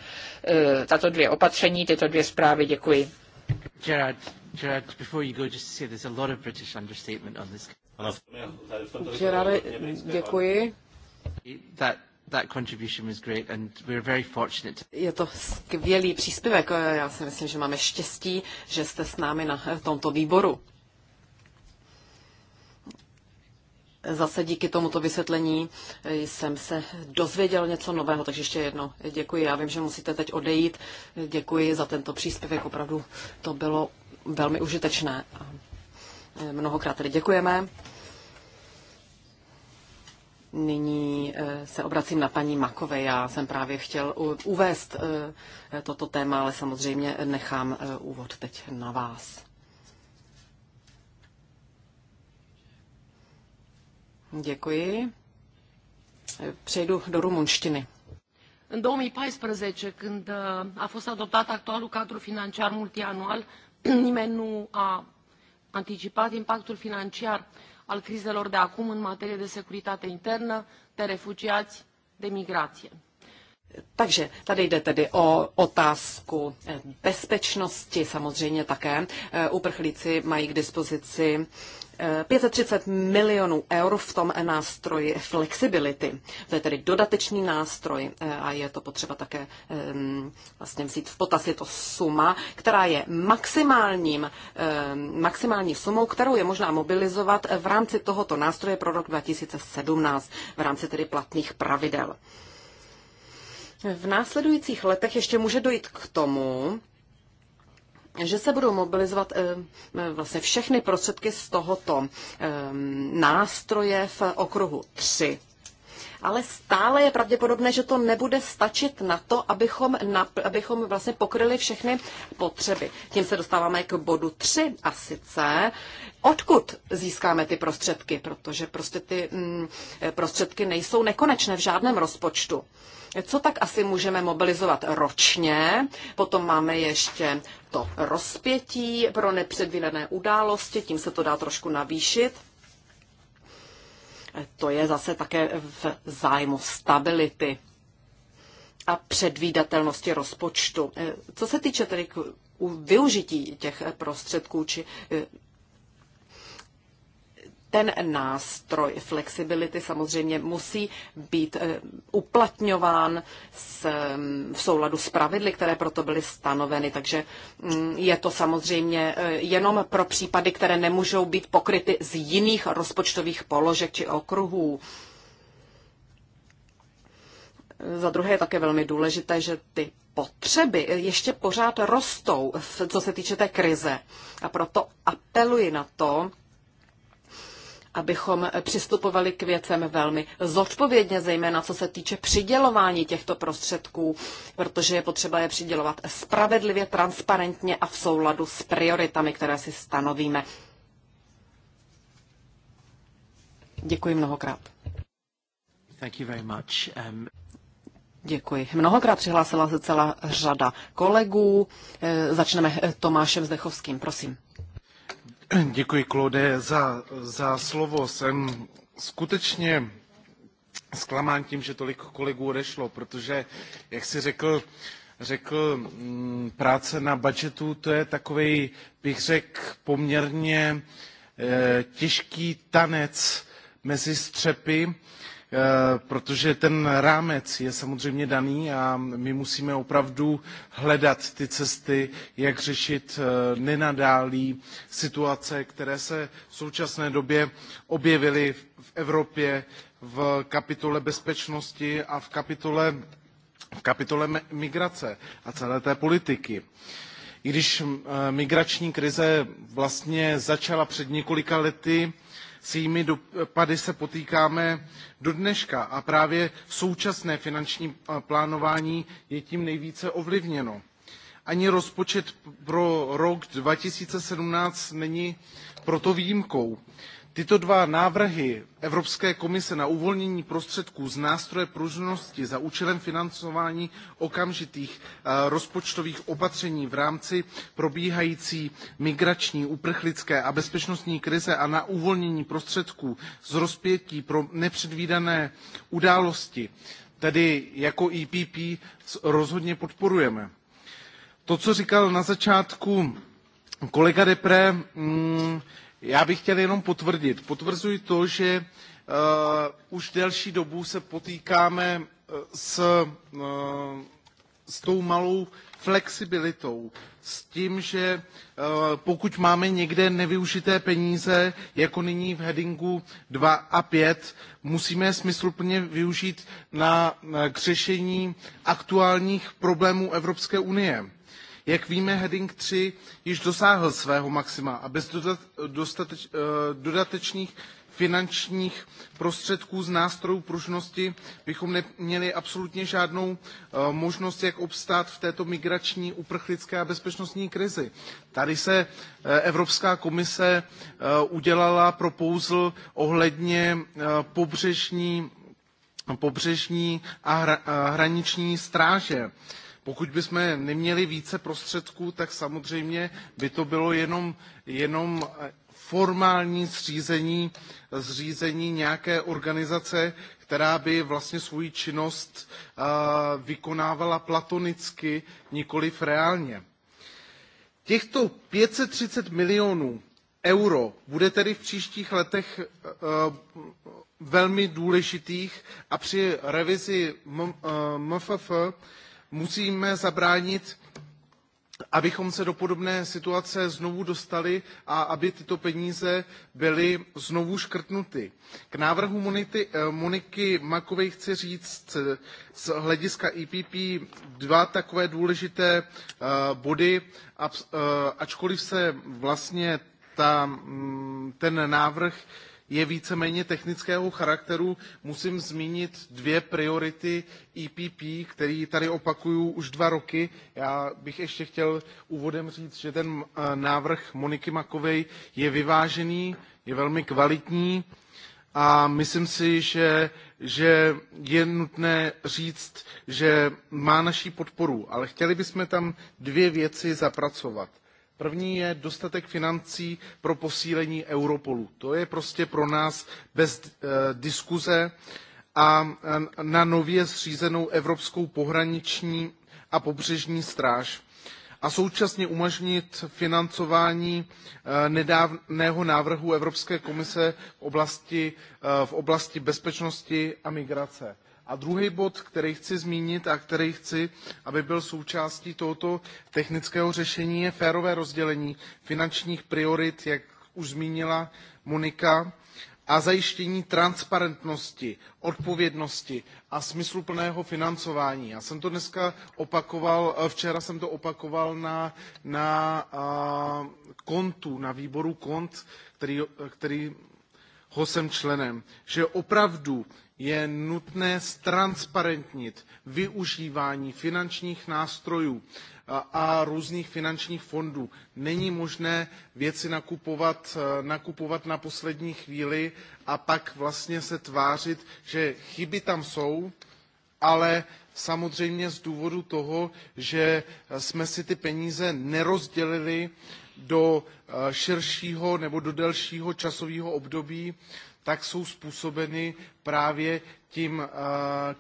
Speaker 4: tato dvě opatření, tyto dvě zprávy. Děkuji.
Speaker 1: Gerard, before you go, just to say there's a lot of British understatement on this. Gerard, děkuji. That That contribution was great and we're very fortunate.
Speaker 3: Je to skvělý příspěvek. Já si myslím, že máme štěstí, že jste s námi na tomto výboru. Zase díky tomuto vysvětlení jsem se dozvěděl něco nového, takže ještě jedno, děkuji. Já vím, že musíte teď odejít. Děkuji za tento příspěvek, opravdu to bylo velmi užitečné. Eh, mnohokrát tedy děkujeme. Nyní eh, se obracím na paní Makové. Já jsem právě chtěl uvést eh, toto téma, ale samozřejmě nechám úvod teď na vás. Děkuji. Přejdu do rumunštiny. În 2014, când a fost adoptat actualul cadru financiar multianual, nimeni nu a anticipat impactul financiar al crizelor de acum în materie
Speaker 4: de securitate internă, de refugiați, de migrație.
Speaker 3: Takže tady jde tedy o otázku bezpečnosti samozřejmě také. Eh, uprchlíci mají k dispozici 530 milionů eur v tom nástroji flexibility. To je tedy dodatečný nástroj eh, a je to potřeba také ehm, vlastně vzít v potaz. Je to suma, která je maximálním, ehm, maximální sumou, kterou je možná mobilizovat v rámci tohoto nástroje pro rok 2017, v rámci tedy platných pravidel. V následujících letech ještě může dojít k tomu, že se budou mobilizovat eh, eh, vlastně všechny prostředky z tohoto eh, nástroje v okruhu 3. Ale stále je pravděpodobné, že to nebude stačit na to, abychom, na, abychom vlastně pokryli všechny potřeby. Tím se dostáváme k bodu 3 a sice, odkud získáme ty prostředky, protože prostě ty mm, prostředky nejsou nekonečné v žádném rozpočtu. Co tak asi můžeme mobilizovat ročně? Potom máme ještě to rozpětí pro nepředvídané události, tím se to dá trošku navýšit. To je zase také v zájmu stability a předvídatelnosti rozpočtu. Co se týče tedy využití těch prostředků či eh, ten nástroj flexibility samozřejmě musí být eh, uplatňován s, mm, v souladu s pravidly, které proto byly stanoveny. Takže mm, je to samozřejmě eh, jenom pro případy, které nemůžou být pokryty z jiných rozpočtových položek či okruhů. Za druhé je také velmi důležité, že ty potřeby eh, ještě pořád rostou, co se týče té krize. A proto apeluji na to, abychom přistupovali k věcem velmi zodpovědně, zejména co se týče přidělování těchto prostředků, protože je potřeba je přidělovat spravedlivě, transparentně a v souladu s prioritami, které si stanovíme. Děkuji mnohokrát. Thank you very much. Um... Děkuji. Mnohokrát přihlásila se celá řada kolegů. Eh, začneme eh, Tomášem Zdechovským, prosím.
Speaker 1: Děkuji, Claude, za, za slovo. Jsem skutečně zklamán tím, že tolik kolegů odešlo, protože, jak jsi řekl, řekl, mm, práce na budžetu, to je takový, bych řekl, poměrně eh, těžký tanec mezi střepy, Eh, protože ten rámec je samozřejmě daný a my musíme opravdu hledat ty cesty, jak řešit eh, nenadálí situace, které se v současné době objevily v Evropě v kapitole bezpečnosti a v kapitole, v kapitole migrace a celé té politiky. I když eh, migrační krize vlastně začala před několika lety, s jejími dopady se potýkáme do dneška a právě současné finanční eh, plánování je tím nejvíce ovlivněno. Ani rozpočet pro rok 2017 není proto výjimkou. Tyto dva návrhy Evropské komise na uvolnění prostředků z nástroje pružnosti za účelem financování okamžitých eh, rozpočtových opatření v rámci probíhající migrační, uprchlické a bezpečnostní krize a na uvolnění prostředků z rozpětí pro nepředvídané události, tedy jako EPP rozhodně podporujeme. To, co říkal na začátku kolega Depré, mm, já bych chtěl jenom potvrdit. Potvrzuji to, že uh, už delší dobu se potýkáme eh, s, uh, s tou malou flexibilitou, s tím, že uh, pokud máme někde nevyužité peníze, jako nyní v headingu 2 a 5, musíme je smysluplně využít na, na, k řešení aktuálních problémů Evropské unie jak víme, heading 3 již dosáhl svého maxima a bez eh, dodatečných finančních prostředků z nástrojů pružnosti bychom neměli absolutně žádnou eh, možnost, jak obstát v této migrační, uprchlické a bezpečnostní krizi. Tady se eh, Evropská komise udělala propouzl ohledně pobřežní, pobřežní a hraniční stráže pokud bychom neměli více prostředků, tak samozřejmě by to bylo jenom, jenom formální zřízení, zřízení nějaké organizace, která by vlastně svoji činnost vykonávala platonicky, nikoliv reálně. Těchto 530 milionů euro bude tedy v příštích letech e, e, velmi důležitých a při revizi MFF musíme zabránit abychom se do podobné situace znovu dostali a aby tyto peníze byly znovu škrtnuty. K návrhu Monity, eh, Moniky Makovej chci říct eh, z hlediska EPP dva takové důležité eh, body, ačkoliv se vlastně ta, mm, ten návrh je víceméně technického charakteru. Musím zmínit dvě priority EPP, které tady opakuju už dva roky. Já bych ještě chtěl úvodem říct, že ten eh, návrh Moniky Makovej je vyvážený, je velmi kvalitní a myslím si, že, že je nutné říct, že má naší podporu, ale chtěli bychom tam dvě věci zapracovat. První je dostatek financí pro posílení Europolu. To je prostě pro nás bez eh, diskuze a eh, na nově zřízenou Evropskou pohraniční a pobřežní stráž a současně umožnit financování eh, nedávného návrhu Evropské komise v oblasti, v oblasti bezpečnosti a migrace. A druhý bod, který chci zmínit a který chci, aby byl součástí tohoto technického řešení, je férové rozdělení finančních priorit, jak už zmínila Monika, a zajištění transparentnosti, odpovědnosti a smysluplného financování. Já jsem to dneska opakoval, eh, včera jsem to opakoval na, na a, eh, kontu, na výboru kont, který, eh, který ho jsem členem, že opravdu je nutné ztransparentnit využívání finančních nástrojů a, různých finančních fondů. Není možné věci nakupovat, eh, nakupovat na poslední chvíli a pak vlastně se tvářit, že chyby tam jsou, ale samozřejmě z důvodu toho, že eh, jsme si ty peníze nerozdělili do eh, širšího nebo do delšího časového období, tak jsou způsobeny právě tím eh,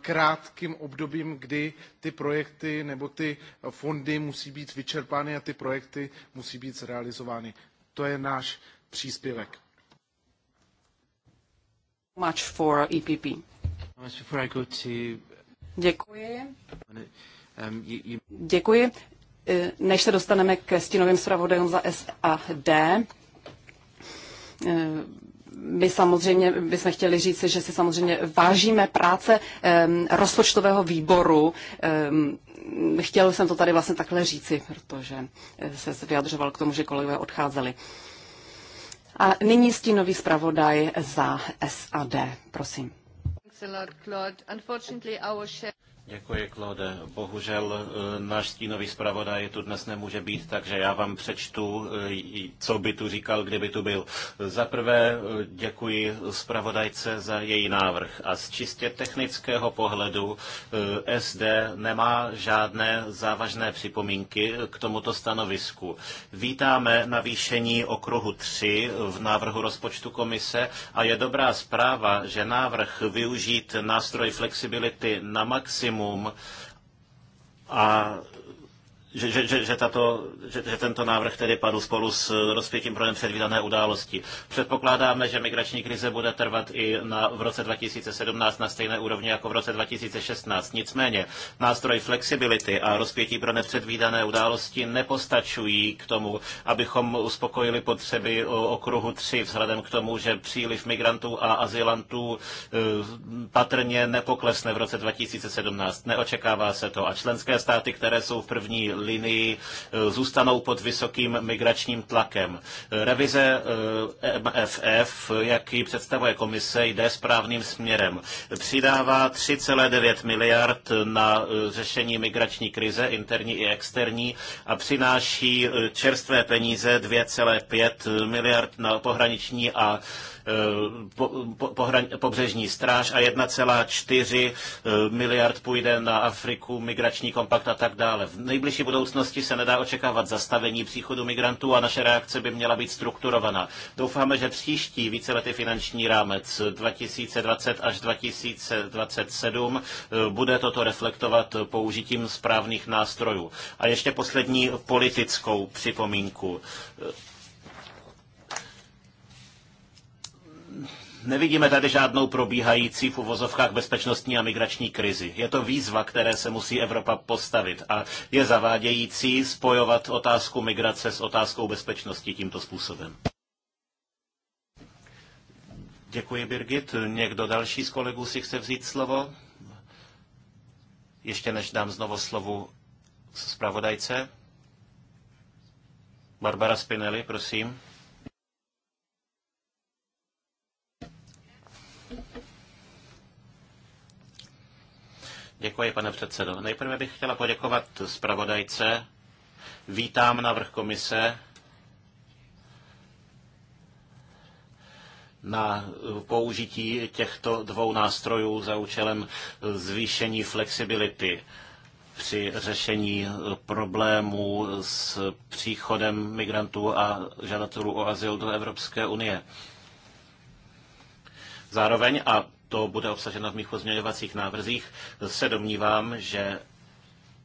Speaker 1: krátkým obdobím, kdy ty projekty nebo ty fondy musí být vyčerpány a ty projekty musí být zrealizovány. To je náš příspěvek. Much for EPP.
Speaker 4: Děkuji.
Speaker 1: Um,
Speaker 3: Děkuji. E, než se dostaneme ke stínovým zpravodajům za SAD, e, my samozřejmě bychom chtěli říct, že si samozřejmě vážíme práce rozpočtového výboru. chtěl jsem to tady vlastně takhle říci, protože e, se vyjadřoval k tomu, že kolegové odcházeli. A nyní stínový zpravodaj za SAD, prosím.
Speaker 2: Děkuji, Klode. Bohužel eh, náš stínový zpravodaj tu dnes nemůže být, takže já vám přečtu, eh, co by tu říkal, kdyby tu byl. Za prvé eh, děkuji zpravodajce za její návrh. A z čistě technického pohledu SD nemá žádné závažné připomínky k tomuto stanovisku. Vítáme navýšení okruhu 3 v návrhu rozpočtu komise a je dobrá zpráva, že návrh využít nástroj flexibility na maximum minimum a že, že, že, že, tato, že, že tento návrh tedy padl spolu s rozpětím pro nepředvídané události. Předpokládáme, že migrační krize bude trvat i na, v roce 2017 na stejné úrovni jako v roce 2016. Nicméně nástroj flexibility a rozpětí pro nepředvídané události nepostačují k tomu, abychom uspokojili potřeby okruhu 3 vzhledem k tomu, že příliv migrantů a azylantů e, patrně nepoklesne v roce 2017. Neočekává se to. A členské státy, které jsou v první linii eh, zůstanou pod vysokým migračním tlakem. Eh, revize eh, MFF, jak ji představuje komise, jde správným směrem. Přidává 3,9 miliard na řešení migrační krize, interní i externí, a přináší čerstvé peníze 2,5 miliard na pohraniční a po, po, pobřežní stráž a 1,4 eh, miliard půjde na Afriku, migrační kompakt a tak dále. V nejbližší budoucnosti se nedá očekávat zastavení příchodu migrantů a naše reakce by měla být strukturovaná. Doufáme, že příští víceletý finanční rámec 2020 až 2027 eh, bude toto reflektovat použitím správných nástrojů. A ještě poslední politickou připomínku. Nevidíme tady žádnou probíhající v uvozovkách bezpečnostní a migrační krizi. Je to výzva, které se musí Evropa postavit a je zavádějící spojovat otázku migrace s otázkou bezpečnosti tímto způsobem. Děkuji, Birgit. Někdo další z kolegů si chce vzít slovo? Ještě než dám znovu slovu zpravodajce. Barbara Spinelli, prosím. Děkuji, pane předsedo. Nejprve bych chtěla poděkovat zpravodajce. Vítám návrh komise na použití těchto dvou nástrojů za účelem zvýšení flexibility při řešení problémů s příchodem migrantů a žadatelů o azyl do Evropské unie. Zároveň, a to bude obsaženo v mých pozměňovacích návrzích, se domnívám, že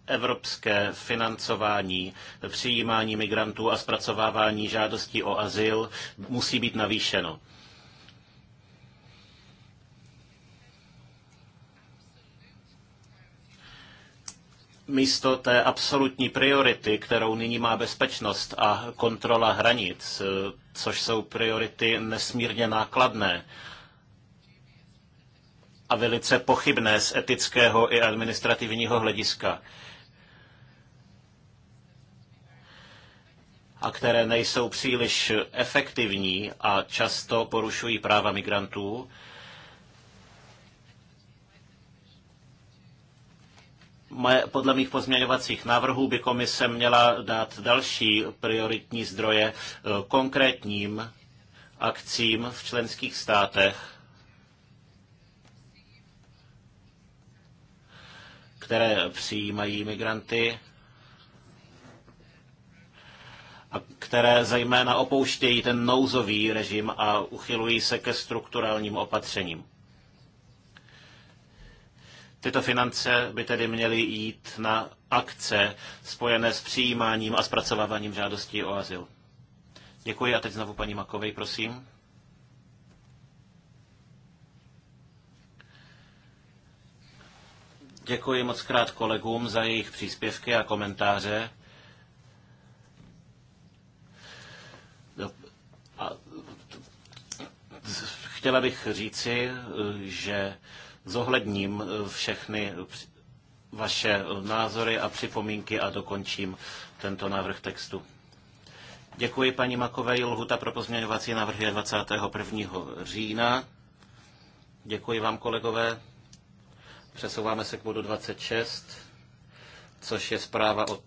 Speaker 2: evropské financování, přijímání migrantů a zpracovávání žádostí o azyl musí být navýšeno. místo té absolutní priority, kterou nyní má bezpečnost a kontrola hranic, což jsou priority nesmírně nákladné, a velice pochybné z etického i administrativního hlediska. a které nejsou příliš efektivní a často porušují práva migrantů. Podle mých pozměňovacích návrhů by komise měla dát další prioritní zdroje eh, konkrétním akcím v členských státech, které přijímají migranty a které zejména opouštějí ten nouzový režim a uchylují se ke strukturálním opatřením. Tyto finance by tedy měly jít na akce spojené s přijímáním a zpracováváním žádostí o azyl. Děkuji a teď znovu paní Makovej, prosím. Děkuji moc krát kolegům za jejich příspěvky a komentáře. chtěla bych říci, že zohledním všechny vaše názory a připomínky a dokončím tento návrh textu. Děkuji paní Makové. Lhuta pro pozměňovací návrhy je 21. října. Děkuji vám, kolegové. Přesouváme se k bodu 26, což je zpráva o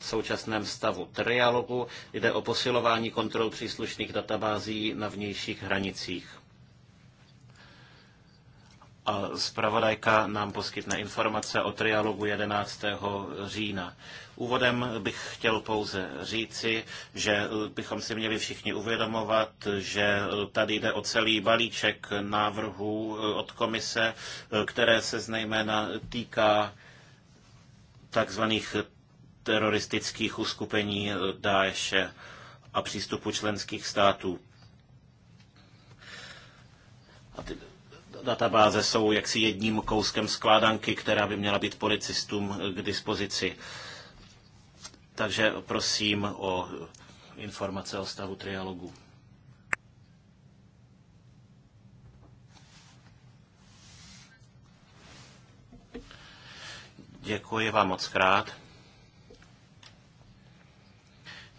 Speaker 2: současném stavu trialogu. Jde o posilování kontrol příslušných databází na vnějších hranicích a zpravodajka nám poskytne informace o trialogu 11. října. Úvodem bych chtěl pouze říci, že bychom si měli všichni uvědomovat, že tady jde o celý balíček návrhů od komise, které se znejména týká takzvaných teroristických uskupení Daeše a přístupu členských států. A ty databáze jsou jaksi jedním kouskem skládanky, která by měla být policistům k dispozici. Takže prosím o informace o stavu trialogu. Děkuji vám moc krát.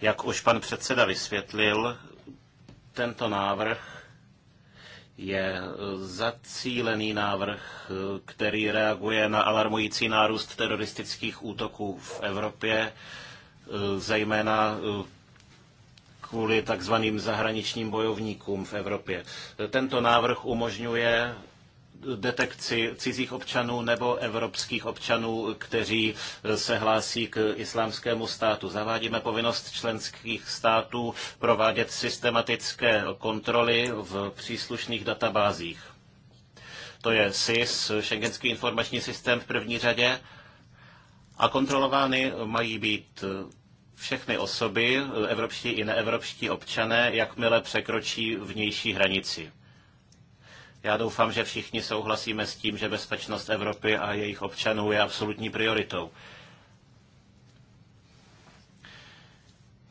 Speaker 2: Jak už pan předseda vysvětlil, tento návrh je zacílený návrh, který reaguje na alarmující nárůst teroristických útoků v Evropě, zejména kvůli takzvaným zahraničním bojovníkům v Evropě. Tento návrh umožňuje detekci cizích občanů nebo evropských občanů, kteří eh, se hlásí k islámskému státu. Zavádíme povinnost členských států provádět systematické kontroly v příslušných databázích. To je SIS, Schengenský informační systém v první řadě. A kontrolovány mají být eh, všechny osoby, eh, evropští i neevropští občané, jakmile překročí vnější hranici. Já doufám, že všichni souhlasíme s tím, že bezpečnost Evropy a jejich občanů je absolutní prioritou.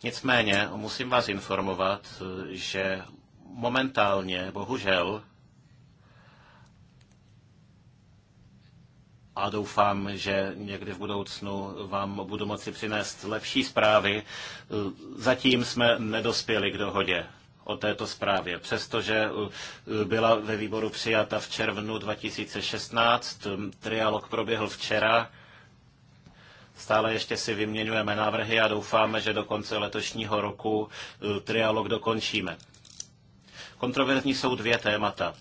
Speaker 2: Nicméně musím vás informovat, že momentálně, bohužel, a doufám, že někdy v budoucnu vám budu moci přinést lepší zprávy. Zatím jsme nedospěli k dohodě o této zprávě. Přestože eh, byla ve výboru přijata v červnu 2016, trialog proběhl včera, Stále ještě si vyměňujeme návrhy a doufáme, že do konce letošního roku eh, trialog dokončíme. Kontroverzní jsou dvě témata.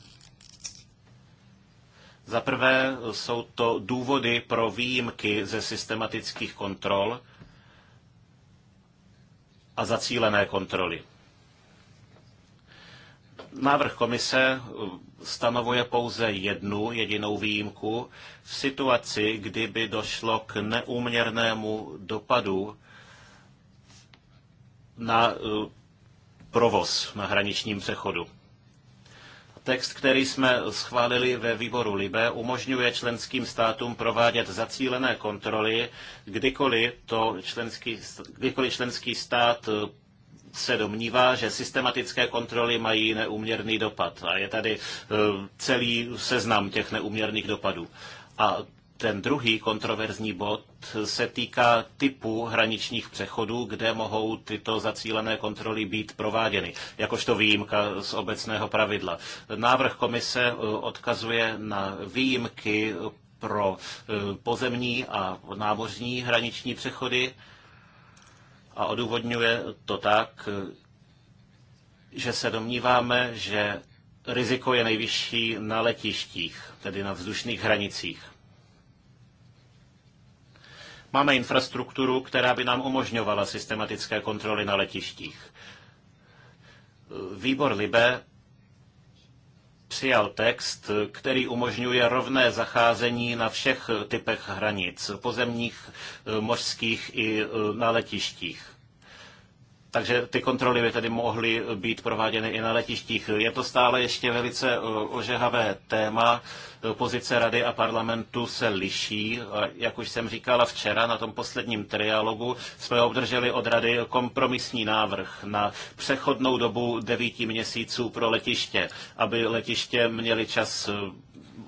Speaker 2: Za prvé eh, jsou to důvody pro výjimky ze systematických kontrol a zacílené kontroly. Návrh komise eh, stanovuje pouze jednu jedinou výjimku v situaci, kdyby došlo k neúměrnému dopadu na eh, provoz na hraničním přechodu. Text, který jsme schválili ve výboru Libe, umožňuje členským státům provádět zacílené kontroly, kdykoliv, to členský, kdykoliv členský stát eh, se domnívá, že systematické kontroly mají neuměrný dopad. A je tady e, celý seznam těch neuměrných dopadů. A ten druhý kontroverzní bod se týká typu hraničních přechodů, kde mohou tyto zacílené kontroly být prováděny, jakožto výjimka z obecného pravidla. Návrh komise e, odkazuje na výjimky pro e, pozemní a námořní hraniční přechody a odůvodňuje to tak, že se domníváme, že riziko je nejvyšší na letištích, tedy na vzdušných hranicích. Máme infrastrukturu, která by nám umožňovala systematické kontroly na letištích. Výbor Libe přijal text, který umožňuje rovné zacházení na všech typech hranic, pozemních, eh, mořských i eh, na letištích. Takže ty kontroly by tedy mohly být prováděny i na letištích. Je to stále ještě velice eh, ožehavé téma. Pozice rady a parlamentu se liší. Jak už jsem říkala včera na tom posledním trialogu, jsme obdrželi od rady kompromisní návrh na přechodnou dobu devíti měsíců pro letiště, aby letiště měli čas eh,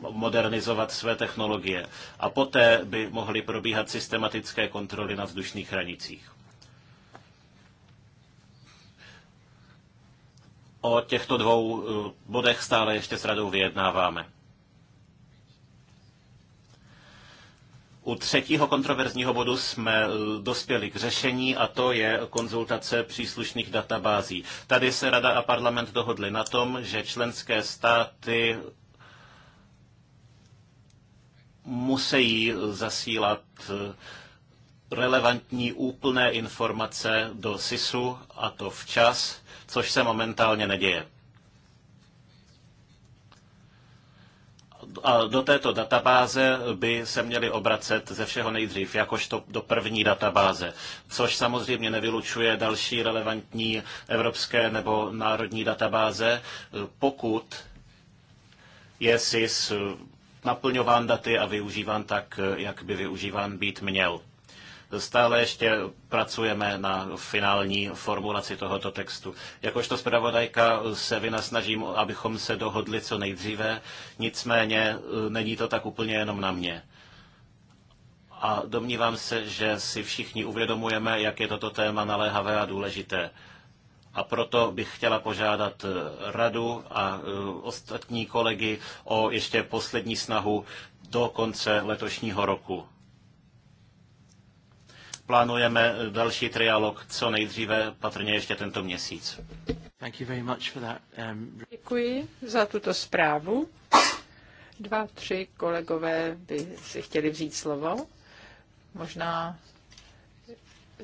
Speaker 2: modernizovat své technologie. A poté by mohly probíhat systematické kontroly na vzdušných hranicích. O těchto dvou eh, bodech stále ještě s radou vyjednáváme. U třetího kontroverzního bodu jsme eh, dospěli k řešení a to je konzultace příslušných databází. Tady se Rada a parlament dohodli na tom, že členské státy musí zasílat eh, relevantní úplné informace do SISu a to včas což se momentálně neděje. A do této databáze by se měly obracet ze všeho nejdřív, jakožto do první databáze, což samozřejmě nevylučuje další relevantní evropské nebo národní databáze, pokud je SIS naplňován daty a využíván tak, jak by využíván být měl. Stále ještě pracujeme na finální formulaci tohoto textu. Jakožto zpravodajka se vynasnažím, abychom se dohodli co nejdříve, nicméně e, není to tak úplně jenom na mě a domnívám se, že si všichni uvědomujeme, jak je toto téma naléhavé a důležité. A proto bych chtěla požádat e, radu a e, ostatní kolegy o ještě poslední snahu do konce letošního roku plánujeme další trialog co nejdříve, patrně ještě tento měsíc.
Speaker 1: Um...
Speaker 4: Děkuji za tuto zprávu. Dva, tři kolegové by si chtěli vzít slovo. Možná eh,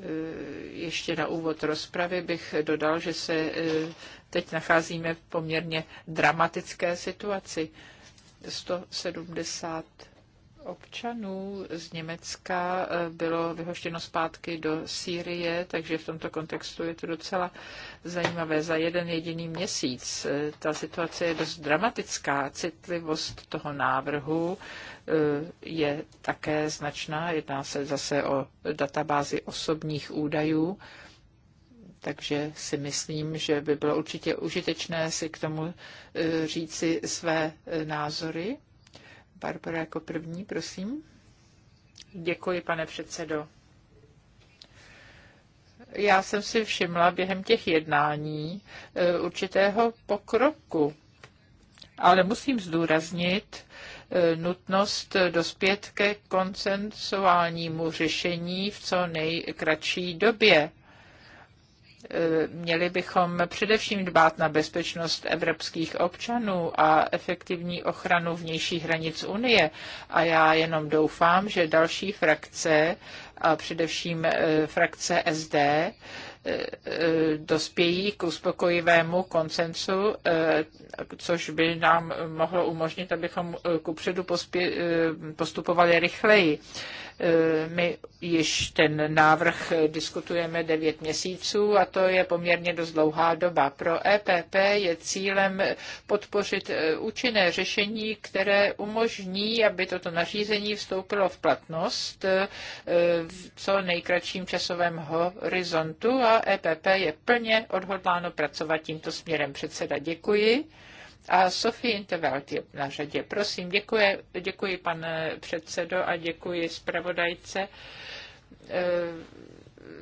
Speaker 4: ještě na úvod rozpravy bych dodal, že se eh, teď nacházíme v poměrně dramatické situaci. 170 občanů z Německa eh, bylo vyhoštěno zpátky do Sýrie, takže v tomto kontextu je to docela zajímavé. Za jeden jediný měsíc eh, ta situace je dost dramatická. Citlivost toho návrhu eh, je také značná. Jedná se zase o databázi osobních údajů. Takže si myslím, že by bylo určitě užitečné si k tomu říci své názory. Barbara jako první, prosím. Děkuji, pane předsedo. Já jsem si všimla během těch jednání e, určitého pokroku, ale musím zdůraznit e, nutnost dospět ke koncensuálnímu řešení v co nejkratší době Eh, měli bychom především dbát na bezpečnost evropských občanů a efektivní ochranu vnějších hranic Unie. A já jenom doufám, že další frakce, a především eh, frakce SD, eh, dospějí k uspokojivému koncensu, což by nám mohlo umožnit, abychom kupředu postupovali rychleji. Eh, my již ten návrh diskutujeme 9 měsíců a to je poměrně dost dlouhá doba. Pro EPP je cílem podpořit eh, účinné řešení, které umožní, aby toto nařízení vstoupilo v platnost eh, v co nejkratším časovém horizontu a EPP je plně odhodláno pracovat tímto směrem. Předseda, děkuji. A Sofie Intervelt je na řadě. Prosím, děkuji, děkuji pane předsedo a děkuji zpravodajce eh,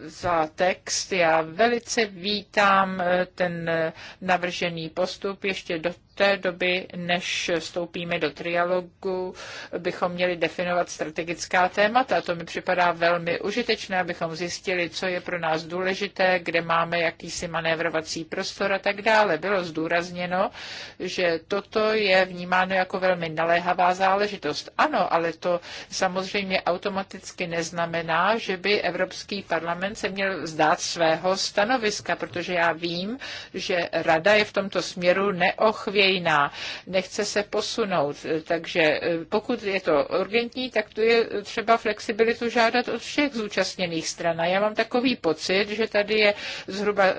Speaker 4: za text. Já velice vítám eh, ten eh, navržený postup. Ještě do té doby, než vstoupíme do trialogu, bychom měli definovat strategická témata. To mi připadá velmi užitečné, abychom zjistili, co je pro nás důležité, kde máme jakýsi manévrovací prostor a tak dále. Bylo zdůrazněno, že toto je vnímáno jako velmi naléhavá záležitost. Ano, ale to samozřejmě automaticky neznamená, že by Evropský parlament se měl zdát svého stanoviska, protože já vím, že Rada je v tomto směru neochvějná stejná, nechce se posunout. Takže eh, pokud je to urgentní, tak tu je třeba flexibilitu žádat od všech zúčastněných stran. A já mám takový pocit, že tady je zhruba eh,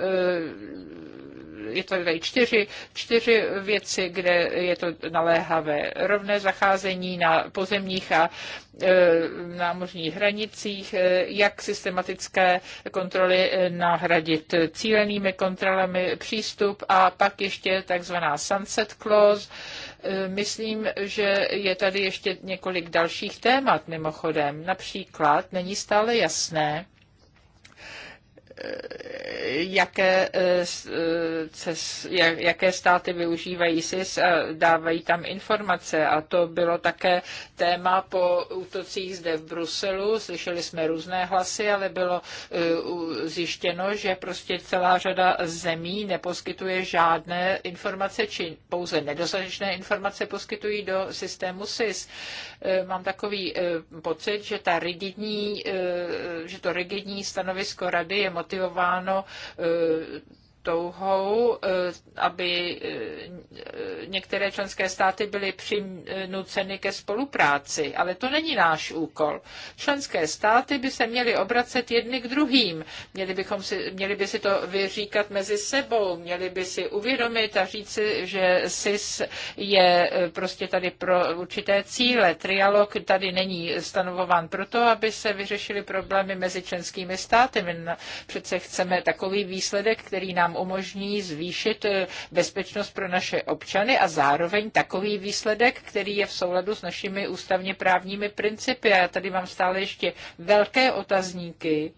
Speaker 4: je to tady čtyři, čtyři věci, kde je to naléhavé. Rovné zacházení na pozemních a e, námořních hranicích, e, jak systematické kontroly e, nahradit cílenými kontrolami přístup a pak ještě takzvaná sunset clause. Myslím, že je tady ještě několik dalších témat mimochodem. Například není stále jasné, Eh, jaké, eh, eh, jaké státy využívají SIS a dávají tam informace. A to bylo také téma po útocích zde v Bruselu. Slyšeli jsme různé hlasy, ale bylo zjištěno, že prostě celá řada zemí neposkytuje žádné informace, či pouze nedostatečné informace poskytují do systému SIS. Mám takový pocit, že, ta rigidní, že to rigidní stanovisko rady je moc motivováno eh, touhou, eh, aby eh, některé členské státy byly přinuceny ke spolupráci, ale to není náš úkol. Členské státy by se měly obracet jedny k druhým, měli, bychom si, měli by si to vyříkat mezi sebou, měli by si uvědomit a říci, že SIS je eh, prostě tady pro určité cíle. Trialog tady není stanovován proto, aby se vyřešily problémy mezi členskými státy. My přece chceme takový výsledek, který nám nám umožní zvýšit eh, bezpečnost pro naše občany a zároveň takový výsledek, který je v souladu s našimi ústavně právními principy. A já tady mám stále ještě velké otazníky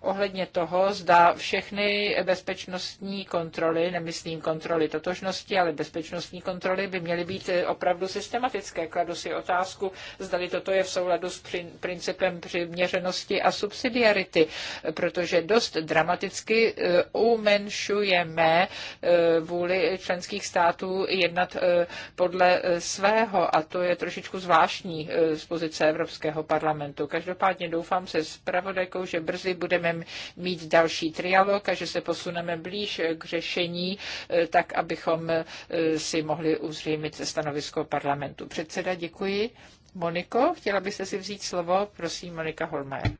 Speaker 4: ohledně toho, zda všechny bezpečnostní kontroly, nemyslím kontroly totožnosti, ale bezpečnostní kontroly by měly být eh, opravdu systematické. Kladu si otázku, zdali toto je v souladu s principem přiměřenosti a subsidiarity, protože dost dramaticky eh, umenšujeme eh, vůli členských států jednat podle svého a to je trošičku zvláštní z pozice Evropského parlamentu. Každopádně doufám se zpravodajkou, že brzy budeme budeme mít další trialog a že se posuneme blíž k řešení, eh, tak abychom eh, si mohli uzřejmit stanovisko parlamentu. Předseda, děkuji. Moniko, chtěla byste si vzít slovo? Prosím, Monika Holmajer.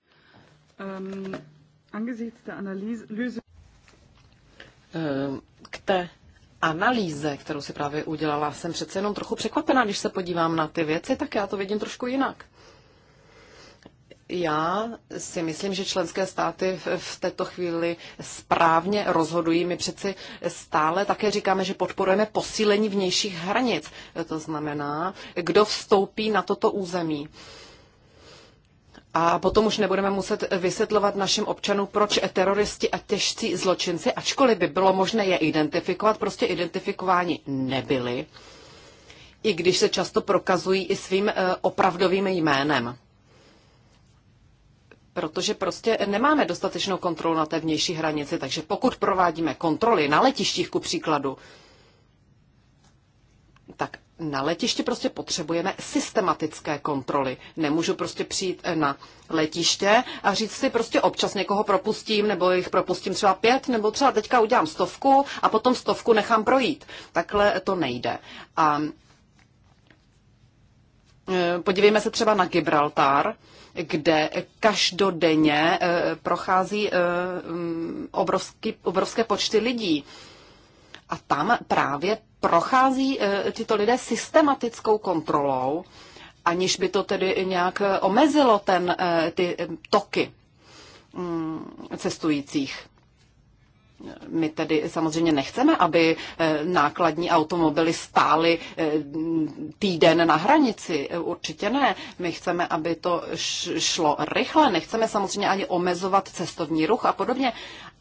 Speaker 3: Um, k té analýze, kterou si právě udělala, jsem přece jenom trochu překvapená, když se podívám na ty věci, tak já to vidím trošku jinak já si myslím, že členské státy v této chvíli správně rozhodují. My přeci stále také říkáme, že podporujeme posílení vnějších hranic. To znamená, kdo vstoupí na toto území. A potom už nebudeme muset vysvětlovat našim občanům, proč teroristi a těžcí zločinci, ačkoliv by bylo možné je identifikovat, prostě identifikováni nebyli, i když se často prokazují i svým eh, opravdovým jménem protože prostě nemáme dostatečnou kontrolu na té vnější hranici, takže pokud provádíme kontroly na letištích ku příkladu, tak na letišti prostě potřebujeme systematické kontroly. Nemůžu prostě přijít eh, na letiště a říct si prostě občas někoho propustím, nebo jich propustím třeba pět, nebo třeba teďka udělám stovku a potom stovku nechám projít. Takhle to nejde. A eh, podívejme se třeba na Gibraltar kde každodenně eh, prochází eh, mm, obrovský, obrovské počty lidí. A tam právě prochází eh, tyto lidé systematickou kontrolou, aniž by to tedy nějak omezilo ten, ty toky mm, cestujících. My tedy samozřejmě nechceme, aby eh, nákladní automobily stály eh, týden na hranici. Určitě ne. My chceme, aby to šlo rychle. Nechceme samozřejmě ani omezovat cestovní ruch a podobně,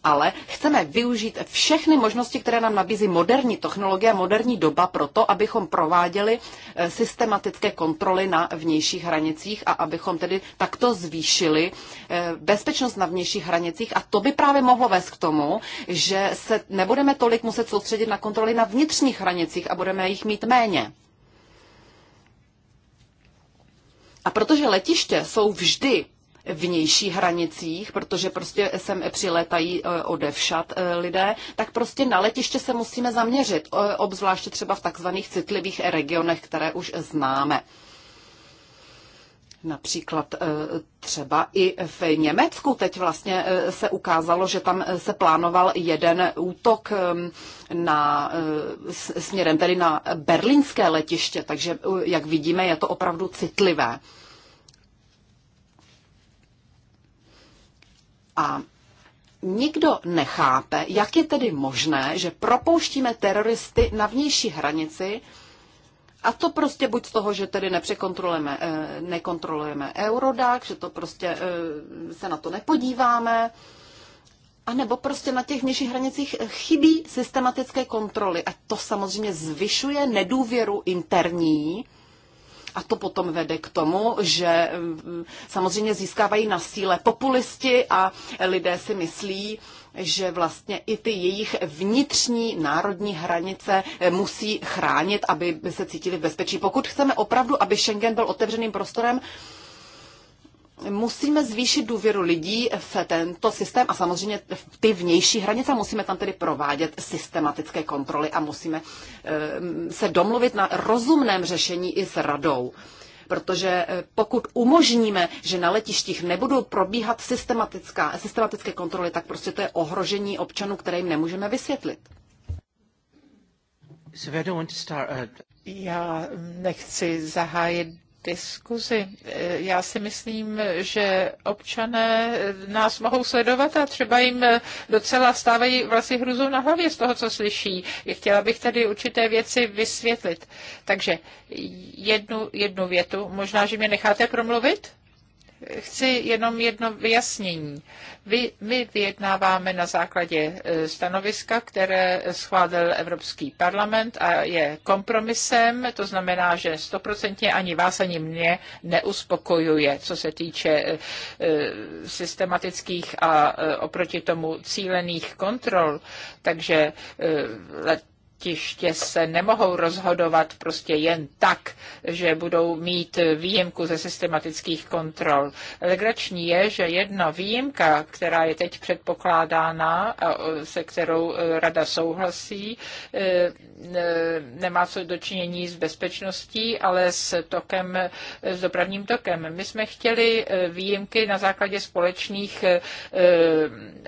Speaker 3: ale chceme využít všechny možnosti, které nám nabízí moderní technologie, a moderní doba pro to, abychom prováděli eh, systematické kontroly na vnějších hranicích a abychom tedy takto zvýšili eh, bezpečnost na vnějších hranicích a to by právě mohlo vést k tomu, že se nebudeme tolik muset soustředit na kontroly na vnitřních hranicích a budeme jich mít méně. A protože letiště jsou vždy vnějších hranicích, protože prostě sem přilétají e, odevšat e, lidé, tak prostě na letiště se musíme zaměřit, obzvláště třeba v takzvaných citlivých regionech, které už známe například e, třeba i v Německu. Teď vlastně se ukázalo, že tam se plánoval jeden útok na, směrem tedy na berlínské letiště, takže jak vidíme, je to opravdu citlivé. A nikdo nechápe, jak je tedy možné, že propouštíme teroristy na vnější hranici, a to prostě buď z toho, že tedy nepřekontrolujeme, eh, nekontrolujeme Eurodac, že to prostě eh, se na to nepodíváme, a nebo prostě na těch vnějších hranicích chybí systematické kontroly. A to samozřejmě zvyšuje nedůvěru interní a to potom vede k tomu, že eh, samozřejmě získávají na síle populisti a lidé si myslí, že vlastně i ty jejich vnitřní národní hranice eh, musí chránit, aby se cítili v bezpečí. Pokud chceme opravdu, aby Schengen byl otevřeným prostorem, musíme zvýšit důvěru lidí v tento systém a samozřejmě v ty vnější hranice musíme tam tedy provádět systematické kontroly a musíme eh, se domluvit na rozumném řešení i s radou. Protože eh, pokud umožníme, že na letištích nebudou probíhat systematická, systematické kontroly, tak prostě to je ohrožení občanů, které jim nemůžeme vysvětlit.
Speaker 4: Já nechci zahájit diskuzi. Já si myslím, že občané nás mohou sledovat a třeba jim docela stávají vlasy hruzou na hlavě z toho, co slyší. Chtěla bych tady určité věci vysvětlit. Takže jednu, jednu větu. Možná, že mě necháte promluvit? Chci jenom jedno vyjasnění. Vy, my vyjednáváme na základě e, stanoviska, které schválil Evropský parlament a je kompromisem, to znamená, že stoprocentně ani vás, ani mě neuspokojuje, co se týče e, e, systematických a oproti tomu cílených kontrol. Takže letiště se nemohou rozhodovat prostě jen tak, že budou mít výjimku ze systematických kontrol. Legrační je, že jedna výjimka, která je teď předpokládána a se kterou e, rada souhlasí, e, nemá co dočinění s bezpečností, ale s tokem, e, s dopravním tokem. My jsme chtěli výjimky na základě společných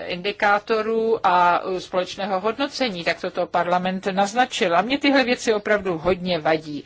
Speaker 4: indikátorů a společného hodnocení, tak toto parlament naznačil. A mě tyhle věci opravdu hodně vadí.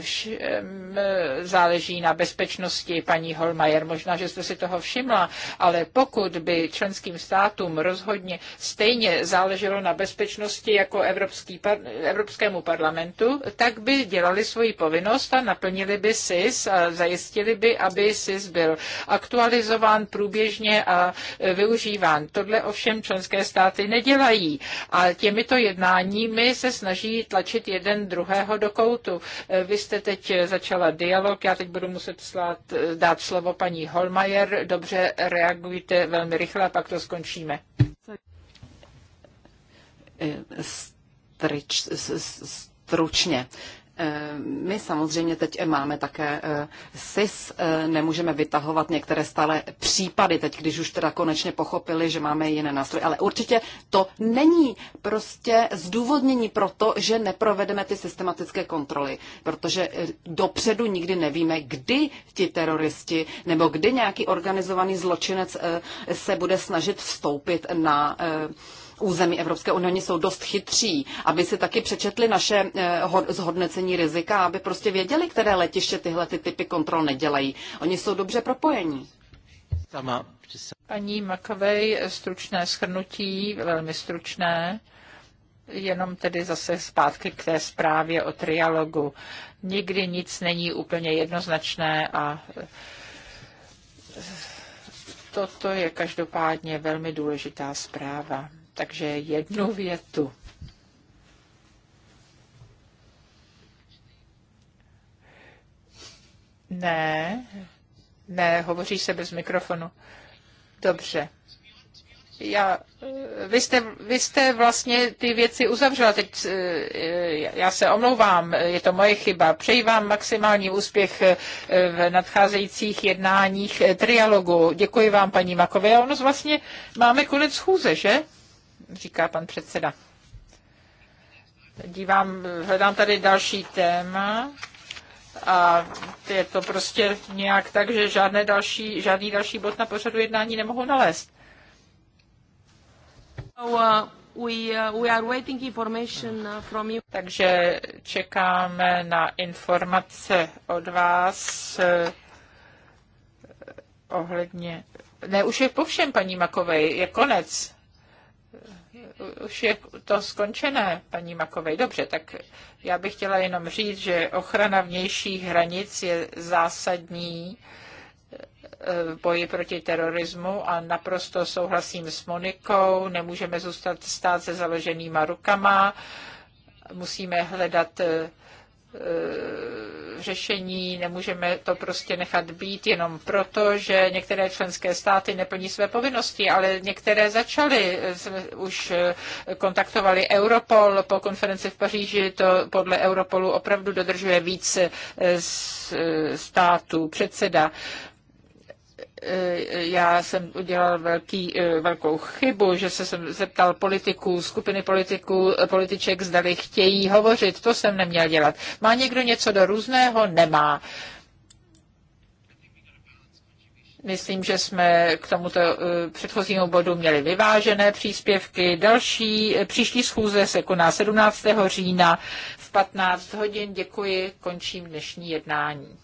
Speaker 4: Všem eh, záleží na bezpečnosti paní Holmajer. Možná, že jste si toho všimla, ale pokud by členským státům rozhodně stejně záleželo na bezpečnosti jako Evropský, Evropskému parlamentu, tak by dělali svoji povinnost a naplnili by SIS a zajistili by, aby SIS byl aktualizován průběžně a eh, využíván. Tohle ovšem členské státy nedělají. A těmito jednáními se snaží tlačit jeden druhého do koutu. Eh, vy jste teď začala dialog, já teď budu muset slát, eh, dát slovo paní Holmajer. Dobře, reagujte velmi
Speaker 3: rychle a pak to skončíme. Eh, stryč, stručně. Eh, my samozřejmě teď máme také eh, SIS, eh, nemůžeme vytahovat některé stále případy, teď když už teda konečně pochopili, že máme jiné nástroje, ale určitě to není prostě zdůvodnění pro to, že neprovedeme ty systematické kontroly, protože dopředu nikdy nevíme, kdy ti teroristi nebo kdy nějaký organizovaný zločinec se bude snažit vstoupit na území Evropské unie. Oni jsou dost chytří, aby si taky přečetli naše eh, zhodnocení rizika, aby prostě věděli, které letiště tyhle ty typy kontrol nedělají. Oni jsou dobře propojení.
Speaker 4: Paní Makovej, stručné schrnutí, velmi stručné. Jenom tedy zase zpátky k té zprávě o trialogu. Nikdy nic není úplně jednoznačné a eh, toto je každopádně velmi důležitá zpráva. Takže jednu větu. Ne, ne, hovoří se bez mikrofonu. Dobře. Já, vy, jste, vy jste vlastně ty věci uzavřela. Teď eh, já se omlouvám, je to moje chyba. Přeji vám maximální úspěch eh, v nadcházejících jednáních eh, trialogu. Děkuji vám, paní Makové. A ono vlastně máme konec schůze, že? říká pan předseda. Dívám, hledám tady další téma a je to prostě nějak tak, že žádné další, žádný další bod na pořadu jednání nemohu nalézt.
Speaker 3: Uh, uh,
Speaker 4: uh, Takže čekáme na informace od vás eh, ohledně... Ne, už je po všem, paní Makovej, je konec už je to skončené, paní Makovej. Dobře, tak já bych chtěla jenom říct, že ochrana vnějších hranic je zásadní eh, v boji proti terorismu a naprosto souhlasím s Monikou. Nemůžeme zůstat stát se založenýma rukama. Musíme hledat eh, řešení, nemůžeme to prostě nechat být jenom proto, že některé členské státy neplní své povinnosti, ale některé začaly, eh, už eh, kontaktovali Europol po konferenci v Paříži, to podle Europolu opravdu dodržuje víc eh, států. Předseda Eh, já jsem udělal velký, eh, velkou chybu, že se jsem zeptal politiků, skupiny politiků, eh, političek, zdali chtějí hovořit. To jsem neměl dělat. Má někdo něco do různého? Nemá. Myslím, že jsme k tomuto předchozímu bodu měli vyvážené příspěvky. Další příští schůze se koná 17. října v 15 hodin. Děkuji, končím dnešní jednání.